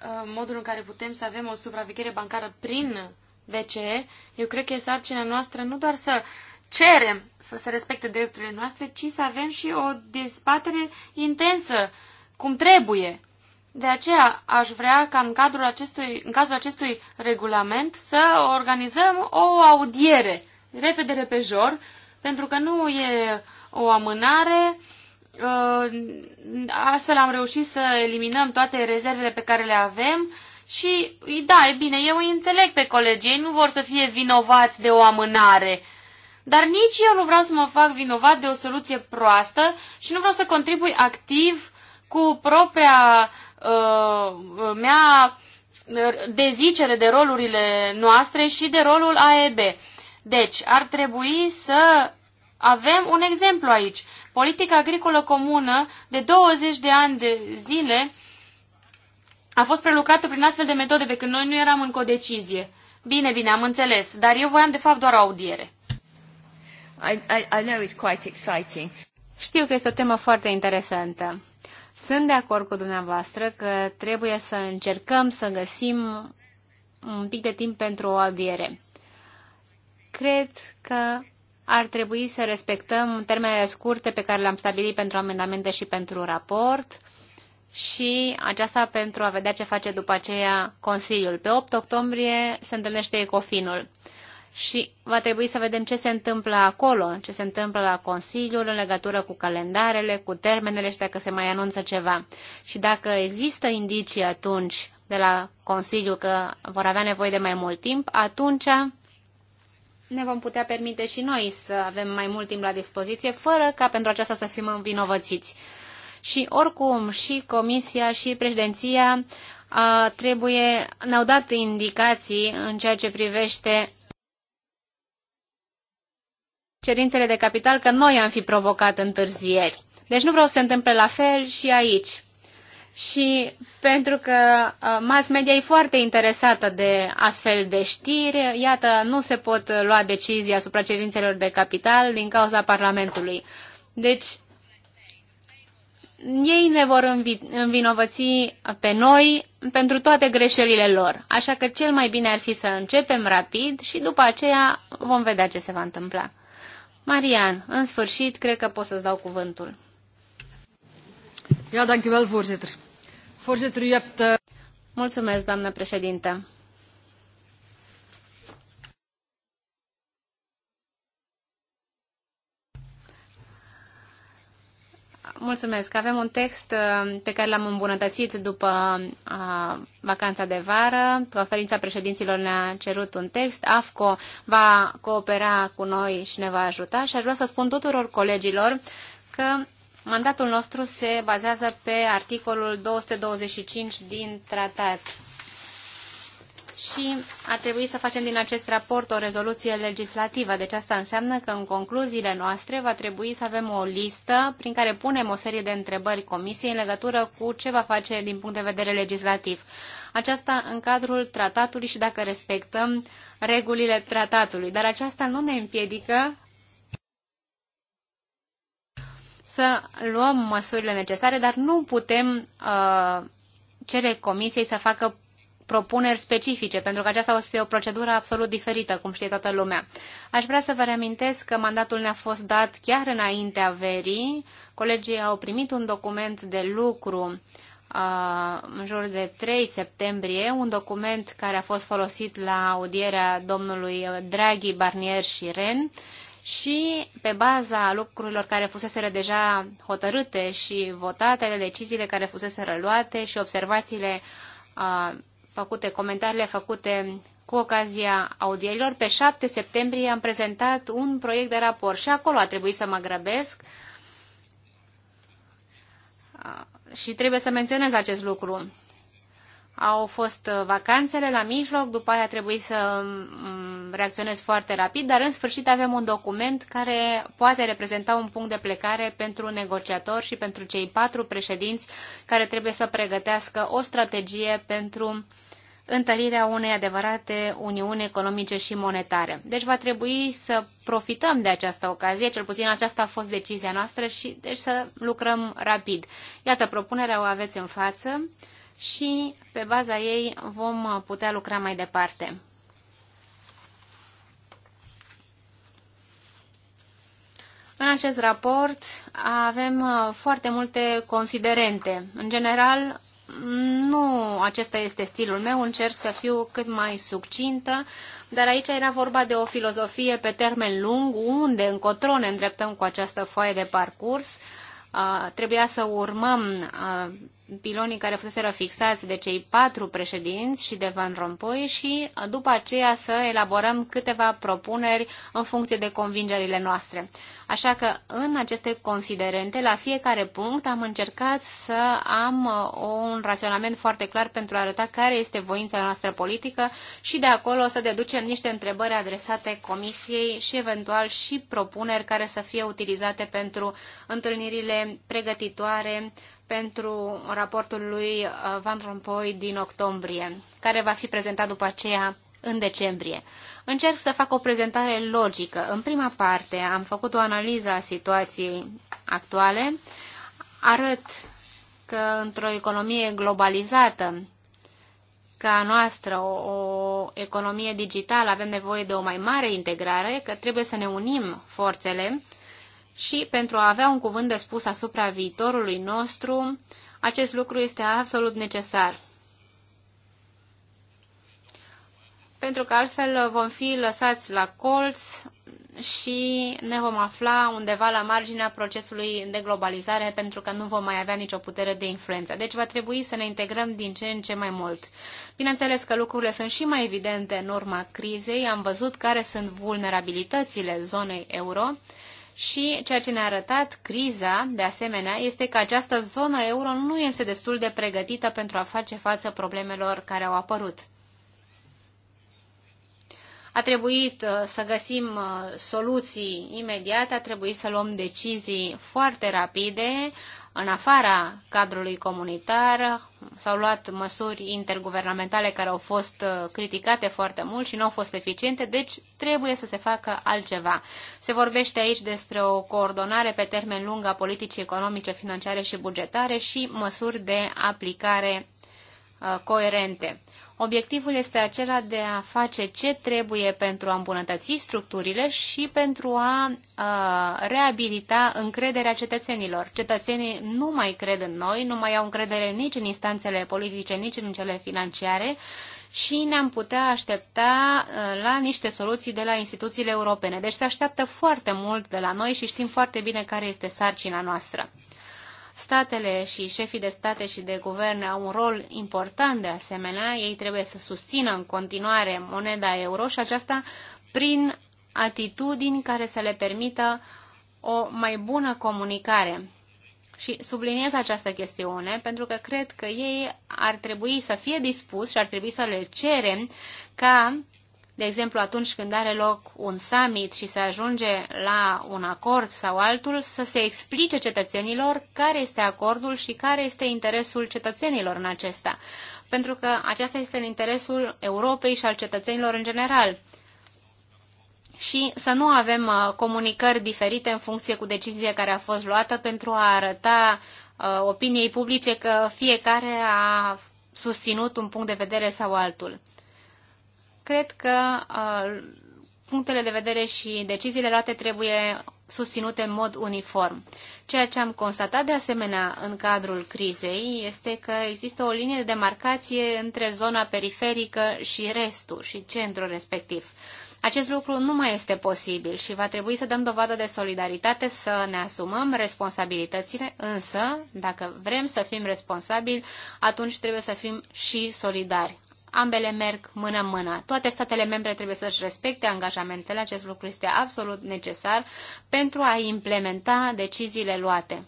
B: uh, modul în care putem să avem o supraveghere bancară prin BCE. Eu cred că e sarcina noastră nu doar să cerem să se respecte drepturile noastre, ci să avem și o dezbatere intensă, cum trebuie. De aceea aș vrea ca în, cadrul acestui, în cazul acestui regulament să organizăm o audiere repede repejor, pentru că nu e o amânare. Uh, astfel am reușit să eliminăm toate rezervele pe care le avem și, da, e bine, eu îi înțeleg pe colegii, ei nu vor să fie vinovați de o amânare. Dar nici eu nu vreau să mă fac vinovat de o soluție proastă și nu vreau să contribui activ cu propria uh, mea dezicere de rolurile noastre și de rolul AEB. Deci, ar trebui să avem un exemplu aici. Politica agricolă comună de 20 de ani de zile a fost prelucrată prin astfel de metode pe când noi nu eram în codecizie. Bine, bine, am înțeles, dar eu voiam de fapt doar audiere. I, I, I know it's quite exciting.
D: Știu că este o temă foarte interesantă. Sunt de acord cu dumneavoastră că trebuie să încercăm să găsim un pic de timp pentru o audiere. Cred că ar trebui să respectăm termenele scurte pe care le-am stabilit pentru amendamente și pentru raport și aceasta pentru a vedea ce face după aceea Consiliul. Pe 8 octombrie se întâlnește Ecofinul și va trebui să vedem ce se întâmplă acolo, ce se întâmplă la Consiliul în legătură cu calendarele, cu termenele și dacă se mai anunță ceva. Și dacă există indicii atunci de la Consiliu că vor avea nevoie de mai mult timp, atunci ne vom putea permite și noi să avem mai mult timp la dispoziție, fără ca pentru aceasta să fim învinovățiți. Și oricum, și Comisia și președinția trebuie, ne-au dat indicații în ceea ce privește cerințele de capital că noi am fi provocat întârzieri. Deci nu vreau să se întâmple la fel și aici. Și pentru că uh, mass media e foarte interesată de astfel de știri, iată, nu se pot uh, lua decizii asupra cerințelor de capital din cauza Parlamentului. Deci, ei ne vor învinovăți pe noi pentru toate greșelile lor. Așa că cel mai bine ar fi să începem rapid și după aceea vom vedea ce se va întâmpla. Marian, în sfârșit, cred că pot să-ți dau cuvântul. Ja, voorzitter. Voorzitter, u hebt... Eh, Mulțumesc, doamnă președintă. Mulțumesc. Avem un text uh, pe care l-am îmbunătățit după uh, vacanța de vară. Conferința președinților ne-a cerut un text. AFCO va coopera cu noi și ne va ajuta și aș vrea să spun tuturor colegilor că mandatul nostru se bazează pe articolul 225 din tratat și ar trebui să facem din acest raport o rezoluție legislativă. Deci asta înseamnă că în concluziile noastre va trebui să avem o listă prin care punem o serie de întrebări comisiei în legătură cu ce va face din punct de vedere legislativ. Aceasta în cadrul tratatului și dacă respectăm regulile tratatului. Dar aceasta nu ne împiedică să luăm măsurile necesare, dar nu putem uh, cere comisiei să facă propuneri specifice, pentru că aceasta fie o procedură absolut diferită, cum știe toată lumea. Aș vrea să vă reamintesc că mandatul ne-a fost dat chiar înaintea verii. Colegii au primit un document de lucru în jur de 3 septembrie, un document care a fost folosit la audierea domnului Draghi, Barnier și Ren și pe baza lucrurilor care fuseseră deja hotărâte și votate, de deciziile care fusese luate și observațiile făcute, comentariile făcute cu ocazia audierilor. Pe 7 septembrie am prezentat un proiect de raport și acolo a trebuit să mă grăbesc și trebuie să menționez acest lucru au fost uh, vacanțele la mijloc, după aia a trebuit să mm, reacționez foarte rapid, dar în sfârșit avem un document care poate reprezenta un punct de plecare pentru negociator și pentru cei patru președinți care trebuie să pregătească o strategie pentru întărirea unei adevărate uniuni economice și monetare. Deci va trebui să profităm de această ocazie, cel puțin aceasta a fost decizia noastră și deci să lucrăm rapid. Iată, propunerea o aveți în față și pe baza ei vom putea lucra mai departe. În acest raport avem uh, foarte multe considerente. În general, nu acesta este stilul meu, încerc să fiu cât mai succintă, dar aici era vorba de o filozofie pe termen lung, unde încotro ne îndreptăm cu această foaie de parcurs. Uh, trebuia să urmăm uh, pilonii care fuseseră fixați de cei patru președinți și de Van Rompuy și după aceea să elaborăm câteva propuneri în funcție de convingerile noastre. Așa că în aceste considerente, la fiecare punct, am încercat să am uh, un raționament foarte clar pentru a arăta care este voința noastră politică și de acolo să deducem niște întrebări adresate Comisiei și eventual și propuneri care să fie utilizate pentru întâlnirile pregătitoare pentru raportul lui uh, Van Rompuy din octombrie, care va fi prezentat după aceea în decembrie. Încerc să fac o prezentare logică. În prima parte am făcut o analiză a situației actuale. Arăt că într-o economie globalizată ca a noastră, o, o economie digitală, avem nevoie de o mai mare integrare, că trebuie să ne unim forțele și pentru a avea un cuvânt de spus asupra viitorului nostru, acest lucru este absolut necesar. Pentru că altfel vom fi lăsați la colț și ne vom afla undeva la marginea procesului de globalizare pentru că nu vom mai avea nicio putere de influență. Deci va trebui să ne integrăm din ce în ce mai mult. Bineînțeles că lucrurile sunt și mai evidente în urma crizei. Am văzut care sunt vulnerabilitățile zonei euro și ceea ce ne-a arătat criza, de asemenea, este că această zonă euro nu este destul de pregătită pentru a face față problemelor care au apărut. A trebuit uh, să găsim uh, soluții imediate, a trebuit să luăm decizii foarte rapide, în afara cadrului comunitar, s-au luat măsuri interguvernamentale care au fost uh, criticate foarte mult și nu au fost eficiente, deci trebuie să se facă altceva. Se vorbește aici despre o coordonare pe termen lung a politicii economice, financiare și bugetare și măsuri de aplicare uh, coerente. Obiectivul este acela de a face ce trebuie pentru a îmbunătăți structurile și pentru a, a reabilita încrederea cetățenilor. Cetățenii nu mai cred în noi, nu mai au încredere nici în instanțele politice, nici în cele financiare și ne-am putea aștepta la niște soluții de la instituțiile europene. Deci se așteaptă foarte mult de la noi și știm foarte bine care este sarcina noastră. Statele și șefii de state și de guverne au un rol important de asemenea. Ei trebuie să susțină în continuare moneda euro și aceasta prin atitudini care să le permită o mai bună comunicare. Și subliniez această chestiune pentru că cred că ei ar trebui să fie dispus și ar trebui să le cerem ca de exemplu atunci când are loc un summit și se ajunge la un acord sau altul, să se explice cetățenilor care este acordul și care este interesul cetățenilor în acesta. Pentru că aceasta este în interesul Europei și al cetățenilor în general și să nu avem uh, comunicări diferite în funcție cu decizia care a fost luată pentru a arăta uh, opiniei publice că fiecare a susținut un punct de vedere sau altul. Cred că punctele de vedere și deciziile luate trebuie susținute în mod uniform. Ceea ce am constatat de asemenea în cadrul crizei este că există o linie de demarcație între zona periferică și restul și centrul respectiv. Acest lucru nu mai este posibil și va trebui să dăm dovadă de solidaritate, să ne asumăm responsabilitățile, însă, dacă vrem să fim responsabili, atunci trebuie să fim și solidari ambele merg mână în mână. Toate statele membre trebuie să-și respecte angajamentele, acest lucru este absolut necesar pentru a implementa deciziile luate.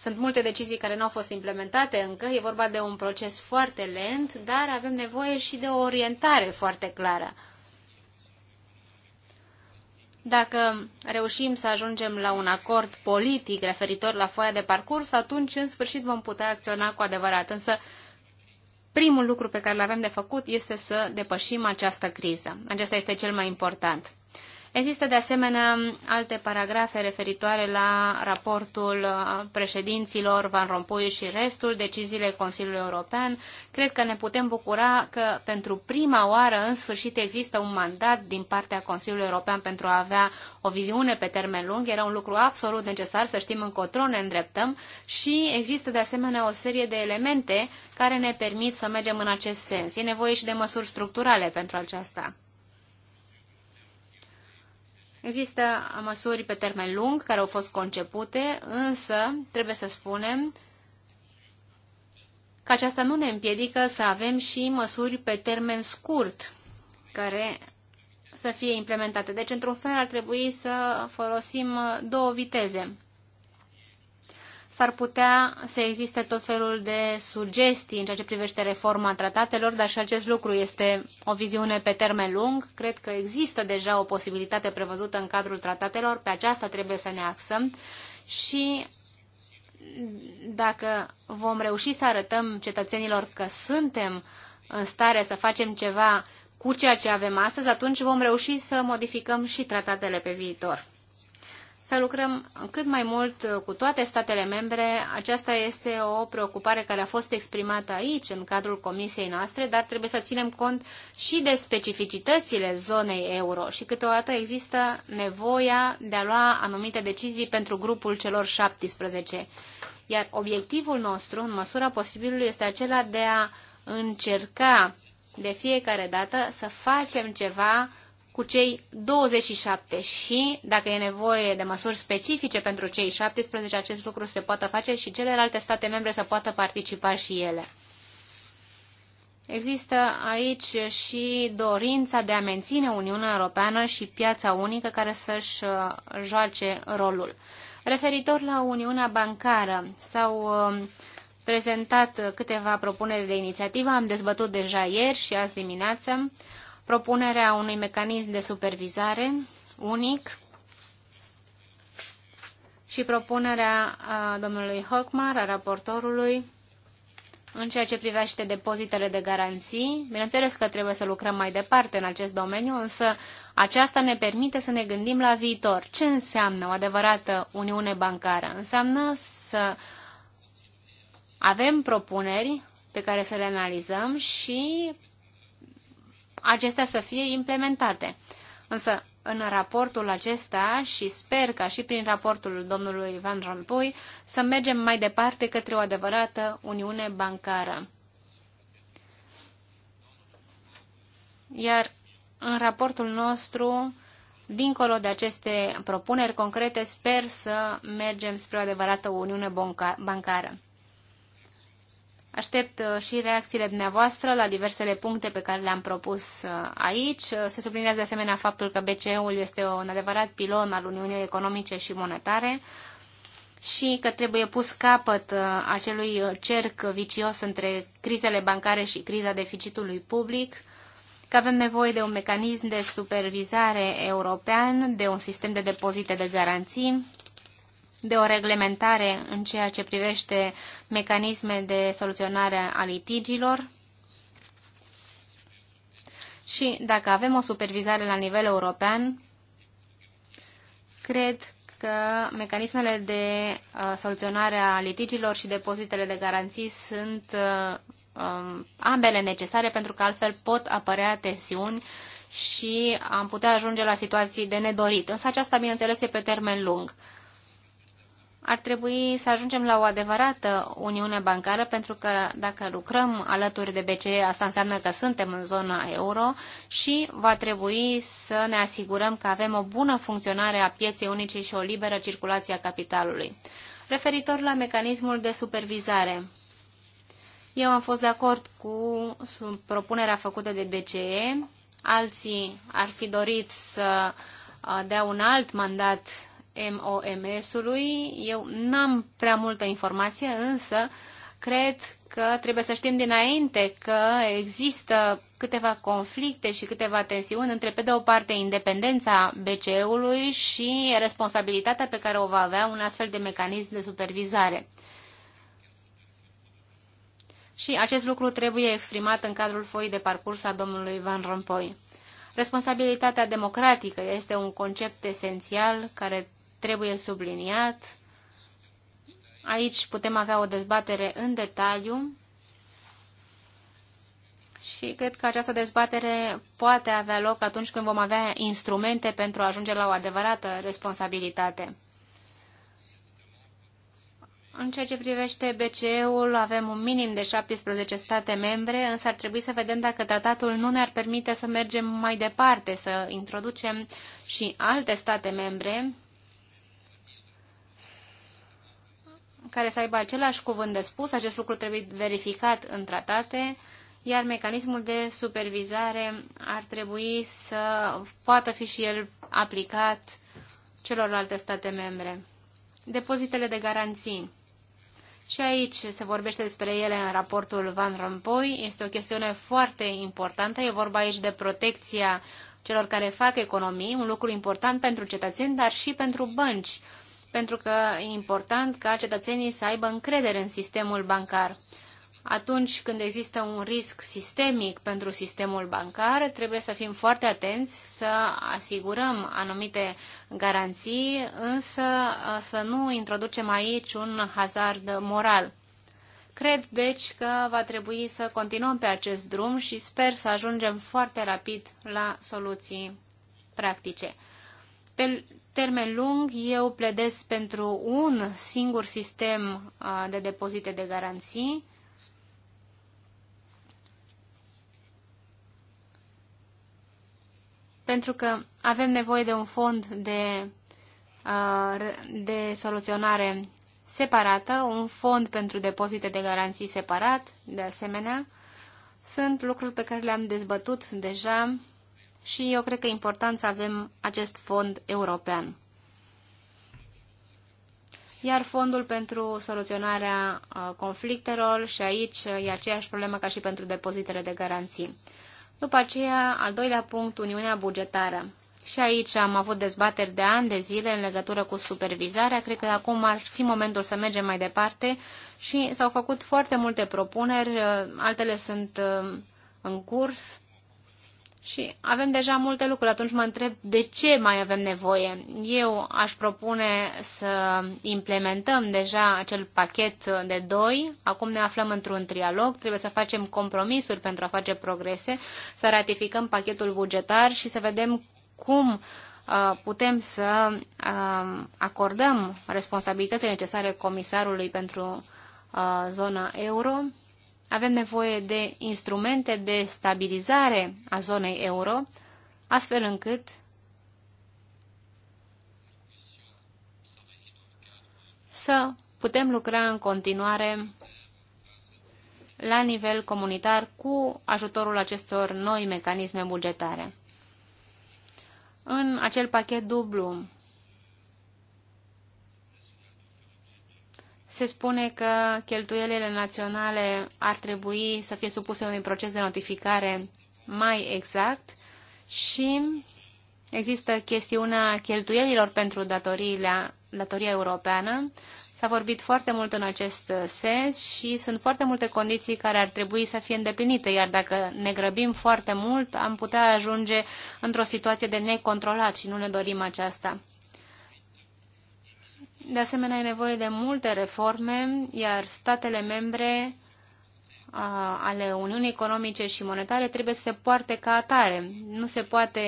D: Sunt multe decizii care nu au fost implementate încă, e vorba de un proces foarte lent, dar avem nevoie și de o orientare foarte clară. Dacă reușim să ajungem la un acord politic referitor la foaia de parcurs, atunci în sfârșit vom putea acționa cu adevărat. Însă primul lucru pe care l avem de făcut este să depășim această criză. Acesta este cel mai important. Există de asemenea alte paragrafe referitoare la raportul președinților Van Rompuy și restul, deciziile Consiliului European. Cred că ne putem bucura că pentru prima oară în sfârșit există un mandat din partea Consiliului European pentru a avea o viziune pe termen lung. Era un lucru absolut necesar să știm încotro ne îndreptăm și există de asemenea o serie de elemente care ne permit să mergem în acest sens. E nevoie și de măsuri structurale pentru aceasta. Există măsuri pe termen lung care au fost concepute, însă trebuie să spunem că aceasta nu ne împiedică să avem și măsuri pe termen scurt care să fie implementate. Deci, într-un fel, ar trebui să folosim două viteze s-ar putea să existe tot felul de sugestii în ceea ce privește reforma tratatelor, dar și acest lucru este o viziune pe termen lung. Cred că există deja o posibilitate prevăzută în cadrul tratatelor, pe aceasta trebuie să ne axăm și dacă vom reuși să arătăm cetățenilor că suntem în stare să facem ceva cu ceea ce avem astăzi, atunci vom reuși să modificăm și tratatele pe viitor să lucrăm cât mai mult uh, cu toate statele membre. Aceasta este o preocupare care a fost exprimată aici, în cadrul comisiei noastre, dar trebuie să ținem cont și de specificitățile zonei euro și câteodată există nevoia de a lua anumite decizii pentru grupul celor 17. Iar obiectivul nostru, în măsura posibilului, este acela de a încerca de fiecare dată să facem ceva cu cei 27 și, dacă e nevoie de măsuri specifice pentru cei 17, acest lucru se poate face și celelalte state membre să poată participa și ele. Există aici și dorința de a menține Uniunea Europeană și piața unică care să-și uh, joace rolul. Referitor la Uniunea Bancară, s-au um, prezentat câteva propuneri de inițiativă, am dezbătut deja ieri și azi dimineață propunerea unui mecanism de supervizare unic și propunerea a domnului Hockmar, a raportorului, în ceea ce privește depozitele de garanții. Bineînțeles că trebuie să lucrăm mai departe în acest domeniu, însă aceasta ne permite să ne gândim la viitor. Ce înseamnă o adevărată uniune bancară? Înseamnă să avem propuneri pe care să le analizăm și acestea să fie implementate. Însă, în raportul acesta și sper ca și prin raportul domnului Van Rompuy să mergem mai departe către o adevărată uniune bancară. Iar în raportul nostru, dincolo de aceste propuneri concrete, sper să mergem spre o adevărată uniune bancară. Aștept uh, și reacțiile dumneavoastră la diversele puncte pe care le-am propus uh, aici. Uh, se sublinează de asemenea faptul că BCE-ul este un adevărat pilon al Uniunii Economice și Monetare și că trebuie pus capăt acelui cerc vicios între crizele bancare și criza deficitului public, că avem nevoie de un mecanism de supervizare european, de un sistem de depozite de garanții, de o reglementare în ceea ce privește mecanisme de soluționare a litigilor și dacă avem o supervizare la nivel european, cred că mecanismele de uh, soluționare a litigilor și depozitele de garanții sunt uh, um, ambele necesare pentru că altfel pot apărea tensiuni și am putea ajunge la situații de nedorit. Însă aceasta, bineînțeles, e pe termen lung ar trebui să ajungem la o adevărată uniune bancară, pentru că dacă lucrăm alături de BCE, asta înseamnă că suntem în zona euro și va trebui să ne asigurăm că avem o bună funcționare a pieței unice și o liberă circulație a capitalului. Referitor la mecanismul de supervizare, eu am fost de acord cu propunerea făcută de BCE, alții ar fi dorit să uh, dea un alt mandat MOMS-ului. Eu n-am prea multă informație, însă cred că trebuie să știm dinainte că există câteva conflicte și câteva tensiuni între, pe de o parte, independența BCE-ului și responsabilitatea pe care o va avea un astfel de mecanism de supervizare. Și acest lucru trebuie exprimat în cadrul foii de parcurs a domnului Van Rompuy. Responsabilitatea democratică este un concept esențial care trebuie subliniat. Aici putem avea o dezbatere în detaliu și cred că această dezbatere poate avea loc atunci când vom avea instrumente pentru a ajunge la o adevărată responsabilitate. În ceea ce privește BCE-ul, avem un minim de 17 state membre, însă ar trebui să vedem dacă tratatul nu ne-ar permite să mergem mai departe, să introducem și alte state membre care să aibă același cuvânt de spus. Acest lucru trebuie verificat în tratate, iar mecanismul de supervizare ar trebui să poată fi și el aplicat celorlalte state membre. Depozitele de garanții. Și aici se vorbește despre ele în raportul Van Rompuy. Este o chestiune foarte importantă. E vorba aici de protecția celor care fac economii, un lucru important pentru cetățeni, dar și pentru bănci pentru că e important ca cetățenii să aibă încredere în sistemul bancar. Atunci când există un risc sistemic pentru sistemul bancar, trebuie să fim foarte atenți să asigurăm anumite garanții, însă uh, să nu introducem aici un hazard moral. Cred, deci, că va trebui să continuăm pe acest drum și sper să ajungem foarte rapid la soluții practice. Pe termen lung, eu pledez pentru un singur sistem de depozite de garanții. Pentru că avem nevoie de un fond de, de soluționare separată, un fond pentru depozite de garanții separat, de asemenea, sunt lucruri pe care le-am dezbătut deja și eu cred că e important să avem acest fond european. Iar fondul pentru soluționarea uh, conflictelor și aici uh, e aceeași problemă ca și pentru depozitele de garanții. După aceea, al doilea punct, Uniunea Bugetară. Și aici am avut dezbateri de ani de zile în legătură cu supervizarea. Cred că acum ar fi momentul să mergem mai departe și s-au făcut foarte multe propuneri, uh, altele sunt în curs și avem deja multe lucruri, atunci mă întreb de ce mai avem nevoie. Eu aș propune să implementăm deja acel pachet de doi. Acum ne aflăm într-un trialog, trebuie să facem compromisuri pentru a face progrese, să ratificăm pachetul bugetar și să vedem cum uh, putem să uh, acordăm responsabilitățile necesare comisarului pentru uh, zona euro avem nevoie de instrumente de stabilizare a zonei euro, astfel încât să putem lucra în continuare la nivel comunitar cu ajutorul acestor noi mecanisme bugetare. În acel pachet dublu se spune că cheltuielile naționale ar trebui să fie supuse unui proces de notificare mai exact și există chestiunea cheltuielilor pentru datoriile, datoria europeană. S-a vorbit foarte mult în acest sens și sunt foarte multe condiții care ar trebui să fie îndeplinite, iar dacă ne grăbim foarte mult, am putea ajunge într-o situație de necontrolat și nu ne dorim aceasta. De asemenea, e nevoie de multe reforme, iar statele membre ale Uniunii Economice și Monetare trebuie să se poarte ca atare. Nu se poate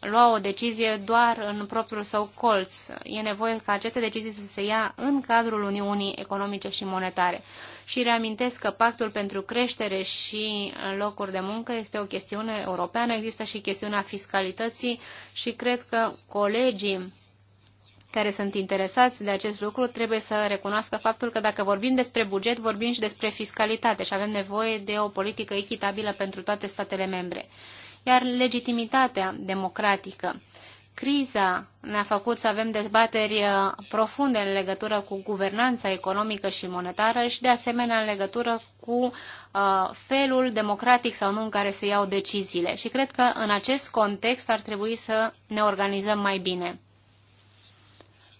D: lua o decizie doar în propriul său colț. E nevoie ca aceste decizii să se ia în cadrul Uniunii Economice și Monetare. Și reamintesc că pactul pentru creștere și locuri de muncă este o chestiune europeană, există și chestiunea fiscalității și cred că colegii care sunt interesați de acest lucru trebuie să recunoască faptul că dacă vorbim despre buget, vorbim și despre fiscalitate și avem nevoie de o politică echitabilă pentru toate statele membre. Iar legitimitatea democratică. Criza ne-a făcut să avem dezbateri uh, profunde în legătură cu guvernanța economică și monetară și de asemenea în legătură cu uh, felul democratic sau nu în care se iau deciziile. Și cred că în acest context ar trebui să ne organizăm mai bine.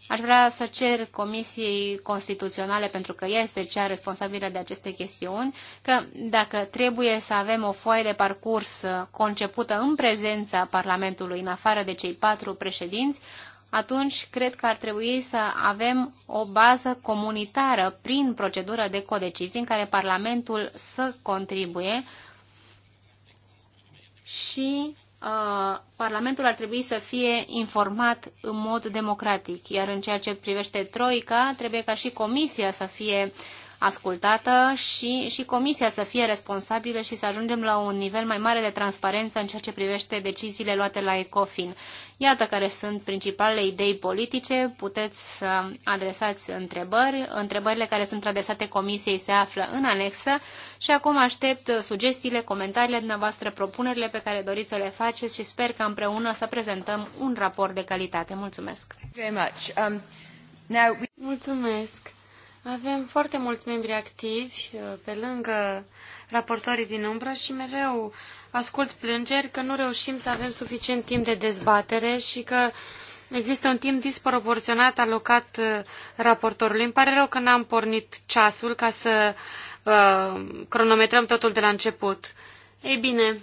D: Aș vrea să cer Comisiei Constituționale, pentru că ea este cea responsabilă de aceste chestiuni, că dacă trebuie să avem o foaie de parcurs concepută în prezența Parlamentului, în afară de cei patru președinți, atunci cred că ar trebui să avem o bază comunitară prin procedură de codecizii în care Parlamentul să contribuie și Uh, Parlamentul ar trebui să fie informat în mod democratic, iar în ceea ce privește Troica, trebuie ca și Comisia să fie uh, ascultată și, și Comisia să fie responsabilă și să ajungem la un nivel mai mare de transparență în ceea ce privește deciziile luate la ECOFIN. Iată care sunt principalele idei politice. Puteți să adresați întrebări. Întrebările care sunt adresate Comisiei se află în anexă și acum aștept sugestiile, comentariile dumneavoastră, propunerile pe care doriți să le faceți și sper că împreună să prezentăm un raport de calitate. Mulțumesc! Um,
B: Mulțumesc! Avem foarte mulți membri activi uh, pe lângă raportorii din umbră și mereu ascult plângeri că nu reușim să avem suficient timp de dezbatere și că există un timp disproporționat alocat uh, raportorului. Îmi pare rău că n-am pornit ceasul ca să uh, cronometrăm totul de la început. Ei bine,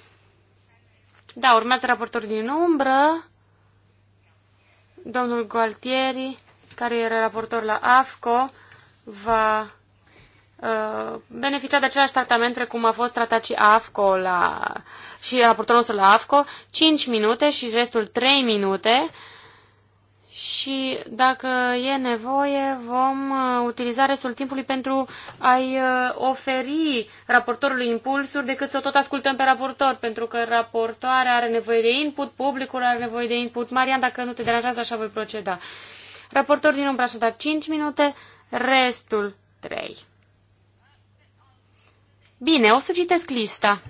B: da, urmează raportorul din umbră, domnul Gualtieri, care era raportor la AFCO, va uh, beneficia de același tratament precum a fost tratat și AFCO la, și raportorul nostru la AFCO, 5 minute și restul 3 minute și dacă e nevoie vom uh, utiliza restul timpului pentru a-i uh, oferi raportorului impulsuri decât să tot ascultăm pe raportor, pentru că raportoarea are nevoie de input, publicul are nevoie de input. Marian, dacă nu te deranjează, așa voi proceda. Raportor din umbra, așadar 5 minute, restul trei. Bine, o să citesc lista.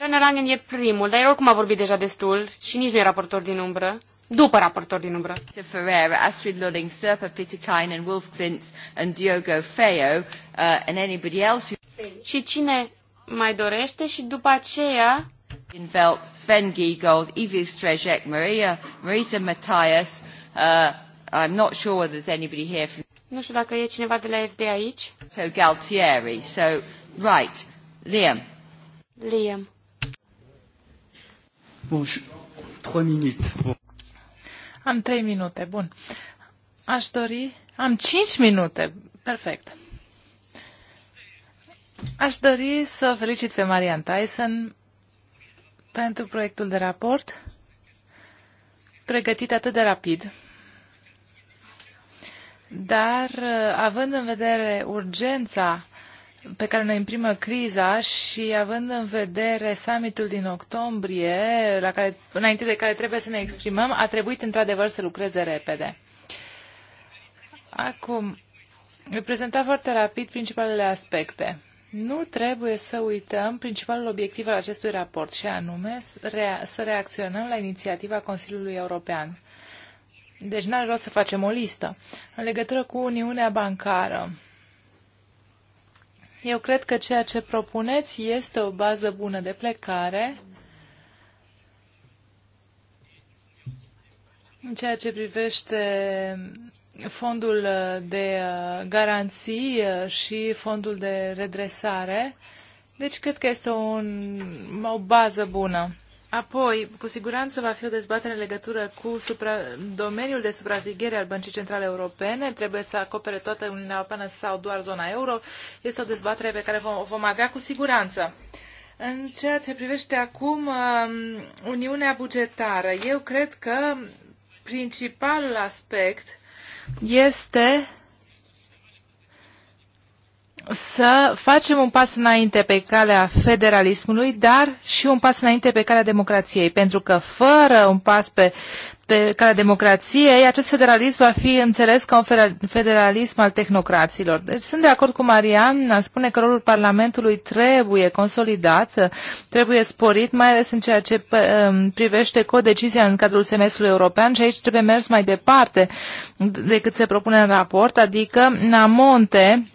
A: Werner Langen e primul, dar el oricum a vorbit deja destul și nici nu e raportor din umbră. După raportor din umbră. Ferreira, Astrid Lulling, Serpa Pitikainen, Wolf Klintz and Diogo Feo uh, and anybody else who... Și cine mai dorește și după aceea... Invelt, Sven Giegold, Ivis Strejek, Maria, Marisa Matthias, uh, I'm not sure whether there's anybody here from... Nu știu dacă e cineva de la FD aici. So Galtieri, so, right, Liam. Liam. Bun, trei minute. Am trei minute, bun.
C: Aș dori... Am cinci minute, perfect. Aș dori să felicit pe Marian Tyson pentru proiectul de raport pregătit atât de rapid dar uh, având în vedere urgența pe care ne imprimă criza și având în vedere summitul din octombrie, la care, înainte de care trebuie să ne exprimăm, a trebuit într-adevăr să lucreze repede. Acum, prezenta foarte rapid principalele aspecte. Nu trebuie să uităm principalul obiectiv al acestui raport, și anume să reacționăm la inițiativa Consiliului European. Deci n-aș vrea să facem o listă. În legătură cu Uniunea Bancară, eu cred că ceea ce propuneți este o bază bună de plecare în ceea ce privește fondul de uh, garanții uh, și fondul de redresare. Deci cred că este un, o bază bună. Apoi, cu siguranță va fi o dezbatere în legătură cu supra... domeniul de supraveghere al Băncii Centrale Europene. Trebuie să acopere toată Uniunea Europeană sau doar zona euro. Este o dezbatere pe care o vom avea cu siguranță. În ceea ce privește acum um, Uniunea Bugetară, eu cred că principalul aspect este să facem un pas înainte pe calea federalismului, dar și un pas înainte pe calea democrației, pentru că fără un pas pe, pe calea democrației, acest federalism va fi înțeles ca un federalism al tehnocraților. Deci sunt de acord cu Marian, spune că rolul Parlamentului trebuie consolidat, trebuie sporit, mai ales în ceea ce um, privește codecizia în cadrul semestrului european și aici trebuie mers mai departe decât se propune în raport, adică în amonte,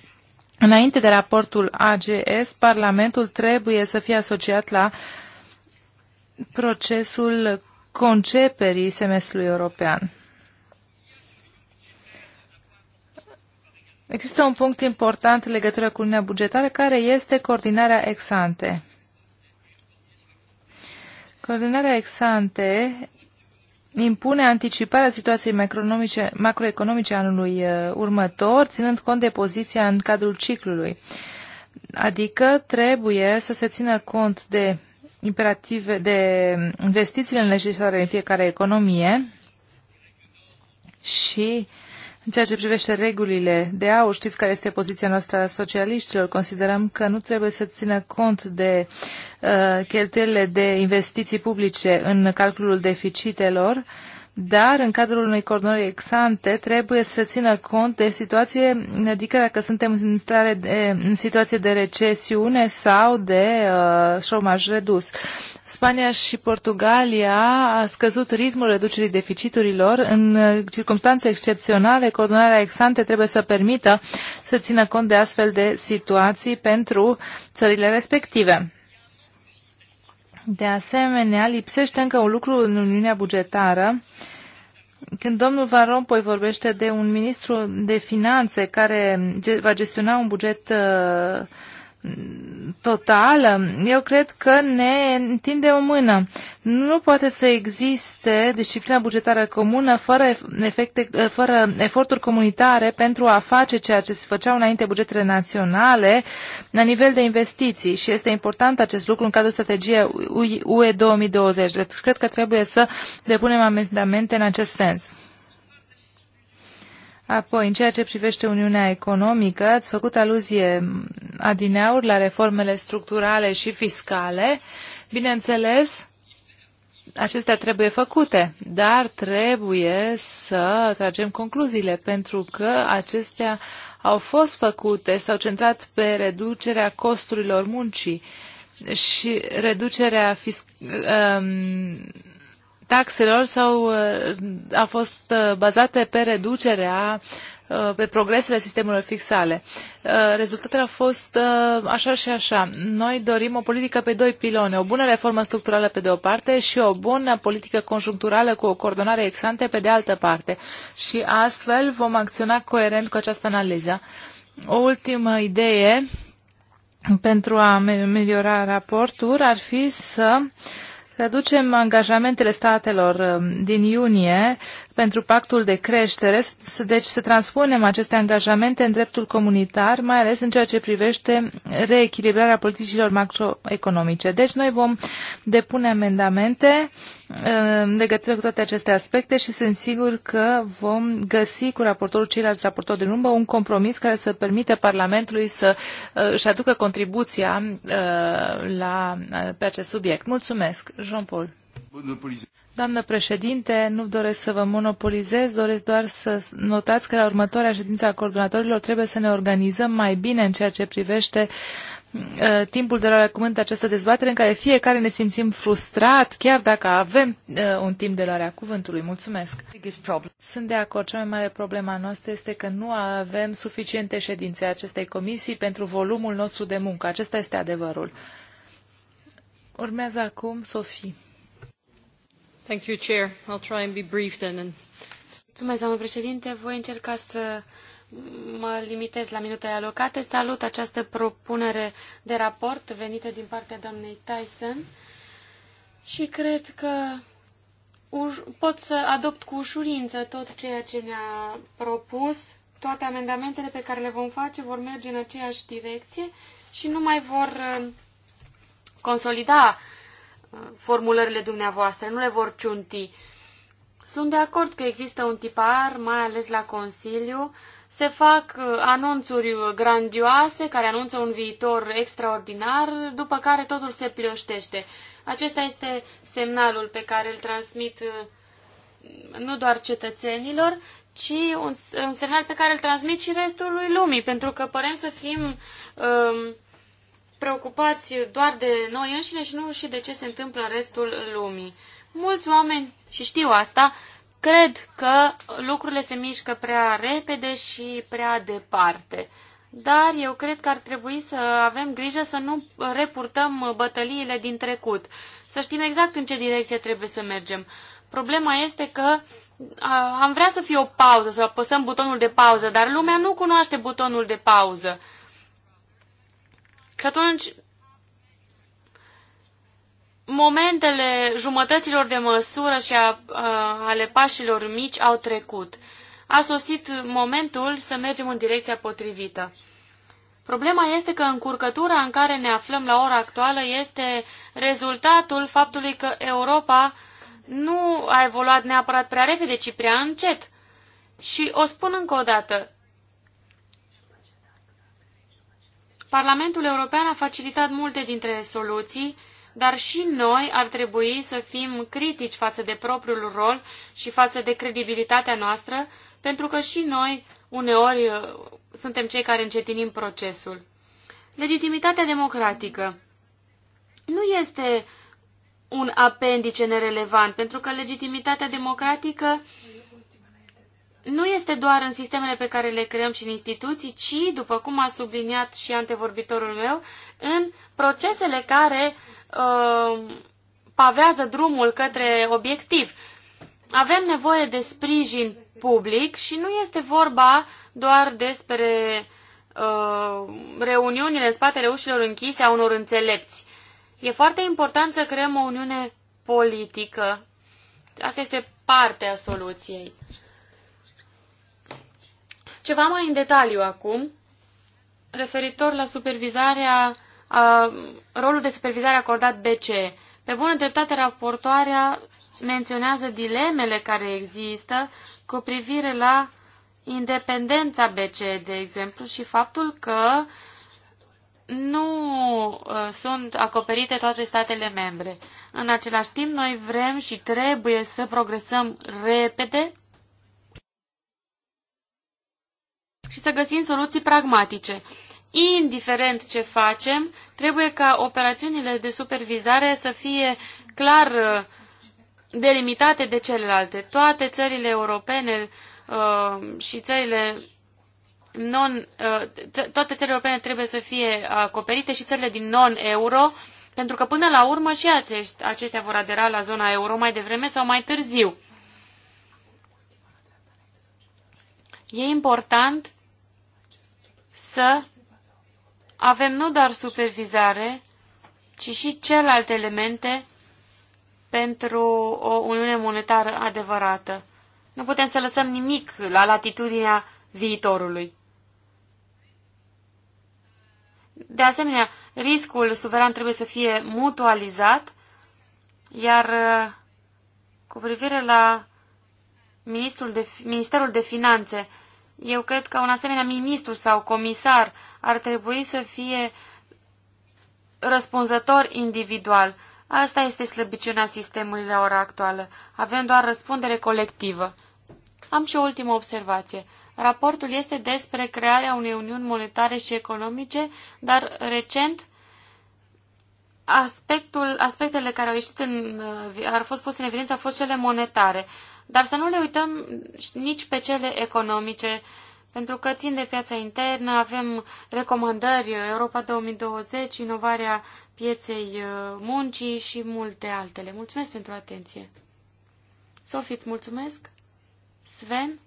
C: Înainte de raportul AGS, Parlamentul trebuie să fie asociat la procesul conceperii semestrului european. Există un punct important în legătură cu Uniunea Bugetară, care este coordinarea ex ante. Coordinarea ex ante impune anticiparea situației macroeconomice, macroeconomice anului uh, următor, ținând cont de poziția în cadrul ciclului. Adică trebuie să se țină cont de imperative de investițiile necesare în fiecare economie și uh, în ceea ce privește regulile de aur, știți care este poziția noastră a socialiștilor. Considerăm că nu trebuie să țină cont de uh, cheltuielile de investiții publice în calculul deficitelor. Uh, dar în cadrul unei coordonări exante trebuie să țină cont de situație, adică dacă suntem în, stare de, în situație de recesiune sau de uh, șomaj redus. Spania și Portugalia a scăzut ritmul reducerii deficiturilor. În uh, circunstanțe excepționale, coordonarea exante trebuie să permită să țină cont de astfel de situații pentru țările respective. De asemenea, lipsește încă un lucru în Uniunea Bugetară. Când domnul Van Rompuy vorbește de un ministru de finanțe care va gestiona un buget uh, totală, eu cred că ne întinde o mână. Nu poate să existe disciplina bugetară comună fără, efecte, fără eforturi comunitare pentru a face ceea ce se făceau înainte bugetele naționale la nivel de investiții și este important acest lucru în cadrul strategiei UE 2020. Deci cred că trebuie să depunem amendamente în acest sens. Apoi, în ceea ce privește Uniunea Economică, ați făcut aluzie adineauri la reformele structurale și fiscale. Bineînțeles, acestea trebuie făcute, dar trebuie să tragem concluziile, pentru că acestea au fost făcute, s-au centrat pe reducerea costurilor muncii și reducerea fiscală. um, taxelor sau uh, a fost uh, bazate pe reducerea uh, pe progresele sistemelor fixale. Rezultatele au fost așa și așa. Noi dorim o politică pe doi piloni, o bună reformă structurală pe de o parte și o bună politică conjuncturală cu o coordonare exante pe de altă parte. Și astfel vom acționa coerent cu această analiză. O ultimă idee pentru a ameliora raportul ar fi să uh, Reducem angajamentele statelor um, din iunie pentru pactul de creștere, deci să transpunem aceste angajamente în dreptul comunitar, mai ales în ceea ce privește reechilibrarea politicilor macroeconomice. Deci noi vom depune amendamente uh, legătură cu toate aceste aspecte și sunt sigur că vom găsi cu raportorul ceilalți raportori de urmă un compromis care să permite Parlamentului să uh, își aducă contribuția uh, la, pe acest subiect. Mulțumesc, Jean-Paul. Doamnă președinte, nu doresc să vă monopolizez, doresc doar să notați că la următoarea ședință a coordonatorilor trebuie să ne organizăm mai bine în ceea ce privește uh, timpul de luare cuvânt această dezbatere în care fiecare ne simțim frustrat, chiar dacă avem uh, un timp de luare a cuvântului. Mulțumesc! Sunt de acord. Cea mai mare problema noastră este că nu avem suficiente ședințe acestei comisii pentru volumul nostru de muncă. Acesta este adevărul. Urmează acum Sofie
A: domnule
B: Mulțumesc, președinte. Voi încerca să mă limitez la minutele alocate. Salut această propunere de raport venită din partea doamnei Tyson și cred că pot să adopt cu ușurință tot ceea ce ne-a propus. Toate amendamentele pe care le vom face vor merge în aceeași direcție și nu mai vor uh, consolida formulările dumneavoastră, nu le vor ciunti. Sunt de acord că există un tipar, mai ales la Consiliu, se fac uh, anunțuri grandioase care anunță un viitor extraordinar, după care totul se plioștește. Acesta este semnalul pe care îl transmit uh, nu doar cetățenilor, ci un, un semnal pe care îl transmit și restului lumii, pentru că părem să fim um, preocupați doar de noi înșine și nu și de ce se întâmplă în restul lumii. Mulți oameni, și știu asta, cred că lucrurile se mișcă prea repede și prea departe. Dar eu cred că ar trebui să avem grijă să nu repurtăm bătăliile din trecut. Să știm exact în ce direcție trebuie să mergem. Problema este că am vrea să fie o pauză, să apăsăm butonul de pauză, dar lumea nu cunoaște butonul de pauză că atunci momentele jumătăților de măsură și a, a, ale pașilor mici au trecut. A sosit momentul să mergem în direcția potrivită. Problema este că încurcătura în care ne aflăm la ora actuală este rezultatul faptului că Europa nu a evoluat neapărat prea repede, ci prea încet. Și o spun încă o dată, Parlamentul European a facilitat multe dintre soluții, dar și noi ar trebui să fim critici față de propriul rol și față de credibilitatea noastră, pentru că și noi uneori uh, suntem cei care încetinim procesul. Legitimitatea democratică nu este un apendice nerelevant, pentru că legitimitatea democratică uh, nu este doar în sistemele pe care le creăm și în instituții, ci, după cum a subliniat și antevorbitorul meu, în procesele care uh, pavează drumul către obiectiv. Avem nevoie de sprijin public și nu este vorba doar despre uh, reuniunile în spatele ușilor închise a unor înțelepți. E foarte important să creăm o uniune politică. Asta este partea soluției. Ceva mai în detaliu acum, referitor la supervizarea, a, rolul de supervizare acordat BCE. Pe bună dreptate, raportoarea menționează dilemele care există cu privire la independența BCE, de exemplu, și faptul că nu uh, sunt acoperite toate statele membre. În același timp, noi vrem și trebuie să progresăm repede și să găsim soluții pragmatice. Indiferent ce facem, trebuie ca operațiunile de supervizare să fie clar uh, delimitate de celelalte. Toate țările europene uh, și țările non, uh, toate țările europene trebuie să fie acoperite și țările din non-euro, pentru că până la urmă și acești, acestea vor adera la zona euro mai devreme sau mai târziu. E important să avem nu doar supervizare, ci și celelalte elemente pentru o uniune monetară adevărată. Nu putem să lăsăm nimic la latitudinea viitorului. De asemenea, riscul suveran trebuie să fie mutualizat, iar uh, cu privire la Ministrul de, Ministerul de Finanțe, eu cred că un asemenea ministru sau comisar ar trebui să fie răspunzător individual. Asta este slăbiciunea sistemului la ora actuală. Avem doar răspundere colectivă. Am și o ultimă observație. Raportul este despre crearea unei uniuni monetare și economice, dar recent aspectul, aspectele care au ieșit în, uh, au fost puse în evidență au fost cele monetare. Dar să nu le uităm nici pe cele economice, pentru că țin de piața internă, avem recomandări Europa 2020, inovarea pieței uh, muncii și multe altele. Mulțumesc pentru atenție. Sofie, îți mulțumesc. Sven?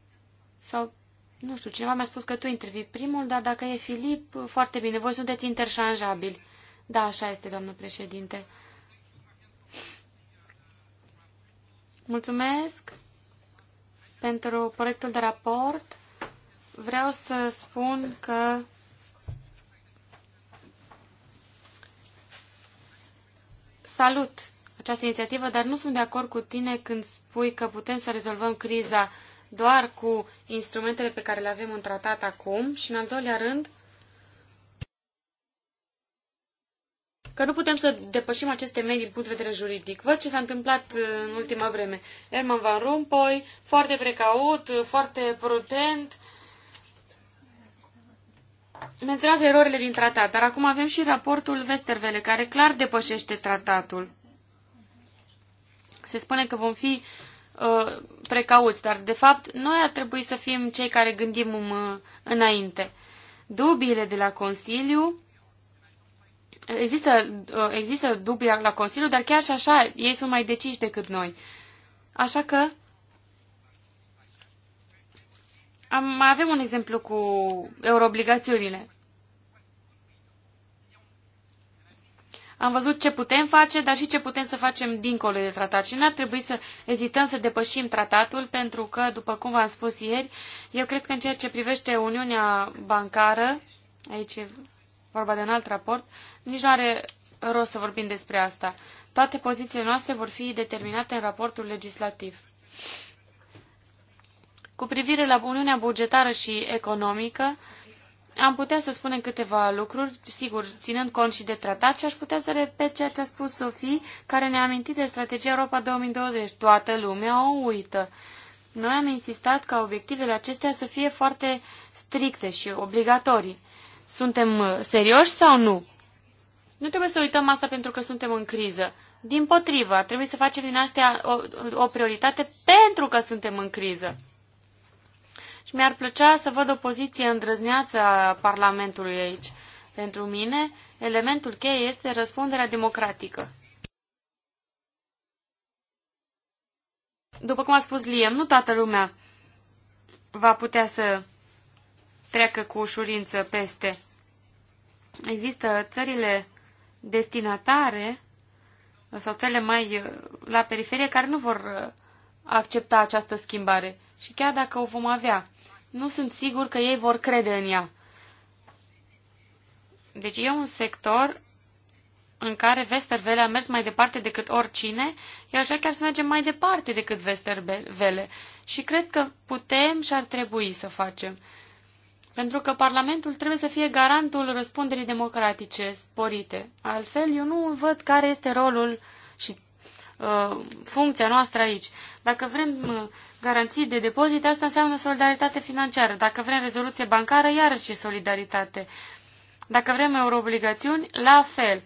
B: Sau, nu știu, cineva mi-a spus că tu intervii primul, dar dacă e Filip, foarte bine, voi sunteți interșanjabili. Da, așa este, doamnă președinte. Mulțumesc pentru proiectul de raport. Vreau să spun că salut această inițiativă, dar nu sunt de acord cu tine când spui că putem să rezolvăm criza doar cu instrumentele pe care le avem în tratat acum și, în al doilea rând, că nu putem să depășim aceste medii din punct de vedere juridic. Văd ce s-a întâmplat uh, în ultima vreme. Herman Van Rompuy, foarte precaut, uh, foarte prudent, menționează erorile din tratat, dar acum avem și raportul Westervele, care clar depășește tratatul. Se spune că vom fi uh, precauți, dar de fapt noi ar trebui să fim cei care gândim uh, înainte. Dubiile de la Consiliu Există, uh, există dubii la Consiliu, dar chiar și așa ei sunt mai deciși decât noi. Așa că am, mai avem un exemplu cu euroobligațiunile. Am văzut ce putem face, dar și ce putem să facem dincolo de tratat. Și n-ar trebui să ezităm să depășim tratatul, pentru că, după cum v-am spus ieri, eu cred că în ceea ce privește Uniunea Bancară, aici e vorba de un alt raport, uh, nici nu are rost să vorbim despre asta. Toate pozițiile noastre vor fi determinate în raportul legislativ. Cu privire la Uniunea Bugetară și Economică, am putea să spunem câteva lucruri, sigur, ținând cont și de tratat și aș putea să repet ceea ce a spus Sofie, care ne-a amintit de strategia Europa 2020. Toată lumea o uită. Noi am insistat ca obiectivele acestea să fie foarte stricte și obligatorii. Suntem serioși sau nu? Nu trebuie să uităm asta pentru că suntem în criză. Din potrivă, ar trebui să facem din astea o, o prioritate pentru că suntem în criză. Și mi-ar plăcea să văd o poziție îndrăzneață a Parlamentului aici. Pentru mine, elementul cheie este răspunderea democratică. După cum a spus Liam, nu toată lumea va putea să treacă cu ușurință peste. Există țările destinatare sau țările mai uh, la periferie care nu vor uh, accepta această schimbare. Și chiar dacă o vom avea, nu sunt sigur că ei vor crede în ea. Deci e un sector în care Westervele a mers mai departe decât oricine, iar așa chiar să mergem mai departe decât Westervele. Și cred că putem și ar trebui să facem. Pentru că Parlamentul trebuie să fie garantul răspunderii democratice sporite. Altfel, eu nu văd care este rolul și uh, funcția noastră aici. Dacă vrem uh, garanții de depozite, asta înseamnă solidaritate financiară. Dacă vrem rezoluție bancară, iarăși solidaritate. Dacă vrem euroobligațiuni, la fel.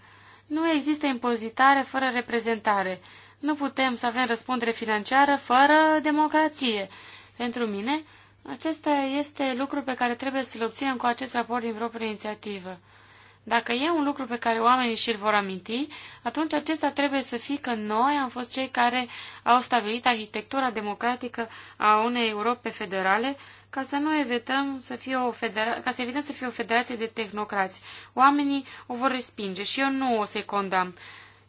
B: Nu există impozitare fără reprezentare. Nu putem să avem răspundere financiară fără democrație. Pentru mine, acesta este lucru pe care trebuie să-l obținem cu acest raport din propria inițiativă. Dacă e un lucru pe care oamenii și-l vor aminti, atunci acesta trebuie să fie că noi am fost cei care au stabilit arhitectura democratică a unei Europe federale ca să nu evităm să fie o, federa- ca să evităm să fie o federație de tehnocrați. Oamenii o vor respinge și eu nu o să-i condamn.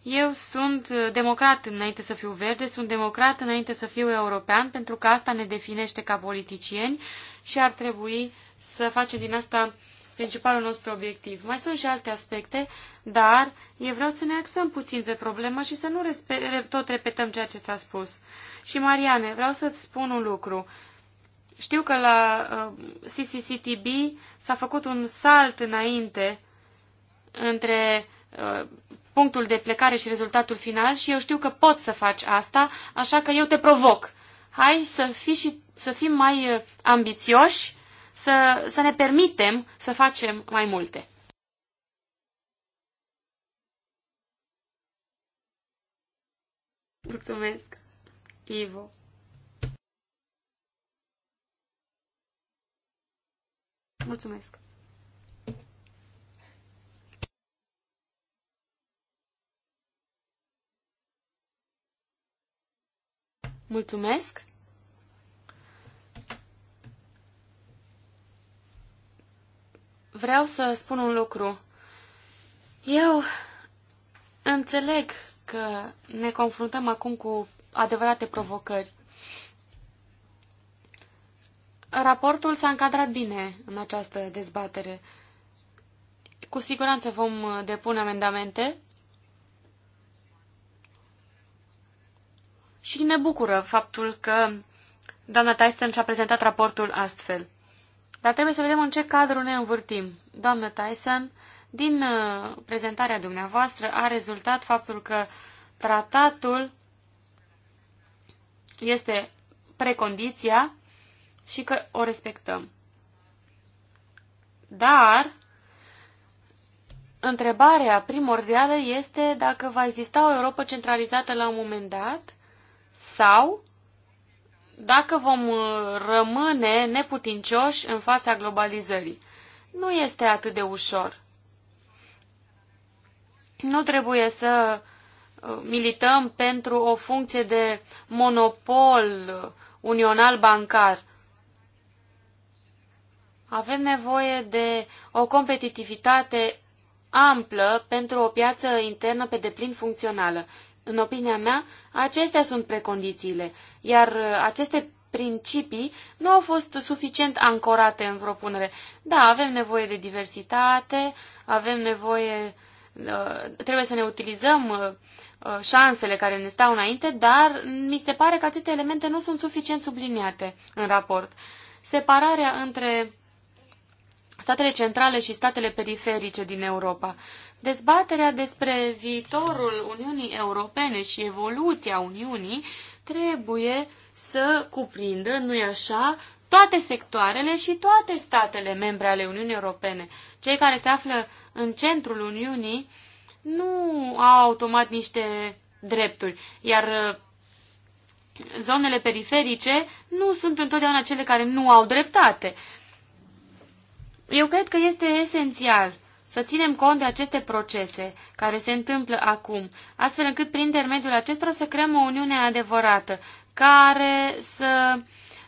B: Eu sunt democrat înainte să fiu verde, sunt democrat înainte să fiu european, pentru că asta ne definește ca politicieni și ar trebui să facem din asta principalul nostru obiectiv. Mai sunt și alte aspecte, dar eu vreau să ne axăm puțin pe problemă și să nu tot repetăm ceea ce s-a spus. Și, Mariane, vreau să-ți spun un lucru. Știu că la uh, CCCTB s-a făcut un salt înainte între uh, punctul de plecare și rezultatul final și eu știu că poți să faci asta, așa că eu te provoc. Hai să, fii și, să fim mai uh, ambițioși, să, să ne permitem să facem mai multe. Mulțumesc, Ivo. Mulțumesc. Mulțumesc! Vreau să spun un lucru. Eu înțeleg că ne confruntăm acum cu adevărate provocări. Raportul s-a încadrat bine în această dezbatere. Cu siguranță vom depune amendamente și ne bucură faptul că doamna Tyson și-a prezentat raportul astfel. Dar trebuie să vedem în ce cadru ne învârtim. Doamna Tyson, din uh, prezentarea dumneavoastră a rezultat faptul că tratatul este precondiția și că o respectăm. Dar întrebarea primordială este dacă va exista o Europa centralizată la un moment dat sau dacă vom uh, rămâne neputincioși în fața globalizării. Nu este atât de ușor. Nu trebuie să uh, milităm pentru o funcție de monopol unional bancar. Avem nevoie de o competitivitate amplă pentru o piață internă pe deplin funcțională. În opinia mea, acestea sunt precondițiile, iar uh, aceste principii nu au fost suficient ancorate în propunere. Da, avem nevoie de diversitate, avem nevoie, uh, trebuie să ne utilizăm uh, șansele care ne stau înainte, dar mi se pare că aceste elemente nu sunt suficient subliniate în raport. Separarea între statele centrale și statele periferice din Europa. Dezbaterea despre viitorul Uniunii Europene și evoluția Uniunii trebuie să cuprindă, nu-i așa, toate sectoarele și toate statele membre ale Uniunii Europene. Cei care se află în centrul Uniunii nu au automat niște drepturi, iar uh, zonele periferice nu sunt întotdeauna cele care nu au dreptate. Eu cred că este esențial să ținem cont de aceste procese care se întâmplă acum, astfel încât prin intermediul acestora să creăm o uniune adevărată, care să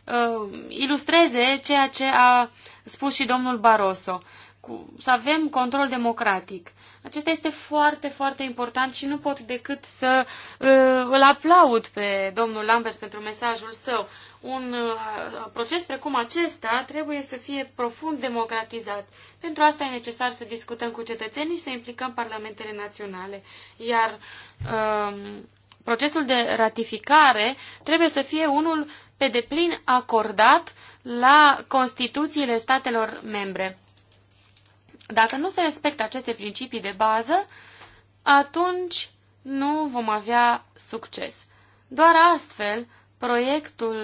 B: uh, ilustreze ceea ce a spus și domnul Barroso, cu, să avem control democratic. Acesta este foarte, foarte important și nu pot decât să uh, îl aplaud pe domnul Lambert pentru mesajul său un uh, proces precum acesta trebuie să fie profund democratizat. Pentru asta e necesar să discutăm cu cetățenii și să implicăm parlamentele naționale. Iar um, procesul de ratificare trebuie să fie unul pe deplin acordat la Constituțiile statelor membre. Dacă nu se respectă aceste principii de bază, atunci nu vom avea succes. Doar astfel proiectul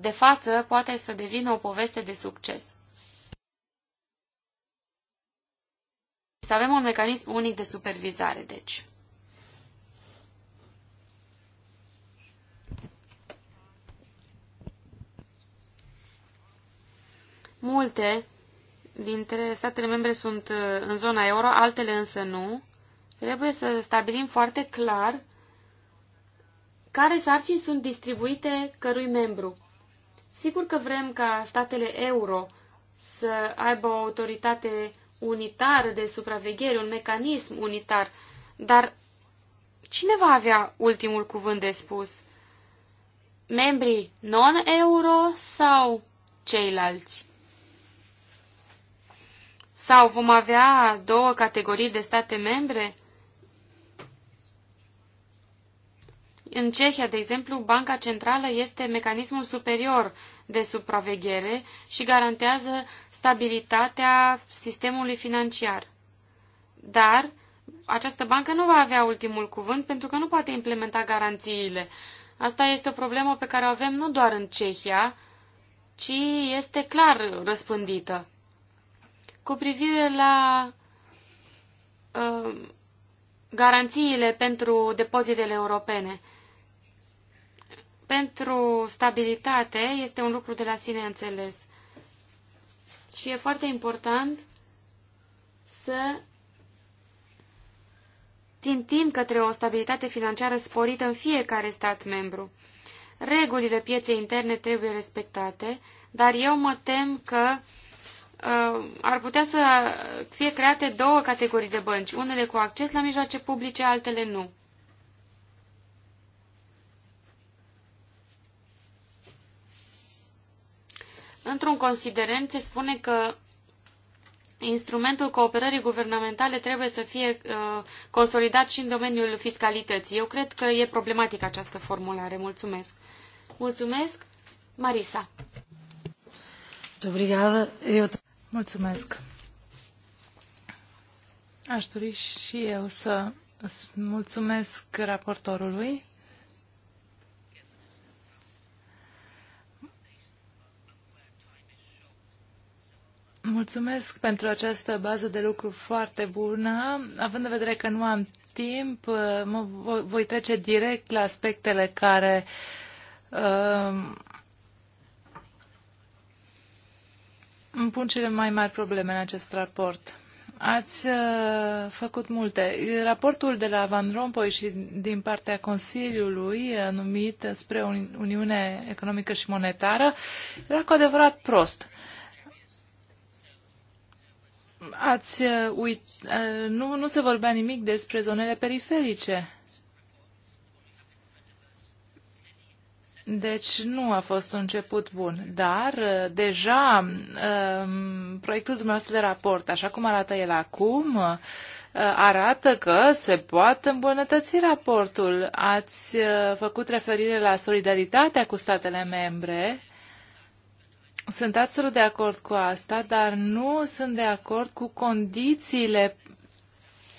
B: de față poate să devină o poveste de succes. Să avem un mecanism unic de supervizare, deci. Multe dintre statele membre sunt uh, în zona euro, altele însă nu. Trebuie să stabilim foarte clar care sarcini sunt distribuite cărui membru. Sigur că vrem ca statele euro să aibă o autoritate unitară de supraveghere, un mecanism unitar, dar cine va avea ultimul cuvânt de spus? Membrii non-euro sau ceilalți? Sau vom avea două categorii de state membre? În Cehia, de exemplu, Banca Centrală este mecanismul superior de supraveghere și garantează stabilitatea sistemului financiar. Dar această bancă nu va avea ultimul cuvânt pentru că nu poate implementa garanțiile. Asta este o problemă pe care o avem nu doar în Cehia, ci este clar răspândită. Cu privire la uh, garanțiile pentru depozitele europene, pentru stabilitate este un lucru de la sine înțeles. Și e foarte important să țintim către o stabilitate financiară sporită în fiecare stat membru. Regulile pieței interne trebuie respectate, dar eu mă tem că uh, ar putea să fie create două categorii de bănci, unele cu acces la mijloace publice, altele nu. Într-un considerent se spune că instrumentul cooperării guvernamentale trebuie să fie uh, consolidat și în domeniul fiscalității. Eu cred că e problematică această formulare. Mulțumesc. Mulțumesc. Marisa.
C: Mulțumesc.
B: Aș dori și
C: eu să mulțumesc raportorului Mulțumesc pentru această bază de lucru foarte bună. Având în vedere că nu am timp, uh, mă voi trece direct la aspectele care uh, îmi pun cele mai mari probleme în acest raport. Ați uh, făcut multe. Raportul de la Van Rompuy și din partea Consiliului, uh, numit spre Uniune Economică și Monetară, era cu adevărat prost. Uh, ați uh, uit, uh, nu, nu se vorbea nimic despre zonele periferice. Deci nu a fost un început bun, dar uh, deja um, proiectul dumneavoastră de raport, așa cum arată el acum, arată că se poate îmbunătăți raportul. Ați făcut referire la solidaritatea cu statele membre sunt absolut de acord cu asta, dar nu sunt de acord cu condițiile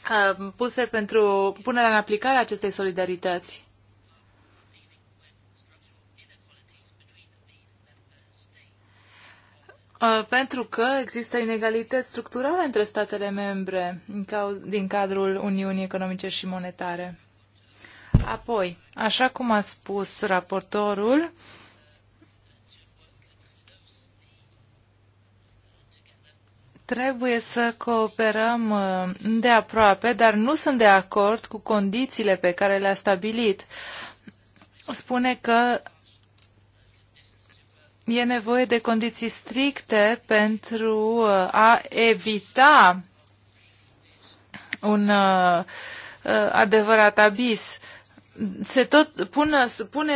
C: uh, puse pentru punerea în aplicare a acestei solidarități. Uh, pentru că există inegalități structurale între statele membre din cadrul Uniunii Economice și Monetare. Apoi, așa cum a spus raportorul, Trebuie să cooperăm uh, de aproape, dar nu sunt de acord cu condițiile pe care le-a stabilit. Spune că e nevoie de condiții stricte pentru uh, a evita un uh, adevărat abis se tot pună, pune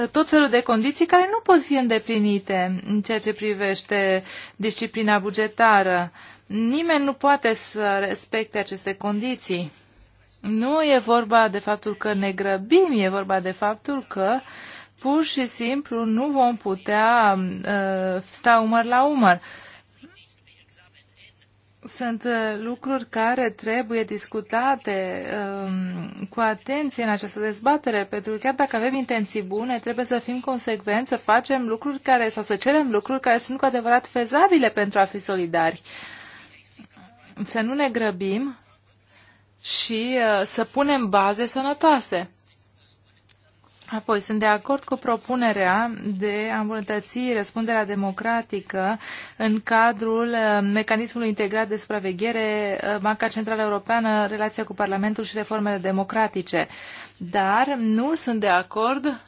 C: uh, tot felul de condiții care nu pot fi îndeplinite în ceea ce privește disciplina bugetară. Nimeni nu poate să respecte aceste condiții. Nu e vorba de faptul că ne grăbim, e vorba de faptul că pur și simplu nu vom putea uh, sta umăr la umăr. Uh, sunt uh, lucruri care trebuie discutate um, cu atenție în această dezbatere, pentru că chiar dacă avem intenții bune, trebuie să fim consecvenți, să facem lucruri care, sau să cerem lucruri care sunt cu adevărat fezabile pentru a fi solidari. Să nu ne grăbim și uh, să punem baze sănătoase. Apoi, sunt de acord cu propunerea de a îmbunătăți răspunderea democratică în cadrul uh, mecanismului integrat de supraveghere uh, Banca Centrală Europeană, relația cu Parlamentul și reformele democratice. Dar nu sunt de acord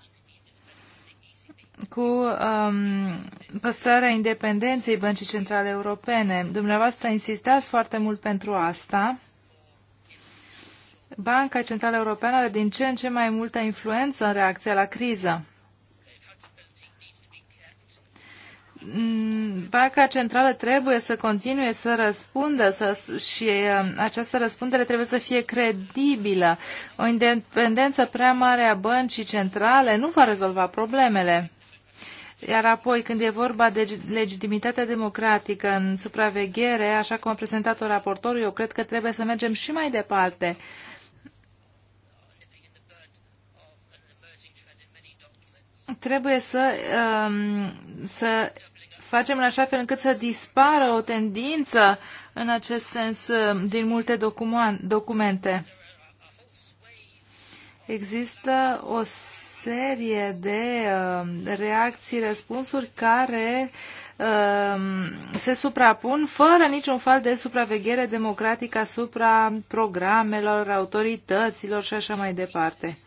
C: cu um, păstrarea independenței Băncii Centrale Europene. Dumneavoastră insistați foarte mult pentru asta Banca Centrală Europeană are din ce în ce mai multă influență în reacția la criză. Mm, Banca Centrală trebuie să continue să răspundă să, și um, această răspundere trebuie să fie credibilă. O independență prea mare a băncii centrale nu va rezolva problemele. Iar apoi, când e vorba de legitimitatea democratică în supraveghere, așa cum a prezentat-o raportorul, eu cred că trebuie să mergem și mai departe. Uh, trebuie să, um, să facem în așa fel încât să dispară o tendință în acest sens um, din multe documente. Există o serie de um, reacții, răspunsuri care se suprapun fără niciun fel de supraveghere democratică asupra programelor, autorităților și așa mai departe.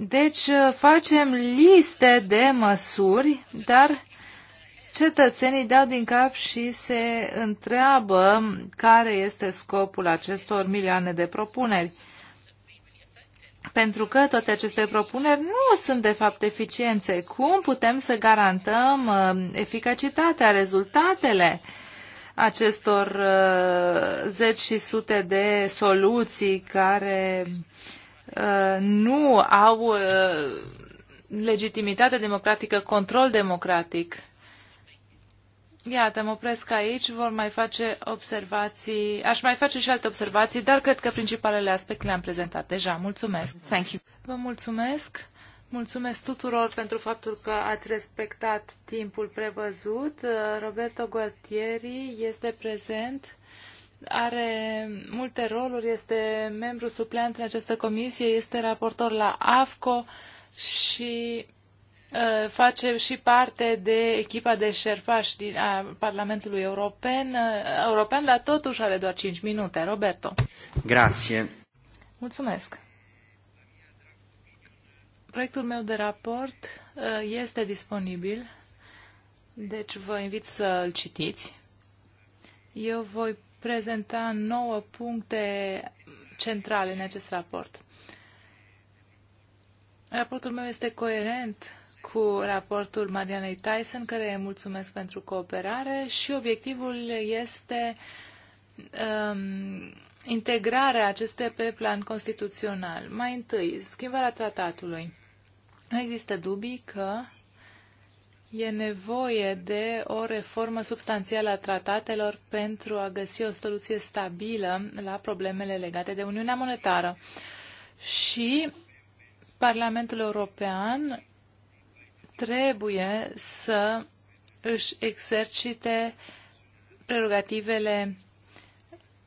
C: Deci uh, facem liste de măsuri, dar cetățenii dau din cap și se întreabă care este scopul acestor milioane de propuneri. Pentru că toate aceste propuneri nu sunt de fapt eficiențe. Cum putem să garantăm uh, eficacitatea, rezultatele acestor uh, zeci și sute de soluții care uh, Uh, nu au uh, legitimitate democratică, control democratic. Iată, mă opresc aici, vor mai face observații, aș mai face și alte observații, dar cred că principalele aspecte le-am prezentat deja. Mulțumesc! Thank you. Vă mulțumesc! Mulțumesc tuturor pentru faptul că ați respectat timpul prevăzut. Uh, Roberto Gualtieri este prezent are multe roluri, este membru supleant în această comisie, este raportor la AFCO și uh, face și parte de echipa de șerpași din, a Parlamentului European, uh, European, dar totuși are doar 5 minute. Roberto.
D: Grazie.
C: Mulțumesc. Proiectul meu de raport uh, este disponibil, deci vă invit să-l
B: citiți.
C: Eu voi prezenta nouă puncte centrale în acest raport. Raportul meu este coerent cu raportul Marianei Tyson, care îi mulțumesc pentru cooperare și obiectivul este um, integrarea acestei pe plan constituțional. Mai întâi, schimbarea tratatului. Nu există dubii că E nevoie de o reformă substanțială a tratatelor pentru a găsi o soluție stabilă la problemele legate de Uniunea Monetară. Și Parlamentul European trebuie să își exercite prerogativele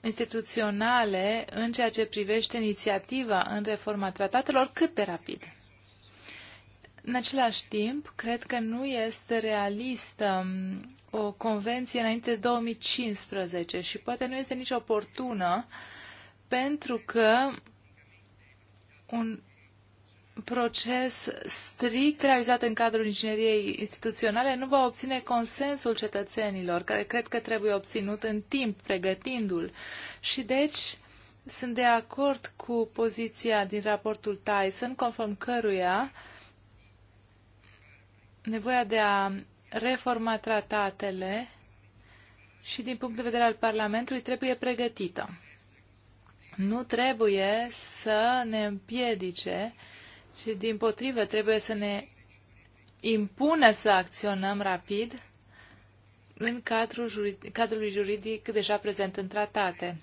C: instituționale în ceea ce privește inițiativa în reforma tratatelor cât de rapid. În același timp, cred că nu este realistă um, o convenție înainte de 2015 și poate nu este nici oportună pentru că un proces strict realizat în cadrul ingineriei instituționale nu va obține consensul cetățenilor, care cred că trebuie obținut în timp, pregătindu-l. Și deci sunt de acord cu poziția din raportul Tyson, conform căruia uh, nevoia de a reforma tratatele și din punct de vedere al Parlamentului trebuie pregătită. Nu trebuie să ne împiedice, ci din potrivă trebuie să ne impune să acționăm rapid în cadrul juridic, cadrului juridic deja prezent în tratate,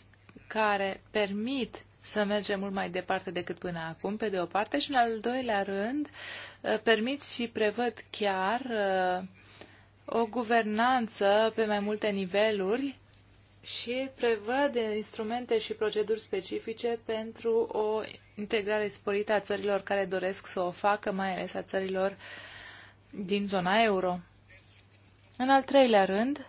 C: care permit să mergem mult mai departe decât până acum, pe de o parte, și în al doilea rând Uh, permit și prevăd chiar uh, o guvernanță pe mai multe niveluri și prevăd instrumente și proceduri specifice pentru o integrare sporită a țărilor care doresc să o facă, mai ales a țărilor din zona euro. În al treilea rând,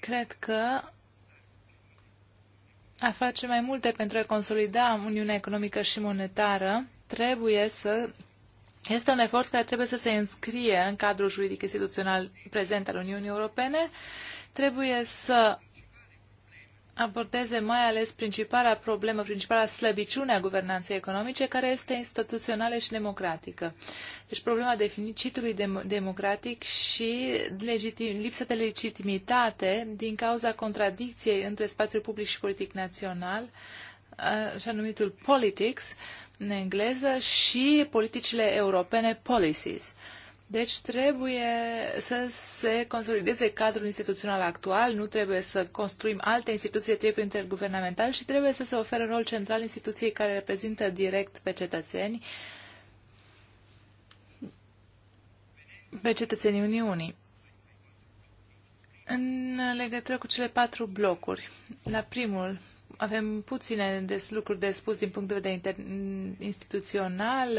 C: cred că a face mai multe pentru a consolida Uniunea Economică și Monetară, trebuie să este un efort care trebuie să se înscrie în cadrul juridic instituțional prezent al Uniunii Europene. Trebuie să abordeze mai ales principala problemă, principala slăbiciune a guvernanței economice, care este instituțională și democratică. Deci problema deficitului dem- democratic și legitim- lipsa de legitimitate din cauza contradicției între spațiul public și politic național, așa numitul politics în engleză, și politicile europene policies. Uh, deci trebuie să se consolideze cadrul instituțional actual, nu trebuie să construim alte instituții de tip interguvernamental și trebuie să se ofere rol central instituției care reprezintă direct pe cetățeni, pe cetățenii Uniunii. În legătură cu cele patru blocuri, la primul avem puține lucruri de spus din punct de vedere instituțional,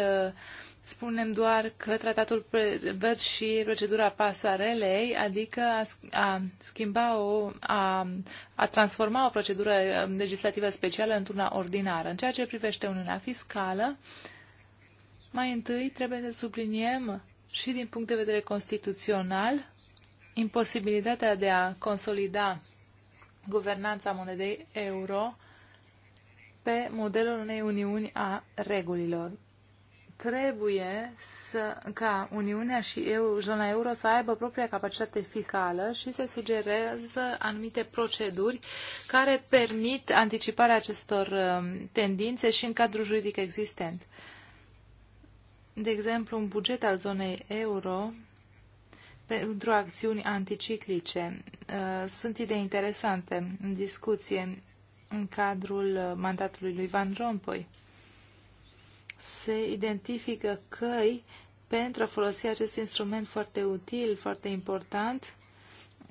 C: Spunem doar că tratatul prevăd și procedura pasarelei, adică a, a schimba o, a, a transforma o procedură um, legislativă specială într-una ordinară. În ceea ce privește Uniunea Fiscală, mai întâi trebuie să subliniem și din punct de vedere constituțional imposibilitatea de a consolida guvernanța monedei euro pe modelul unei uniuni a regulilor trebuie să, ca Uniunea și eu, zona euro să aibă propria capacitate fiscală și se sugerează anumite proceduri care permit anticiparea acestor um, tendințe și în cadrul juridic existent. De exemplu, un buget al zonei euro pentru acțiuni anticiclice uh, sunt idei interesante în discuție în cadrul uh, mandatului lui Van Rompuy se identifică căi pentru a folosi acest instrument foarte util, foarte important,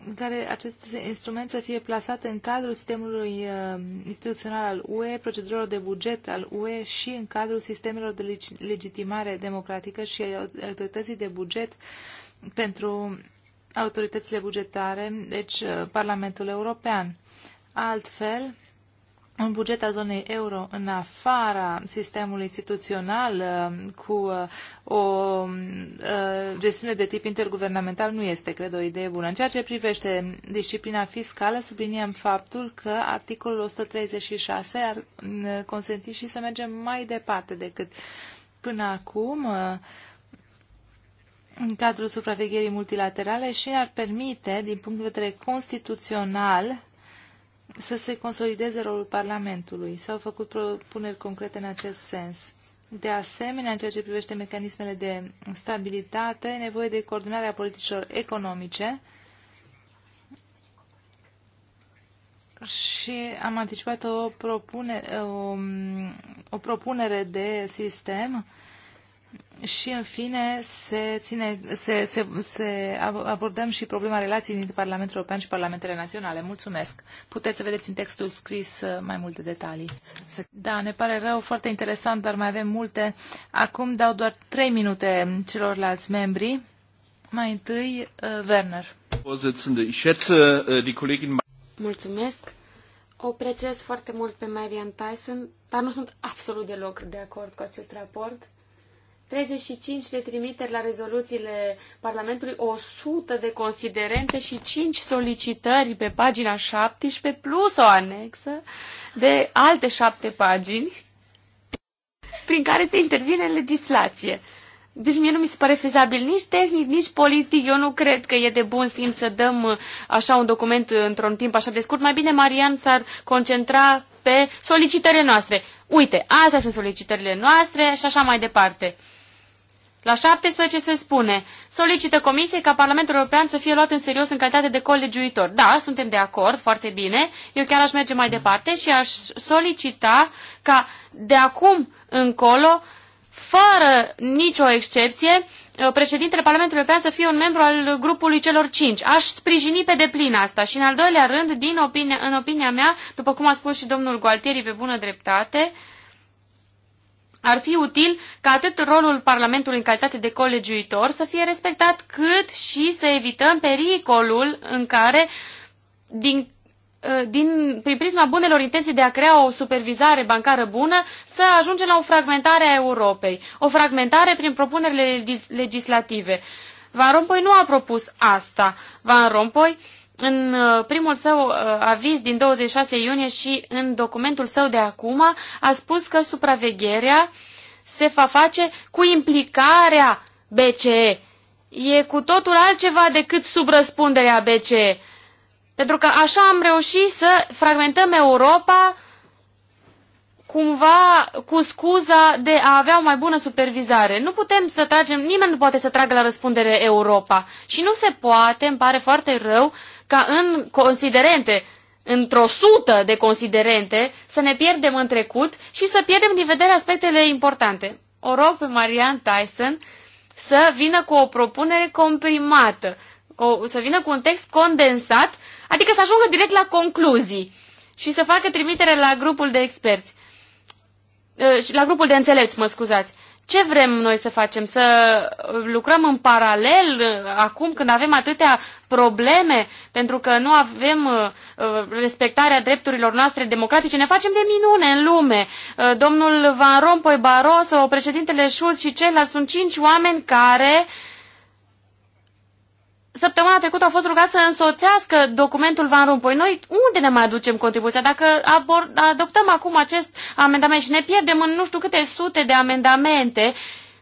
C: în care acest instrument să fie plasat în cadrul sistemului uh, instituțional al UE, procedurilor de buget al UE și în cadrul sistemelor de legitimare democratică și autorității de buget pentru autoritățile bugetare, deci uh, Parlamentul European. Altfel, un buget al zonei euro în afara sistemului instituțional uh, cu uh, o um, uh, gestiune de tip interguvernamental nu este, cred, o idee bună. În ceea ce privește disciplina fiscală, subliniem faptul că articolul 136 ar consenti și să mergem mai departe decât până acum în cadrul supravegherii multilaterale și ar permite, din punct de vedere constituțional, să se consolideze rolul Parlamentului. S-au făcut propuneri concrete în acest sens. De asemenea, în ceea ce privește mecanismele de stabilitate, e nevoie de coordonarea politicilor economice și am anticipat o propunere, o, o propunere de sistem și, în fine, se, ține, se, se, se abordăm și problema relației dintre Parlamentul European și Parlamentele Naționale. Mulțumesc! Puteți să vedeți în textul scris uh, mai multe detalii. Da, ne pare rău, foarte interesant, dar mai avem multe. Acum dau doar trei minute celorlalți membri. Mai întâi,
B: uh, Werner.
A: Uh,
B: Mulțumesc! O prețuiesc foarte mult pe Marian Tyson, dar nu sunt absolut deloc de acord cu acest raport. 35 de trimiteri la rezoluțiile Parlamentului, 100 de considerente și 5 solicitări pe pagina 17, plus o anexă de alte 7 pagini prin care se intervine în legislație. Deci mie nu mi se pare fezabil nici tehnic, nici politic. Eu nu cred că e de bun simț să dăm uh, așa un document uh, într-un timp așa de scurt. Mai bine Marian s-ar concentra pe solicitările noastre. Uite, astea sunt solicitările noastre și așa mai departe. La 17 se spune, solicită Comisiei ca Parlamentul European să fie luat în serios în calitate de colegiuitor. Da, suntem de acord, foarte bine. Eu chiar aș merge mai departe și aș solicita ca de acum încolo, fără nicio excepție, președintele Parlamentului European să fie un membru al grupului celor cinci. Aș sprijini pe deplin asta și, în al doilea rând, din opinia, în opinia mea, după cum a spus și domnul Gualtieri pe bună dreptate, uh, ar fi util ca atât rolul Parlamentului în calitate de colegiuitor să fie respectat, cât și să evităm pericolul în care, din, ă, din, prin prisma bunelor intenții de a crea o supervizare bancară bună, să ajungem la o fragmentare a Europei, o fragmentare prin propunerile legislative. Van Rompuy nu a propus asta. Van Rompuy în uh, primul său uh, aviz din 26 iunie și în documentul său de acum a spus că supravegherea se va face cu implicarea BCE. E cu totul altceva decât sub răspunderea BCE. Pentru că așa am reușit să fragmentăm Europa cumva cu scuza de a avea o mai bună supervizare. Nu putem să tragem, nimeni nu poate să tragă la răspundere Europa și nu se poate, îmi pare foarte rău, ca în considerente, într-o sută de considerente, să ne pierdem în trecut și să pierdem din vedere aspectele importante. O rog pe Marian Tyson să vină cu o propunere comprimată, să vină cu un text condensat, adică să ajungă direct la concluzii și să facă trimitere la grupul de experți. Eh, la grupul de înțelepți, mă scuzați. Ce vrem noi să facem? Să lucrăm în paralel eh, acum când avem atâtea probleme pentru că nu avem eh, respectarea drepturilor noastre democratice? Ne facem de minune în lume. Domnul Van Rompuy Barroso, președintele Schulz și ceilalți sunt cinci oameni care uh, săptămâna trecută a fost rugat să însoțească documentul Van Rompuy. Noi unde ne mai aducem contribuția? Dacă abord, adoptăm acum acest amendament și ne pierdem în nu știu câte sute de amendamente,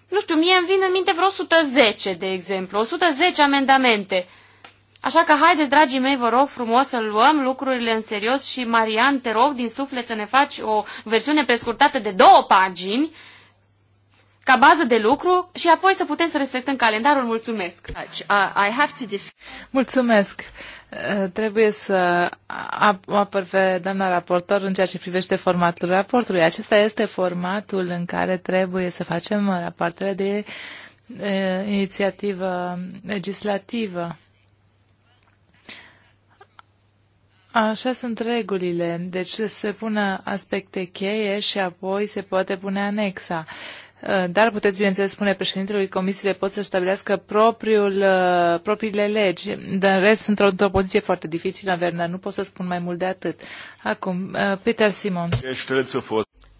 B: nu știu, mie îmi vin în minte vreo 110, de exemplu, 110 amendamente. Așa că haideți, dragii mei, vă rog frumos să luăm lucrurile în serios și, Marian, te rog din suflet să ne faci o versiune prescurtată de două pagini, ca bază de lucru și apoi să putem să respectăm calendarul. Mulțumesc! I have to Mulțumesc! Uh, trebuie să apăr pe doamna
C: raportor în ceea ce privește formatul raportului. Acesta este formatul în care trebuie să facem rapoartele de uh, inițiativă legislativă. Așa sunt regulile. Deci se pună aspecte cheie și apoi se poate pune anexa. Eh, dar puteți, bineînțeles, spune președintelui, comisiile pot să stabilească propriul, eh, propriile legi. Dar în rest, sunt într-o poziție foarte dificilă, Verna, nu pot să spun mai mult de atât. Acum, eh, Peter Simons.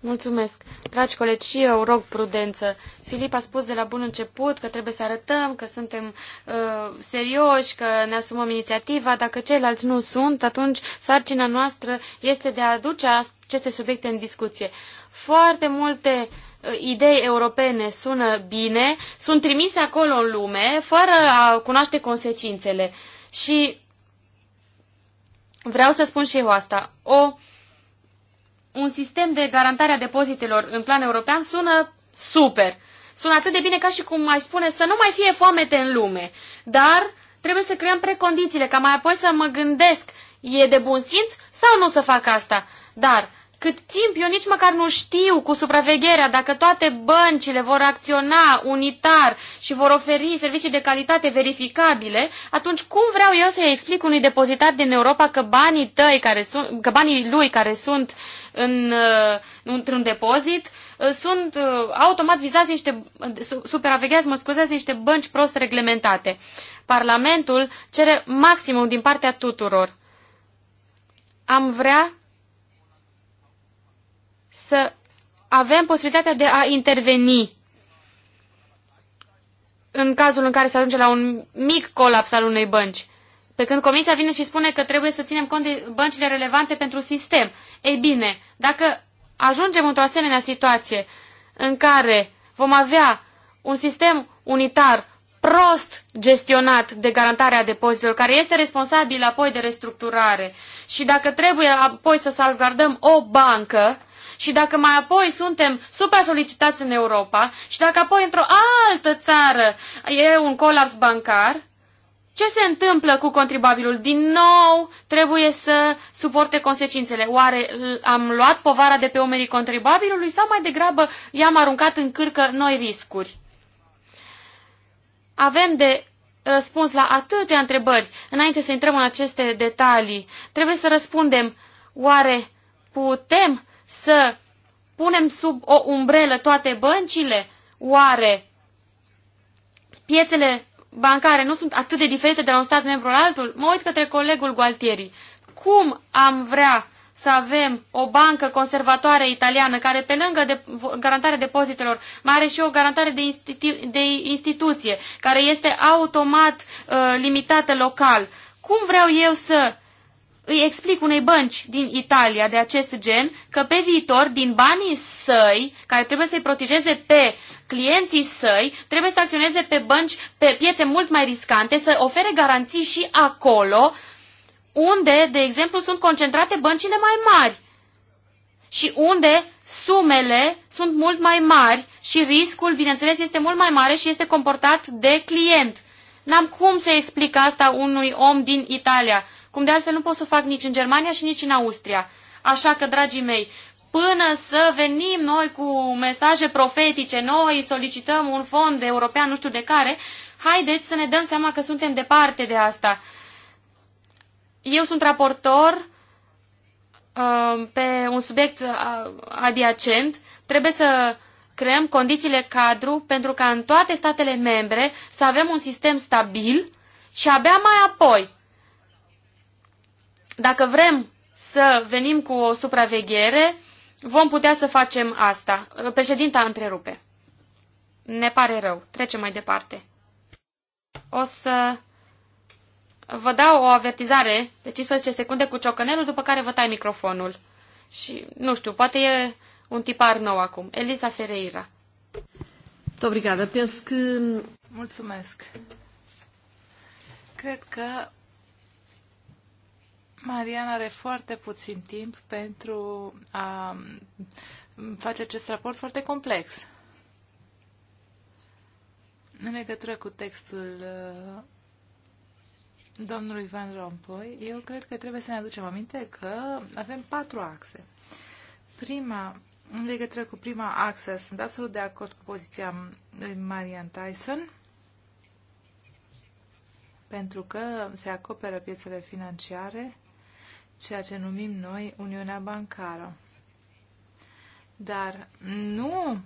B: Mulțumesc. Dragi colegi, și eu rog prudență. Filip a spus de la bun început că trebuie să arătăm că suntem uh, serioși, că ne asumăm inițiativa. Dacă ceilalți nu sunt, atunci sarcina noastră este de a aduce aceste subiecte în discuție. Foarte multe uh, Uh, idei europene sună bine, sunt trimise acolo în lume, fără a cunoaște consecințele. Și vreau să spun și eu asta. O, un sistem de garantare a depozitelor în plan european sună super. Sună atât de bine ca și cum mai spune să nu mai fie foamete în lume. Dar trebuie să creăm precondițiile, ca mai apoi să mă gândesc, e de bun simț sau nu să fac asta? Dar cât timp eu nici măcar nu știu cu supravegherea dacă toate băncile vor acționa unitar și vor oferi servicii de calitate verificabile, atunci cum vreau eu să-i explic unui depozitar din Europa că banii, tăi care sunt, că banii lui care sunt în, uh, într-un depozit uh, sunt uh, automat vizați niște, supravegheați, mă scuzați, niște bănci prost reglementate. Parlamentul cere maximum din partea tuturor. Am vrea să avem posibilitatea de a interveni în cazul în care se ajunge la un mic colaps al unei bănci. Pe când comisia vine și spune că trebuie să ținem cont de băncile relevante pentru sistem. Ei bine, dacă ajungem într-o asemenea situație în care vom avea un sistem unitar prost gestionat de garantarea depozitelor, care este responsabil apoi de restructurare și dacă trebuie apoi să salvgardăm o bancă, și dacă mai apoi suntem supra-solicitați în Europa și dacă apoi într-o altă țară e un colaps bancar, ce se întâmplă cu contribuabilul? Din nou trebuie să suporte consecințele. Oare am luat povara de pe umerii contribuabilului sau mai degrabă i-am aruncat în cârcă noi riscuri? Avem de răspuns la atâtea întrebări. Înainte să intrăm în aceste detalii, trebuie să răspundem, oare putem să punem sub o umbrelă toate băncile? Oare piețele bancare nu sunt atât de diferite de la un stat membru la altul? Mă uit către colegul Gualtieri. Cum am vrea să avem o bancă conservatoare italiană care pe lângă de garantarea depozitelor mai are și o garantare de, institu- de instituție care este automat uh, limitată local. Cum vreau eu să îi explic unei bănci din Italia de acest gen că pe viitor, din banii săi, care trebuie să-i protejeze pe clienții săi, trebuie să acționeze pe bănci, pe piețe mult mai riscante, să ofere garanții și acolo, unde, de exemplu, sunt concentrate băncile mai mari și unde sumele sunt mult mai mari și riscul, bineînțeles, este mult mai mare și este comportat de client. N-am cum să explic asta unui om din Italia cum de altfel nu pot să fac nici în Germania și nici în Austria. Așa că, dragii mei, până să venim noi cu mesaje profetice, noi solicităm un fond european, nu știu de care, haideți să ne dăm seama că suntem departe de asta. Eu sunt raportor uh, pe un subiect uh, adiacent. Trebuie să creăm condițiile cadru pentru ca în toate statele membre să avem un sistem stabil și abia mai apoi dacă vrem să venim cu o supraveghere, vom putea să facem asta. Președinta întrerupe. Ne pare rău. Trecem mai departe. O să vă dau o avertizare de 15 secunde cu ciocănelul, după care vă tai microfonul. Și, nu știu, poate e un tipar nou acum. Elisa Ferreira.
C: Obrigada. Penso que... Mulțumesc. Cred că Marian are foarte puțin timp pentru a face acest raport foarte complex. În legătură cu textul uh, domnului Van Rompuy, eu cred că trebuie să ne aducem aminte că avem patru axe. Prima, în legătură cu prima axă, sunt absolut de acord cu poziția lui Marian Tyson, pentru că se acoperă piețele financiare ceea ce numim noi Uniunea Bancară. Dar nu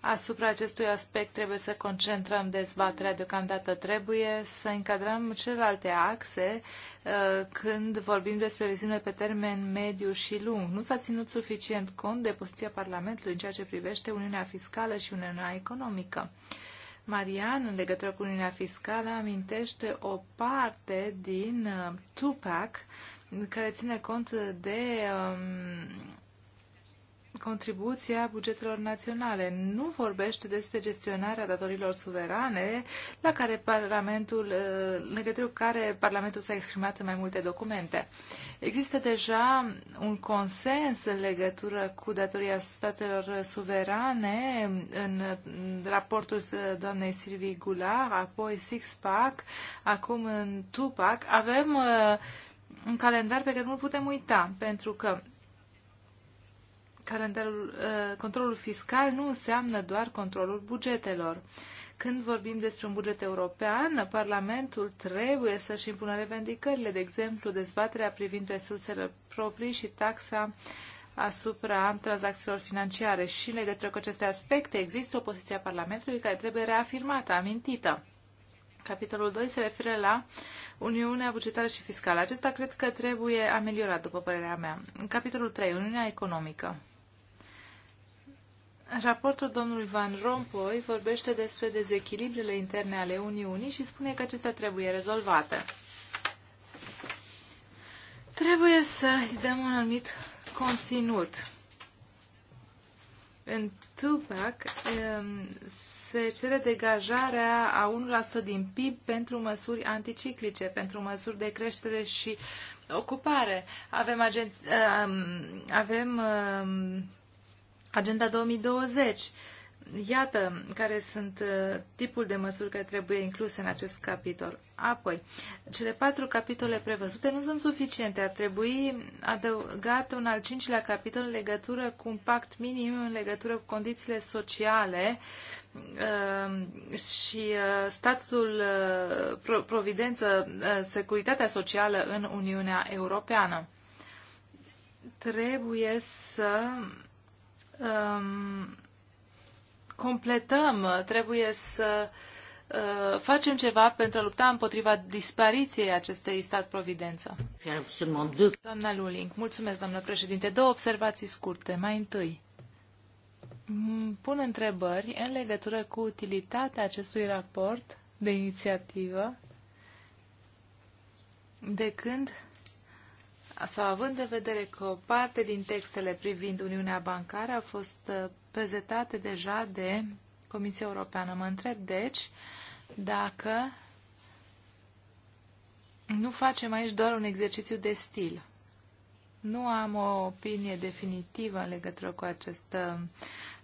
C: asupra acestui aspect trebuie să concentrăm dezbaterea deocamdată. Trebuie să încadrăm celelalte axe uh, când vorbim despre viziune pe termen mediu și lung. Nu s-a ținut suficient cont de poziția Parlamentului în ceea ce privește Uniunea Fiscală și Uniunea Economică. Marian, în legătură cu Uniunea Fiscală, amintește o parte din uh, TUPAC care ține cont de um, contribuția bugetelor naționale. Nu vorbește despre gestionarea datorilor suverane, la care Parlamentul, în uh, legătură care Parlamentul s-a exprimat în mai multe documente. Există deja un consens în legătură cu datoria statelor suverane în raportul doamnei Silvii Goulart, apoi Six Pack, acum în Tupac. Avem uh, un calendar pe care nu-l putem uita, pentru că calendarul, uh, controlul fiscal nu înseamnă doar controlul bugetelor. Când vorbim despre un buget european, Parlamentul trebuie să-și impună revendicările, de exemplu, dezbaterea privind resursele proprii și taxa asupra tranzacțiilor financiare. Și în legătură cu aceste aspecte există o poziție a Parlamentului care trebuie reafirmată, amintită. Capitolul 2 se referă la Uniunea bugetară și fiscală. Acesta cred că trebuie ameliorat, după părerea mea. În capitolul 3, Uniunea economică. Raportul domnului Van Rompuy vorbește despre dezechilibrele interne ale Uniunii și spune că acestea trebuie rezolvate. Trebuie să îi dăm un anumit conținut. În Tupac ehm, se cere degajarea a 1% din PIB pentru măsuri anticiclice, pentru măsuri de creștere și ocupare. Avem, agen- uh, avem um, agenda 2020 Iată care sunt uh, tipul de măsuri care trebuie incluse în acest capitol. Apoi, cele patru capitole prevăzute nu sunt suficiente. Ar trebui adăugat un al cincilea capitol în legătură cu un pact minim, în legătură cu condițiile sociale uh, și uh, statul providență, securitatea socială în Uniunea Europeană. Trebuie să um, completăm, trebuie să uh, facem ceva pentru a lupta împotriva dispariției acestei stat-providență. Doamna Luling, mulțumesc, doamnă președinte. Două observații scurte. Mai întâi, pun întrebări în legătură cu utilitatea acestui raport de inițiativă de când sau având în vedere că o parte din textele privind Uniunea Bancară au fost uh, prezentate deja de Comisia Europeană. Mă întreb, deci, dacă nu facem aici doar un exercițiu de stil. Nu am o opinie definitivă în legătură cu acest uh,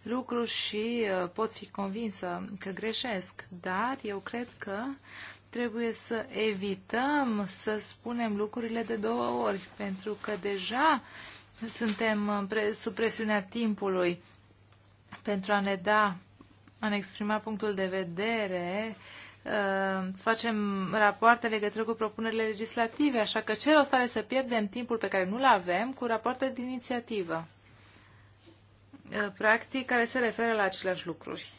C: lucru și uh, pot fi convinsă că greșesc, dar eu cred că trebuie să evităm să spunem lucrurile de două ori, pentru că deja suntem uh, sub presiunea timpului pentru a ne da, a ne exprima punctul de vedere, uh, să facem rapoarte legătură cu propunerile legislative, așa că ce rost are să pierdem timpul pe care nu-l avem cu rapoarte de inițiativă, uh, practic, care se referă la aceleași lucruri.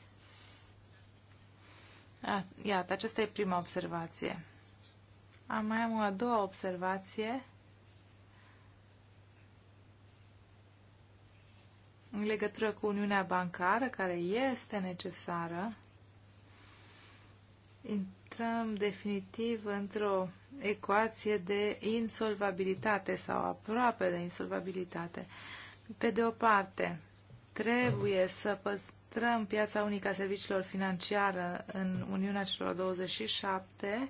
C: A, iată, aceasta e prima observație. Am mai am o a doua observație în legătură cu Uniunea Bancară, care este necesară, intrăm definitiv într-o ecuație de insolvabilitate sau aproape de insolvabilitate. Pe de o parte, trebuie să păstrăm piața unică a serviciilor financiare în Uniunea celor 27.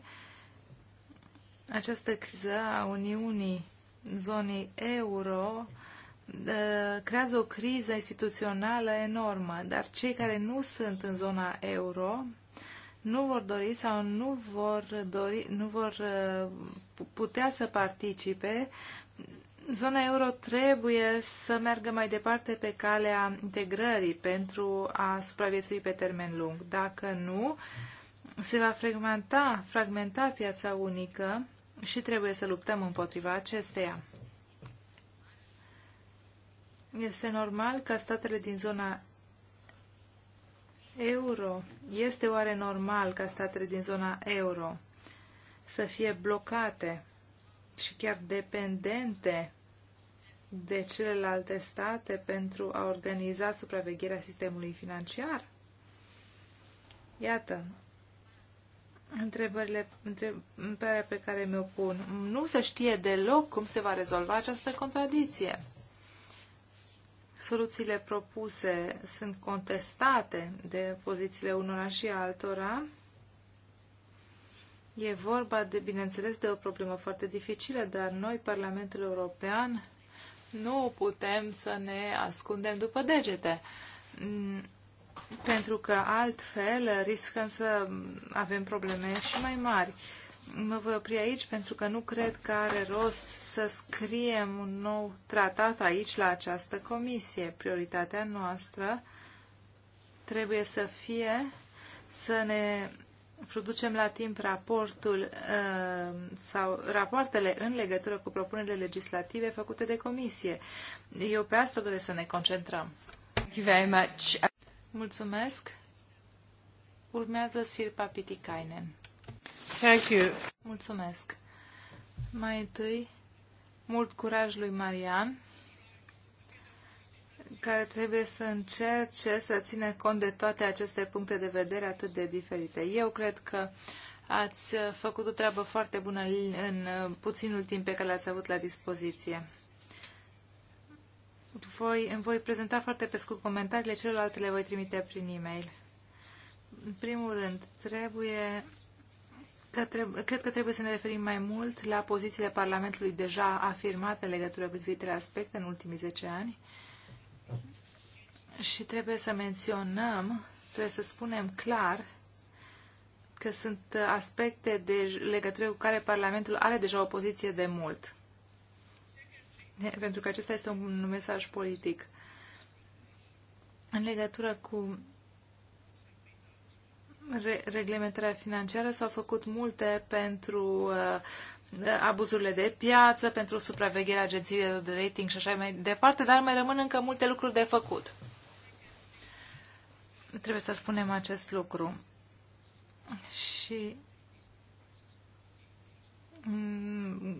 C: Această criză a Uniunii zonei euro creează o criză instituțională enormă, dar cei care nu sunt în zona euro nu vor dori sau nu vor, dori, nu vor uh, putea să participe. Zona euro trebuie să meargă mai departe pe calea integrării pentru a supraviețui pe termen lung. Dacă nu, se va fragmenta, fragmenta piața unică și trebuie să luptăm împotriva acesteia. Este normal ca statele din zona euro, este oare normal ca statele din zona euro să fie blocate și chiar dependente de celelalte state pentru a organiza supravegherea sistemului financiar? Iată, întrebările întrebarea pe care mi-o pun. Nu se știe deloc cum se va rezolva această contradicție soluțiile propuse sunt contestate de pozițiile unora și altora. E vorba, de, bineînțeles, de o problemă foarte dificilă, dar noi, Parlamentul European, nu putem să ne ascundem după degete, mm, pentru că altfel riscăm să avem probleme și mai mari mă voi opri aici pentru că nu cred că are rost să scriem un nou tratat aici la această comisie. Prioritatea noastră trebuie să fie să ne producem la timp raportul uh, sau rapoartele în legătură cu propunerile legislative făcute de comisie. Eu pe asta doresc să ne concentrăm. Thank you very much. Mulțumesc. Urmează Sirpa Pitikainen. Thank you. Mulțumesc. Mai întâi, mult curaj lui Marian, care trebuie să încerce să ține cont de toate aceste puncte de vedere atât de diferite. Eu cred că ați făcut o treabă foarte bună în puținul timp pe care l-ați avut la dispoziție. Voi, îmi voi prezenta foarte pe scurt comentariile, celelalte le voi trimite prin e-mail. În primul rând, trebuie că cred că trebuie să ne referim mai mult la pozițiile Parlamentului deja afirmate în legătură cu diferite aspecte în ultimii 10 ani și trebuie să menționăm, trebuie să spunem clar că sunt aspecte de legătură cu care Parlamentul are deja o poziție de mult. Pentru că acesta este un mesaj politic. În legătură cu re reglementarea financiară s-au făcut multe pentru uh, abuzurile de piață, pentru supravegherea agențiilor de rating și așa mai departe, dar mai rămân încă multe lucruri de făcut. Trebuie să spunem acest lucru. Și mm,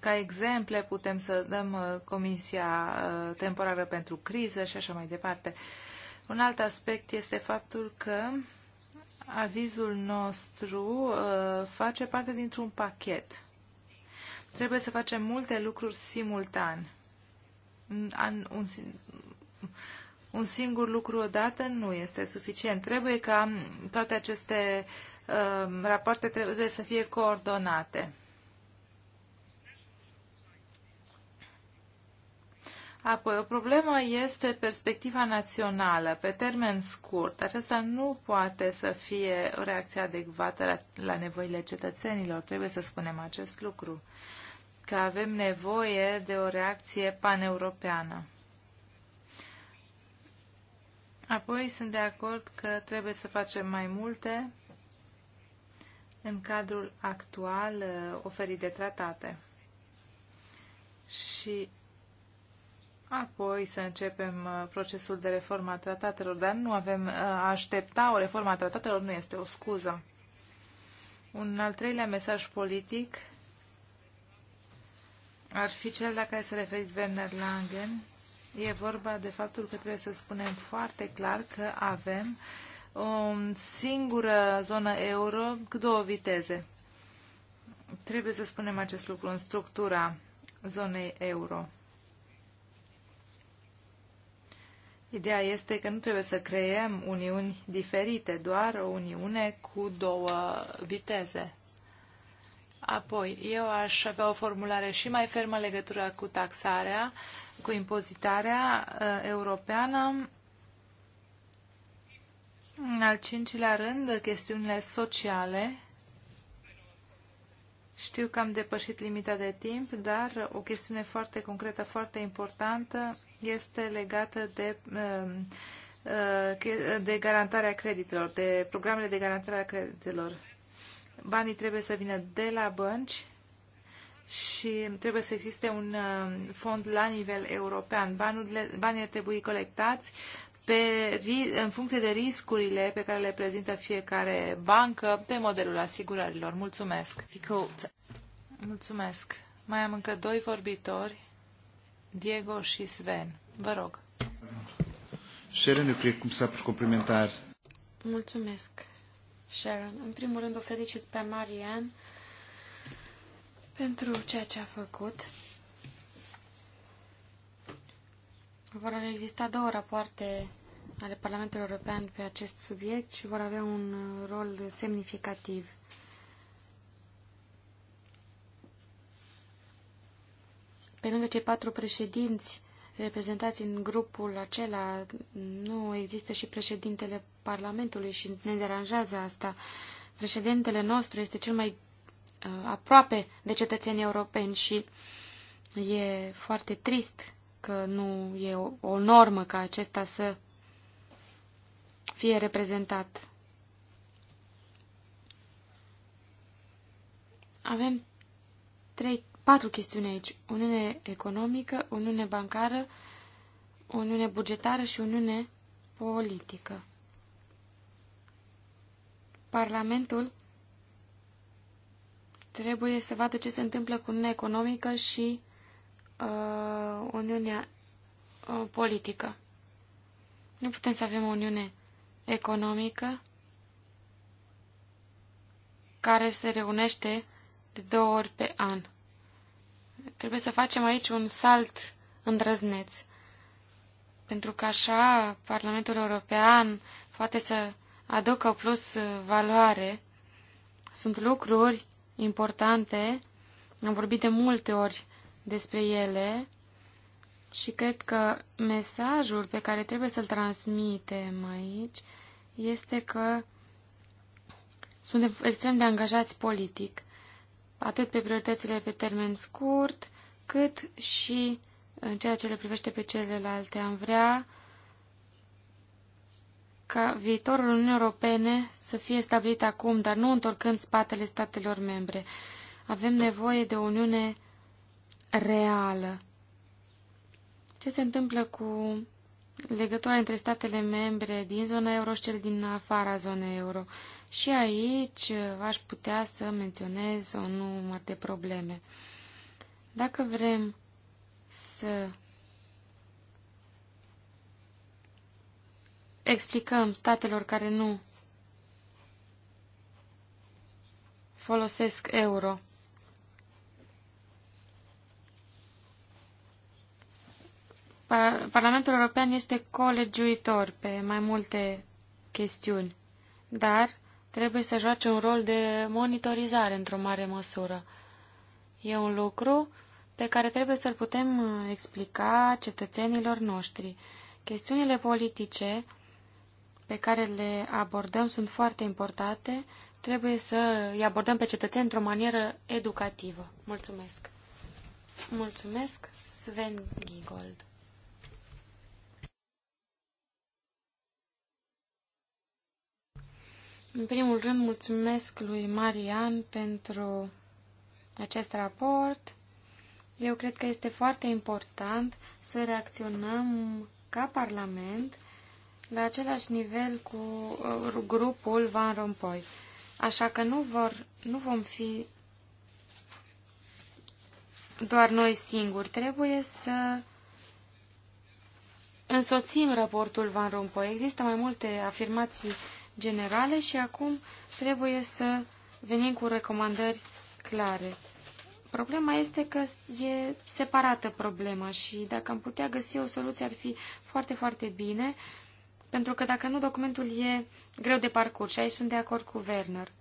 C: ca exemple putem să dăm uh, Comisia uh, temporară pentru criză și așa mai departe. Un alt aspect este faptul că avizul nostru uh, face parte dintr-un pachet. Trebuie să facem multe lucruri simultan. un, un singur lucru odată nu este suficient. Trebuie ca toate aceste uh, rapoarte trebuie să fie coordonate. Apoi, o problemă este perspectiva națională, pe termen scurt. Aceasta nu poate să fie o reacție adecvată la, la nevoile cetățenilor. Trebuie să spunem acest lucru, că avem nevoie de o reacție paneuropeană. Apoi, sunt de acord că trebuie să facem mai multe în cadrul actual uh, oferit de tratate. Și apoi să începem uh, procesul de reformă a tratatelor, dar nu avem uh, a aștepta o reformă a tratatelor, nu este o scuză. Un al treilea mesaj politic ar fi cel la care s-a referit Werner Langen. E vorba de faptul că trebuie să spunem foarte clar că avem o singură zonă euro cu două viteze. Trebuie să spunem acest lucru în structura zonei euro. Ideea este că nu trebuie să creăm uniuni diferite, doar o uniune cu două viteze. Apoi, eu aș avea o formulare și mai fermă legătură cu taxarea, cu impozitarea uh, europeană. În al cincilea rând, chestiunile sociale știu că am depășit limita de timp, dar o chestiune foarte concretă, foarte importantă, este legată de, um, uh, de garantarea creditelor, de programele de garantare a creditelor. Banii trebuie să vină de la bănci și trebuie să existe un um, fond la nivel european. banii trebuie colectați pe, în funcție de riscurile pe care le prezintă fiecare bancă pe modelul asigurărilor. Mulțumesc! Mulțumesc! Mai am încă doi vorbitori, Diego și Sven.
B: Vă rog!
A: Sharon, eu cred cum s-a complimentar.
B: Mulțumesc, Sharon. În primul rând o felicit pe Marian pentru ceea ce a făcut. Vor exista două rapoarte ale Parlamentului European pe acest subiect și vor avea un uh, rol semnificativ. Pe lângă cei patru președinți reprezentați în grupul acela, nu există și președintele Parlamentului și ne deranjează asta. Președintele nostru este cel mai uh, aproape de cetățenii europeni și e foarte trist că nu e o, o normă ca acesta să fie reprezentat. Avem trei, patru chestiuni aici. Uniune economică, uniune bancară, uniune bugetară și uniune politică. Parlamentul trebuie să vadă ce se întâmplă cu uniunea economică și uh, Uniunea uh, politică. Nu putem să avem o Uniune economică care se reunește de două ori pe an. Trebuie să facem aici un salt îndrăzneț, pentru că așa Parlamentul European poate să aducă plus uh, valoare. Sunt lucruri importante, am vorbit de multe ori despre ele și cred că mesajul pe care trebuie să-l transmitem aici este că suntem extrem de angajați politic, atât pe prioritățile pe termen scurt, cât și în ceea ce le privește pe celelalte. Am vrea ca viitorul Uniunii Europene să fie stabilit acum, dar nu întorcând spatele statelor membre. Avem nevoie de o Uniune reală. Ce se întâmplă cu legătura între statele membre din zona euro și cele din afara zonei euro? Și aici aș putea să menționez o număr de probleme. Dacă vrem să explicăm statelor care nu folosesc euro Parlamentul European este colegiuitor pe mai multe chestiuni, dar trebuie să joace un rol de monitorizare într-o mare măsură. E un lucru pe care trebuie să-l putem uh, explica cetățenilor noștri. Chestiunile politice pe care le abordăm sunt foarte importante, trebuie să îi abordăm pe cetățeni într-o manieră educativă. Mulțumesc! Mulțumesc, Sven Gigold! În primul rând, mulțumesc lui Marian pentru acest raport. Eu cred că este foarte important să reacționăm ca Parlament la același nivel cu uh, grupul Van Rompuy. Așa că nu, vor, nu vom fi doar noi singuri. Trebuie să însoțim raportul Van Rompuy. Există mai multe afirmații generale și acum trebuie să venim cu recomandări clare. Problema este că e separată problema și dacă am putea găsi o soluție ar fi foarte, foarte bine, pentru că dacă nu, documentul e greu de parcurs și aici sunt de acord cu Werner.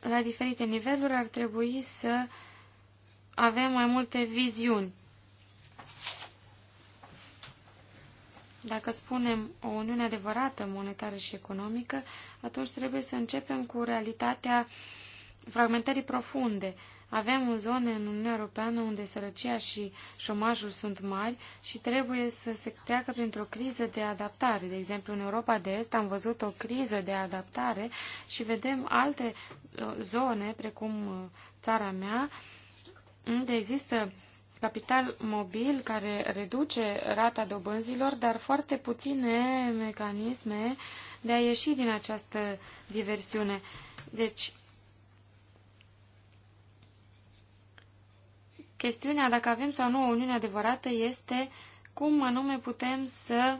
B: La diferite niveluri ar trebui să avem mai multe viziuni Dacă spunem o uniune adevărată monetară și economică, atunci trebuie să începem cu realitatea fragmentării profunde. Avem zone în Uniunea Europeană unde sărăcia și șomajul sunt mari și trebuie să se treacă printr-o criză de adaptare. De exemplu, în Europa de Est am văzut o criză de adaptare și vedem alte uh, zone, precum uh, țara mea, unde există capital mobil care reduce rata dobânzilor, dar foarte puține mecanisme de a ieși din această diversiune. Deci, chestiunea dacă avem sau nu o uniune adevărată este cum anume putem să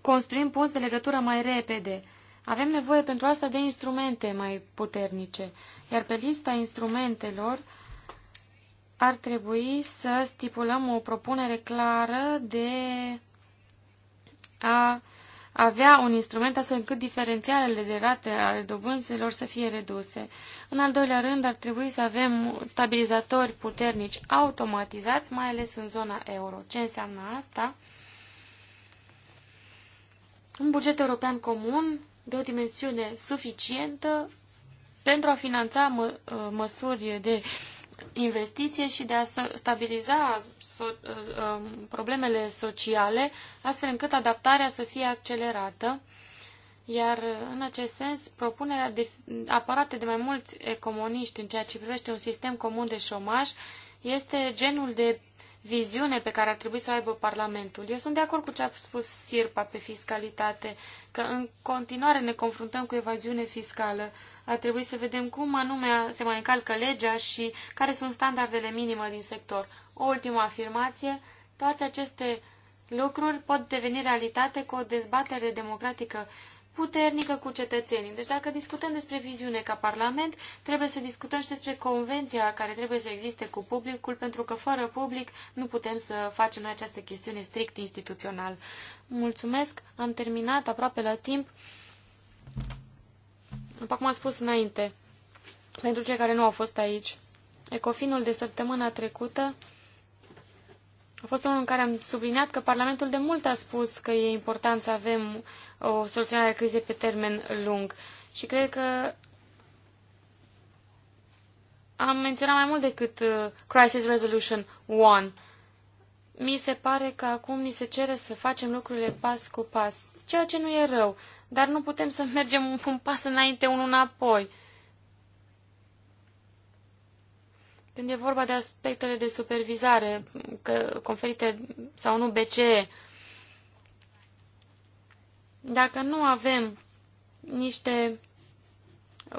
B: construim punți de legătură mai repede. Avem nevoie pentru asta de instrumente mai puternice. Iar pe lista instrumentelor ar trebui să stipulăm o propunere clară de a avea un instrument astfel încât diferențialele de rate ale dobânzilor să fie reduse. În al doilea rând, ar trebui să avem stabilizatori puternici automatizați, mai ales în zona euro. Ce înseamnă asta? Un buget european comun de o dimensiune suficientă pentru a finanța mă, uh, măsuri de investiție și de a stabiliza so, uh, um, problemele sociale, astfel încât adaptarea să fie accelerată. Iar în acest sens, propunerea de, aparată de mai mulți economiști în ceea ce privește un sistem comun de șomaj este genul de viziune pe care ar trebui să o aibă Parlamentul. Eu sunt de acord cu ce a spus Sirpa pe fiscalitate, că în continuare ne confruntăm cu evaziune fiscală. Ar trebui să vedem cum anume se mai încalcă legea și care sunt standardele minime din sector. O ultimă afirmație, toate aceste lucruri pot deveni realitate cu o dezbatere democratică puternică cu cetățenii. Deci dacă discutăm despre viziune ca Parlament, trebuie să discutăm și despre convenția care trebuie să existe cu publicul, pentru că fără public nu putem să facem noi această chestiune strict instituțional. Mulțumesc, am terminat aproape la timp. După cum am spus înainte, pentru cei care nu au fost aici, Ecofinul de săptămâna trecută a fost unul în care am subliniat că Parlamentul de mult a spus că e important să avem o soluționare a crizei pe termen lung. Și cred că am menționat mai mult decât uh, Crisis Resolution 1. Mi se pare că acum ni se cere să facem lucrurile pas cu pas, ceea ce nu e rău, dar nu putem să mergem un pas înainte, unul înapoi. Când e vorba de aspectele de supervizare că conferite sau nu BCE, dacă nu avem niște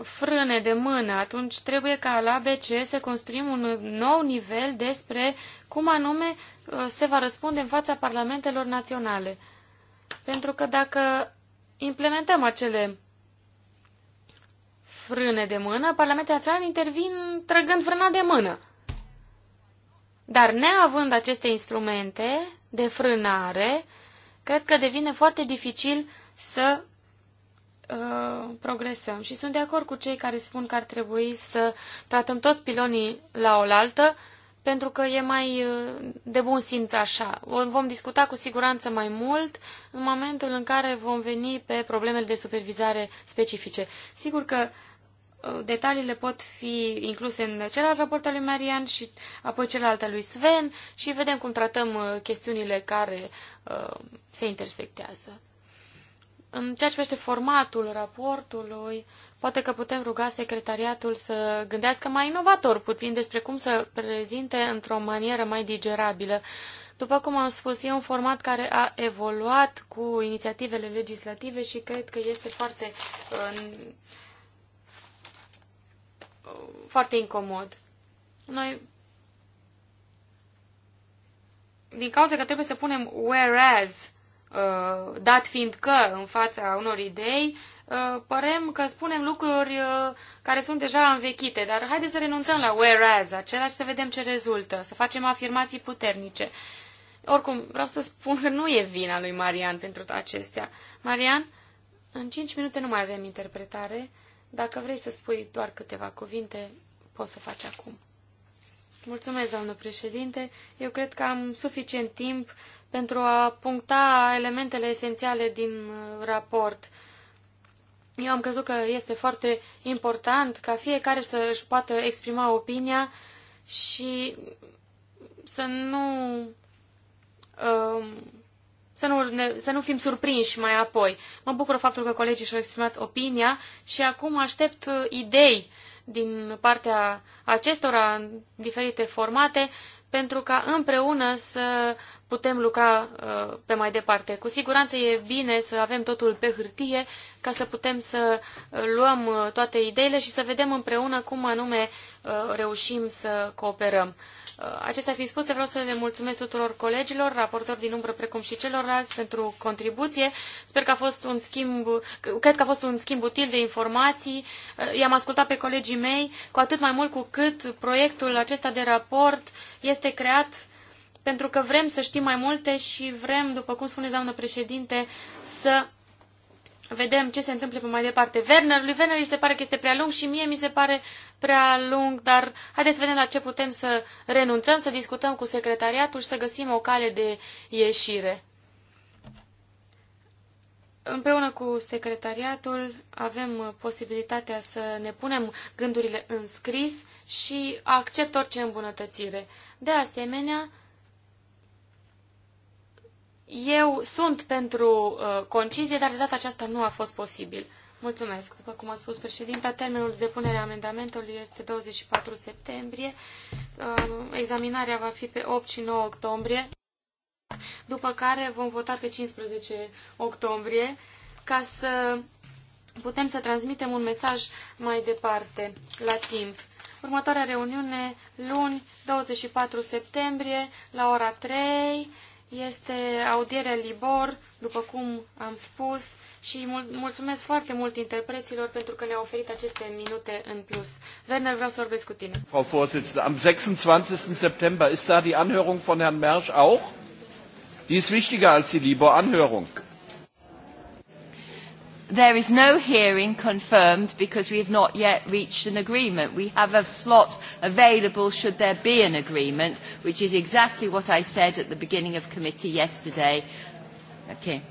B: frâne de mână, atunci trebuie ca la BC să construim un nou nivel despre cum anume uh, se va răspunde în fața parlamentelor naționale. Pentru că dacă implementăm acele frâne de mână, Parlamentul Național intervin trăgând frâna de mână. Dar neavând aceste instrumente de frânare, cred că devine foarte dificil să uh, progresăm. Și sunt de acord cu cei care spun că ar trebui să tratăm toți pilonii la oaltă, pentru că e mai uh, de bun simț așa. Vom discuta cu siguranță mai mult în momentul în care vom veni pe problemele de supervizare specifice. Sigur că uh, detaliile pot fi incluse în celălalt raport al lui Marian și apoi celălalt al lui Sven și vedem cum tratăm uh, chestiunile care se intersectează. În ceea ce privește formatul raportului, Poate că putem ruga secretariatul să gândească mai inovator puțin despre cum să prezinte într-o manieră mai digerabilă. După cum am spus, e un format care a evoluat cu inițiativele legislative și cred că este foarte, foarte incomod. Noi din cauza că trebuie să punem whereas Uh, dat fiind că în fața unor idei uh, părem că spunem lucruri uh, care sunt deja învechite, dar haideți să renunțăm la whereas, același să vedem ce rezultă, să facem afirmații puternice. Oricum, vreau să spun că nu e vina lui Marian pentru acestea. Marian, în 5 minute nu mai avem interpretare. Dacă vrei să spui doar câteva cuvinte, poți să faci acum. Mulțumesc, doamnă președinte. Eu cred că am suficient timp pentru a puncta elementele esențiale din uh, raport. Eu am crezut că este foarte important ca fiecare să își poată exprima opinia și să nu, um, să nu, ne, să nu fim surprinși mai apoi. Mă bucur faptul că colegii și-au exprimat opinia și acum aștept uh, idei din partea acestora în diferite formate pentru ca împreună să putem lucra uh, pe mai departe. Cu siguranță e bine să avem totul pe hârtie ca să putem să uh, luăm uh, toate ideile și să vedem împreună cum anume reușim să cooperăm. acestea fiind spuse, vreau să le mulțumesc tuturor colegilor, raportori din umbră, precum și celorlalți, pentru contribuție. Sper că a fost un schimb, cred că a fost un schimb util de informații. I-am ascultat pe colegii mei, cu atât mai mult cu cât proiectul acesta de raport este creat pentru că vrem să știm mai multe și vrem, după cum spune doamnă președinte, să vedem ce se întâmplă pe mai departe. Werner, lui Werner îi se pare că este prea lung și mie mi se pare prea lung, dar haideți să vedem la ce putem să renunțăm, să discutăm cu secretariatul și să găsim o cale de ieșire. Împreună cu secretariatul avem posibilitatea să ne punem gândurile în scris și accept orice îmbunătățire. De asemenea, eu sunt pentru uh, concizie, dar de data aceasta nu a fost posibil. Mulțumesc. După cum a spus președinta, termenul de depunere a amendamentului este 24 septembrie. Uh, examinarea va fi pe 8 și 9 octombrie, după care vom vota pe 15 octombrie ca să putem să transmitem un mesaj mai departe, la timp. Următoarea reuniune, luni, 24 septembrie, la ora 3 este audierea Libor, după cum am spus, și mul mulțumesc foarte mult interpreților pentru că ne-au oferit aceste minute în plus. Werner, vreau să vorbesc cu tine.
A: Frau Vorsitzende, am 26. September ist da die Anhörung von Herrn Mersch auch? Die ist wichtiger als die Libor-Anhörung there is no hearing confirmed because we have not yet reached an agreement. We have a slot available should there be an agreement, which is exactly what I said at the beginning of committee yesterday. Okay.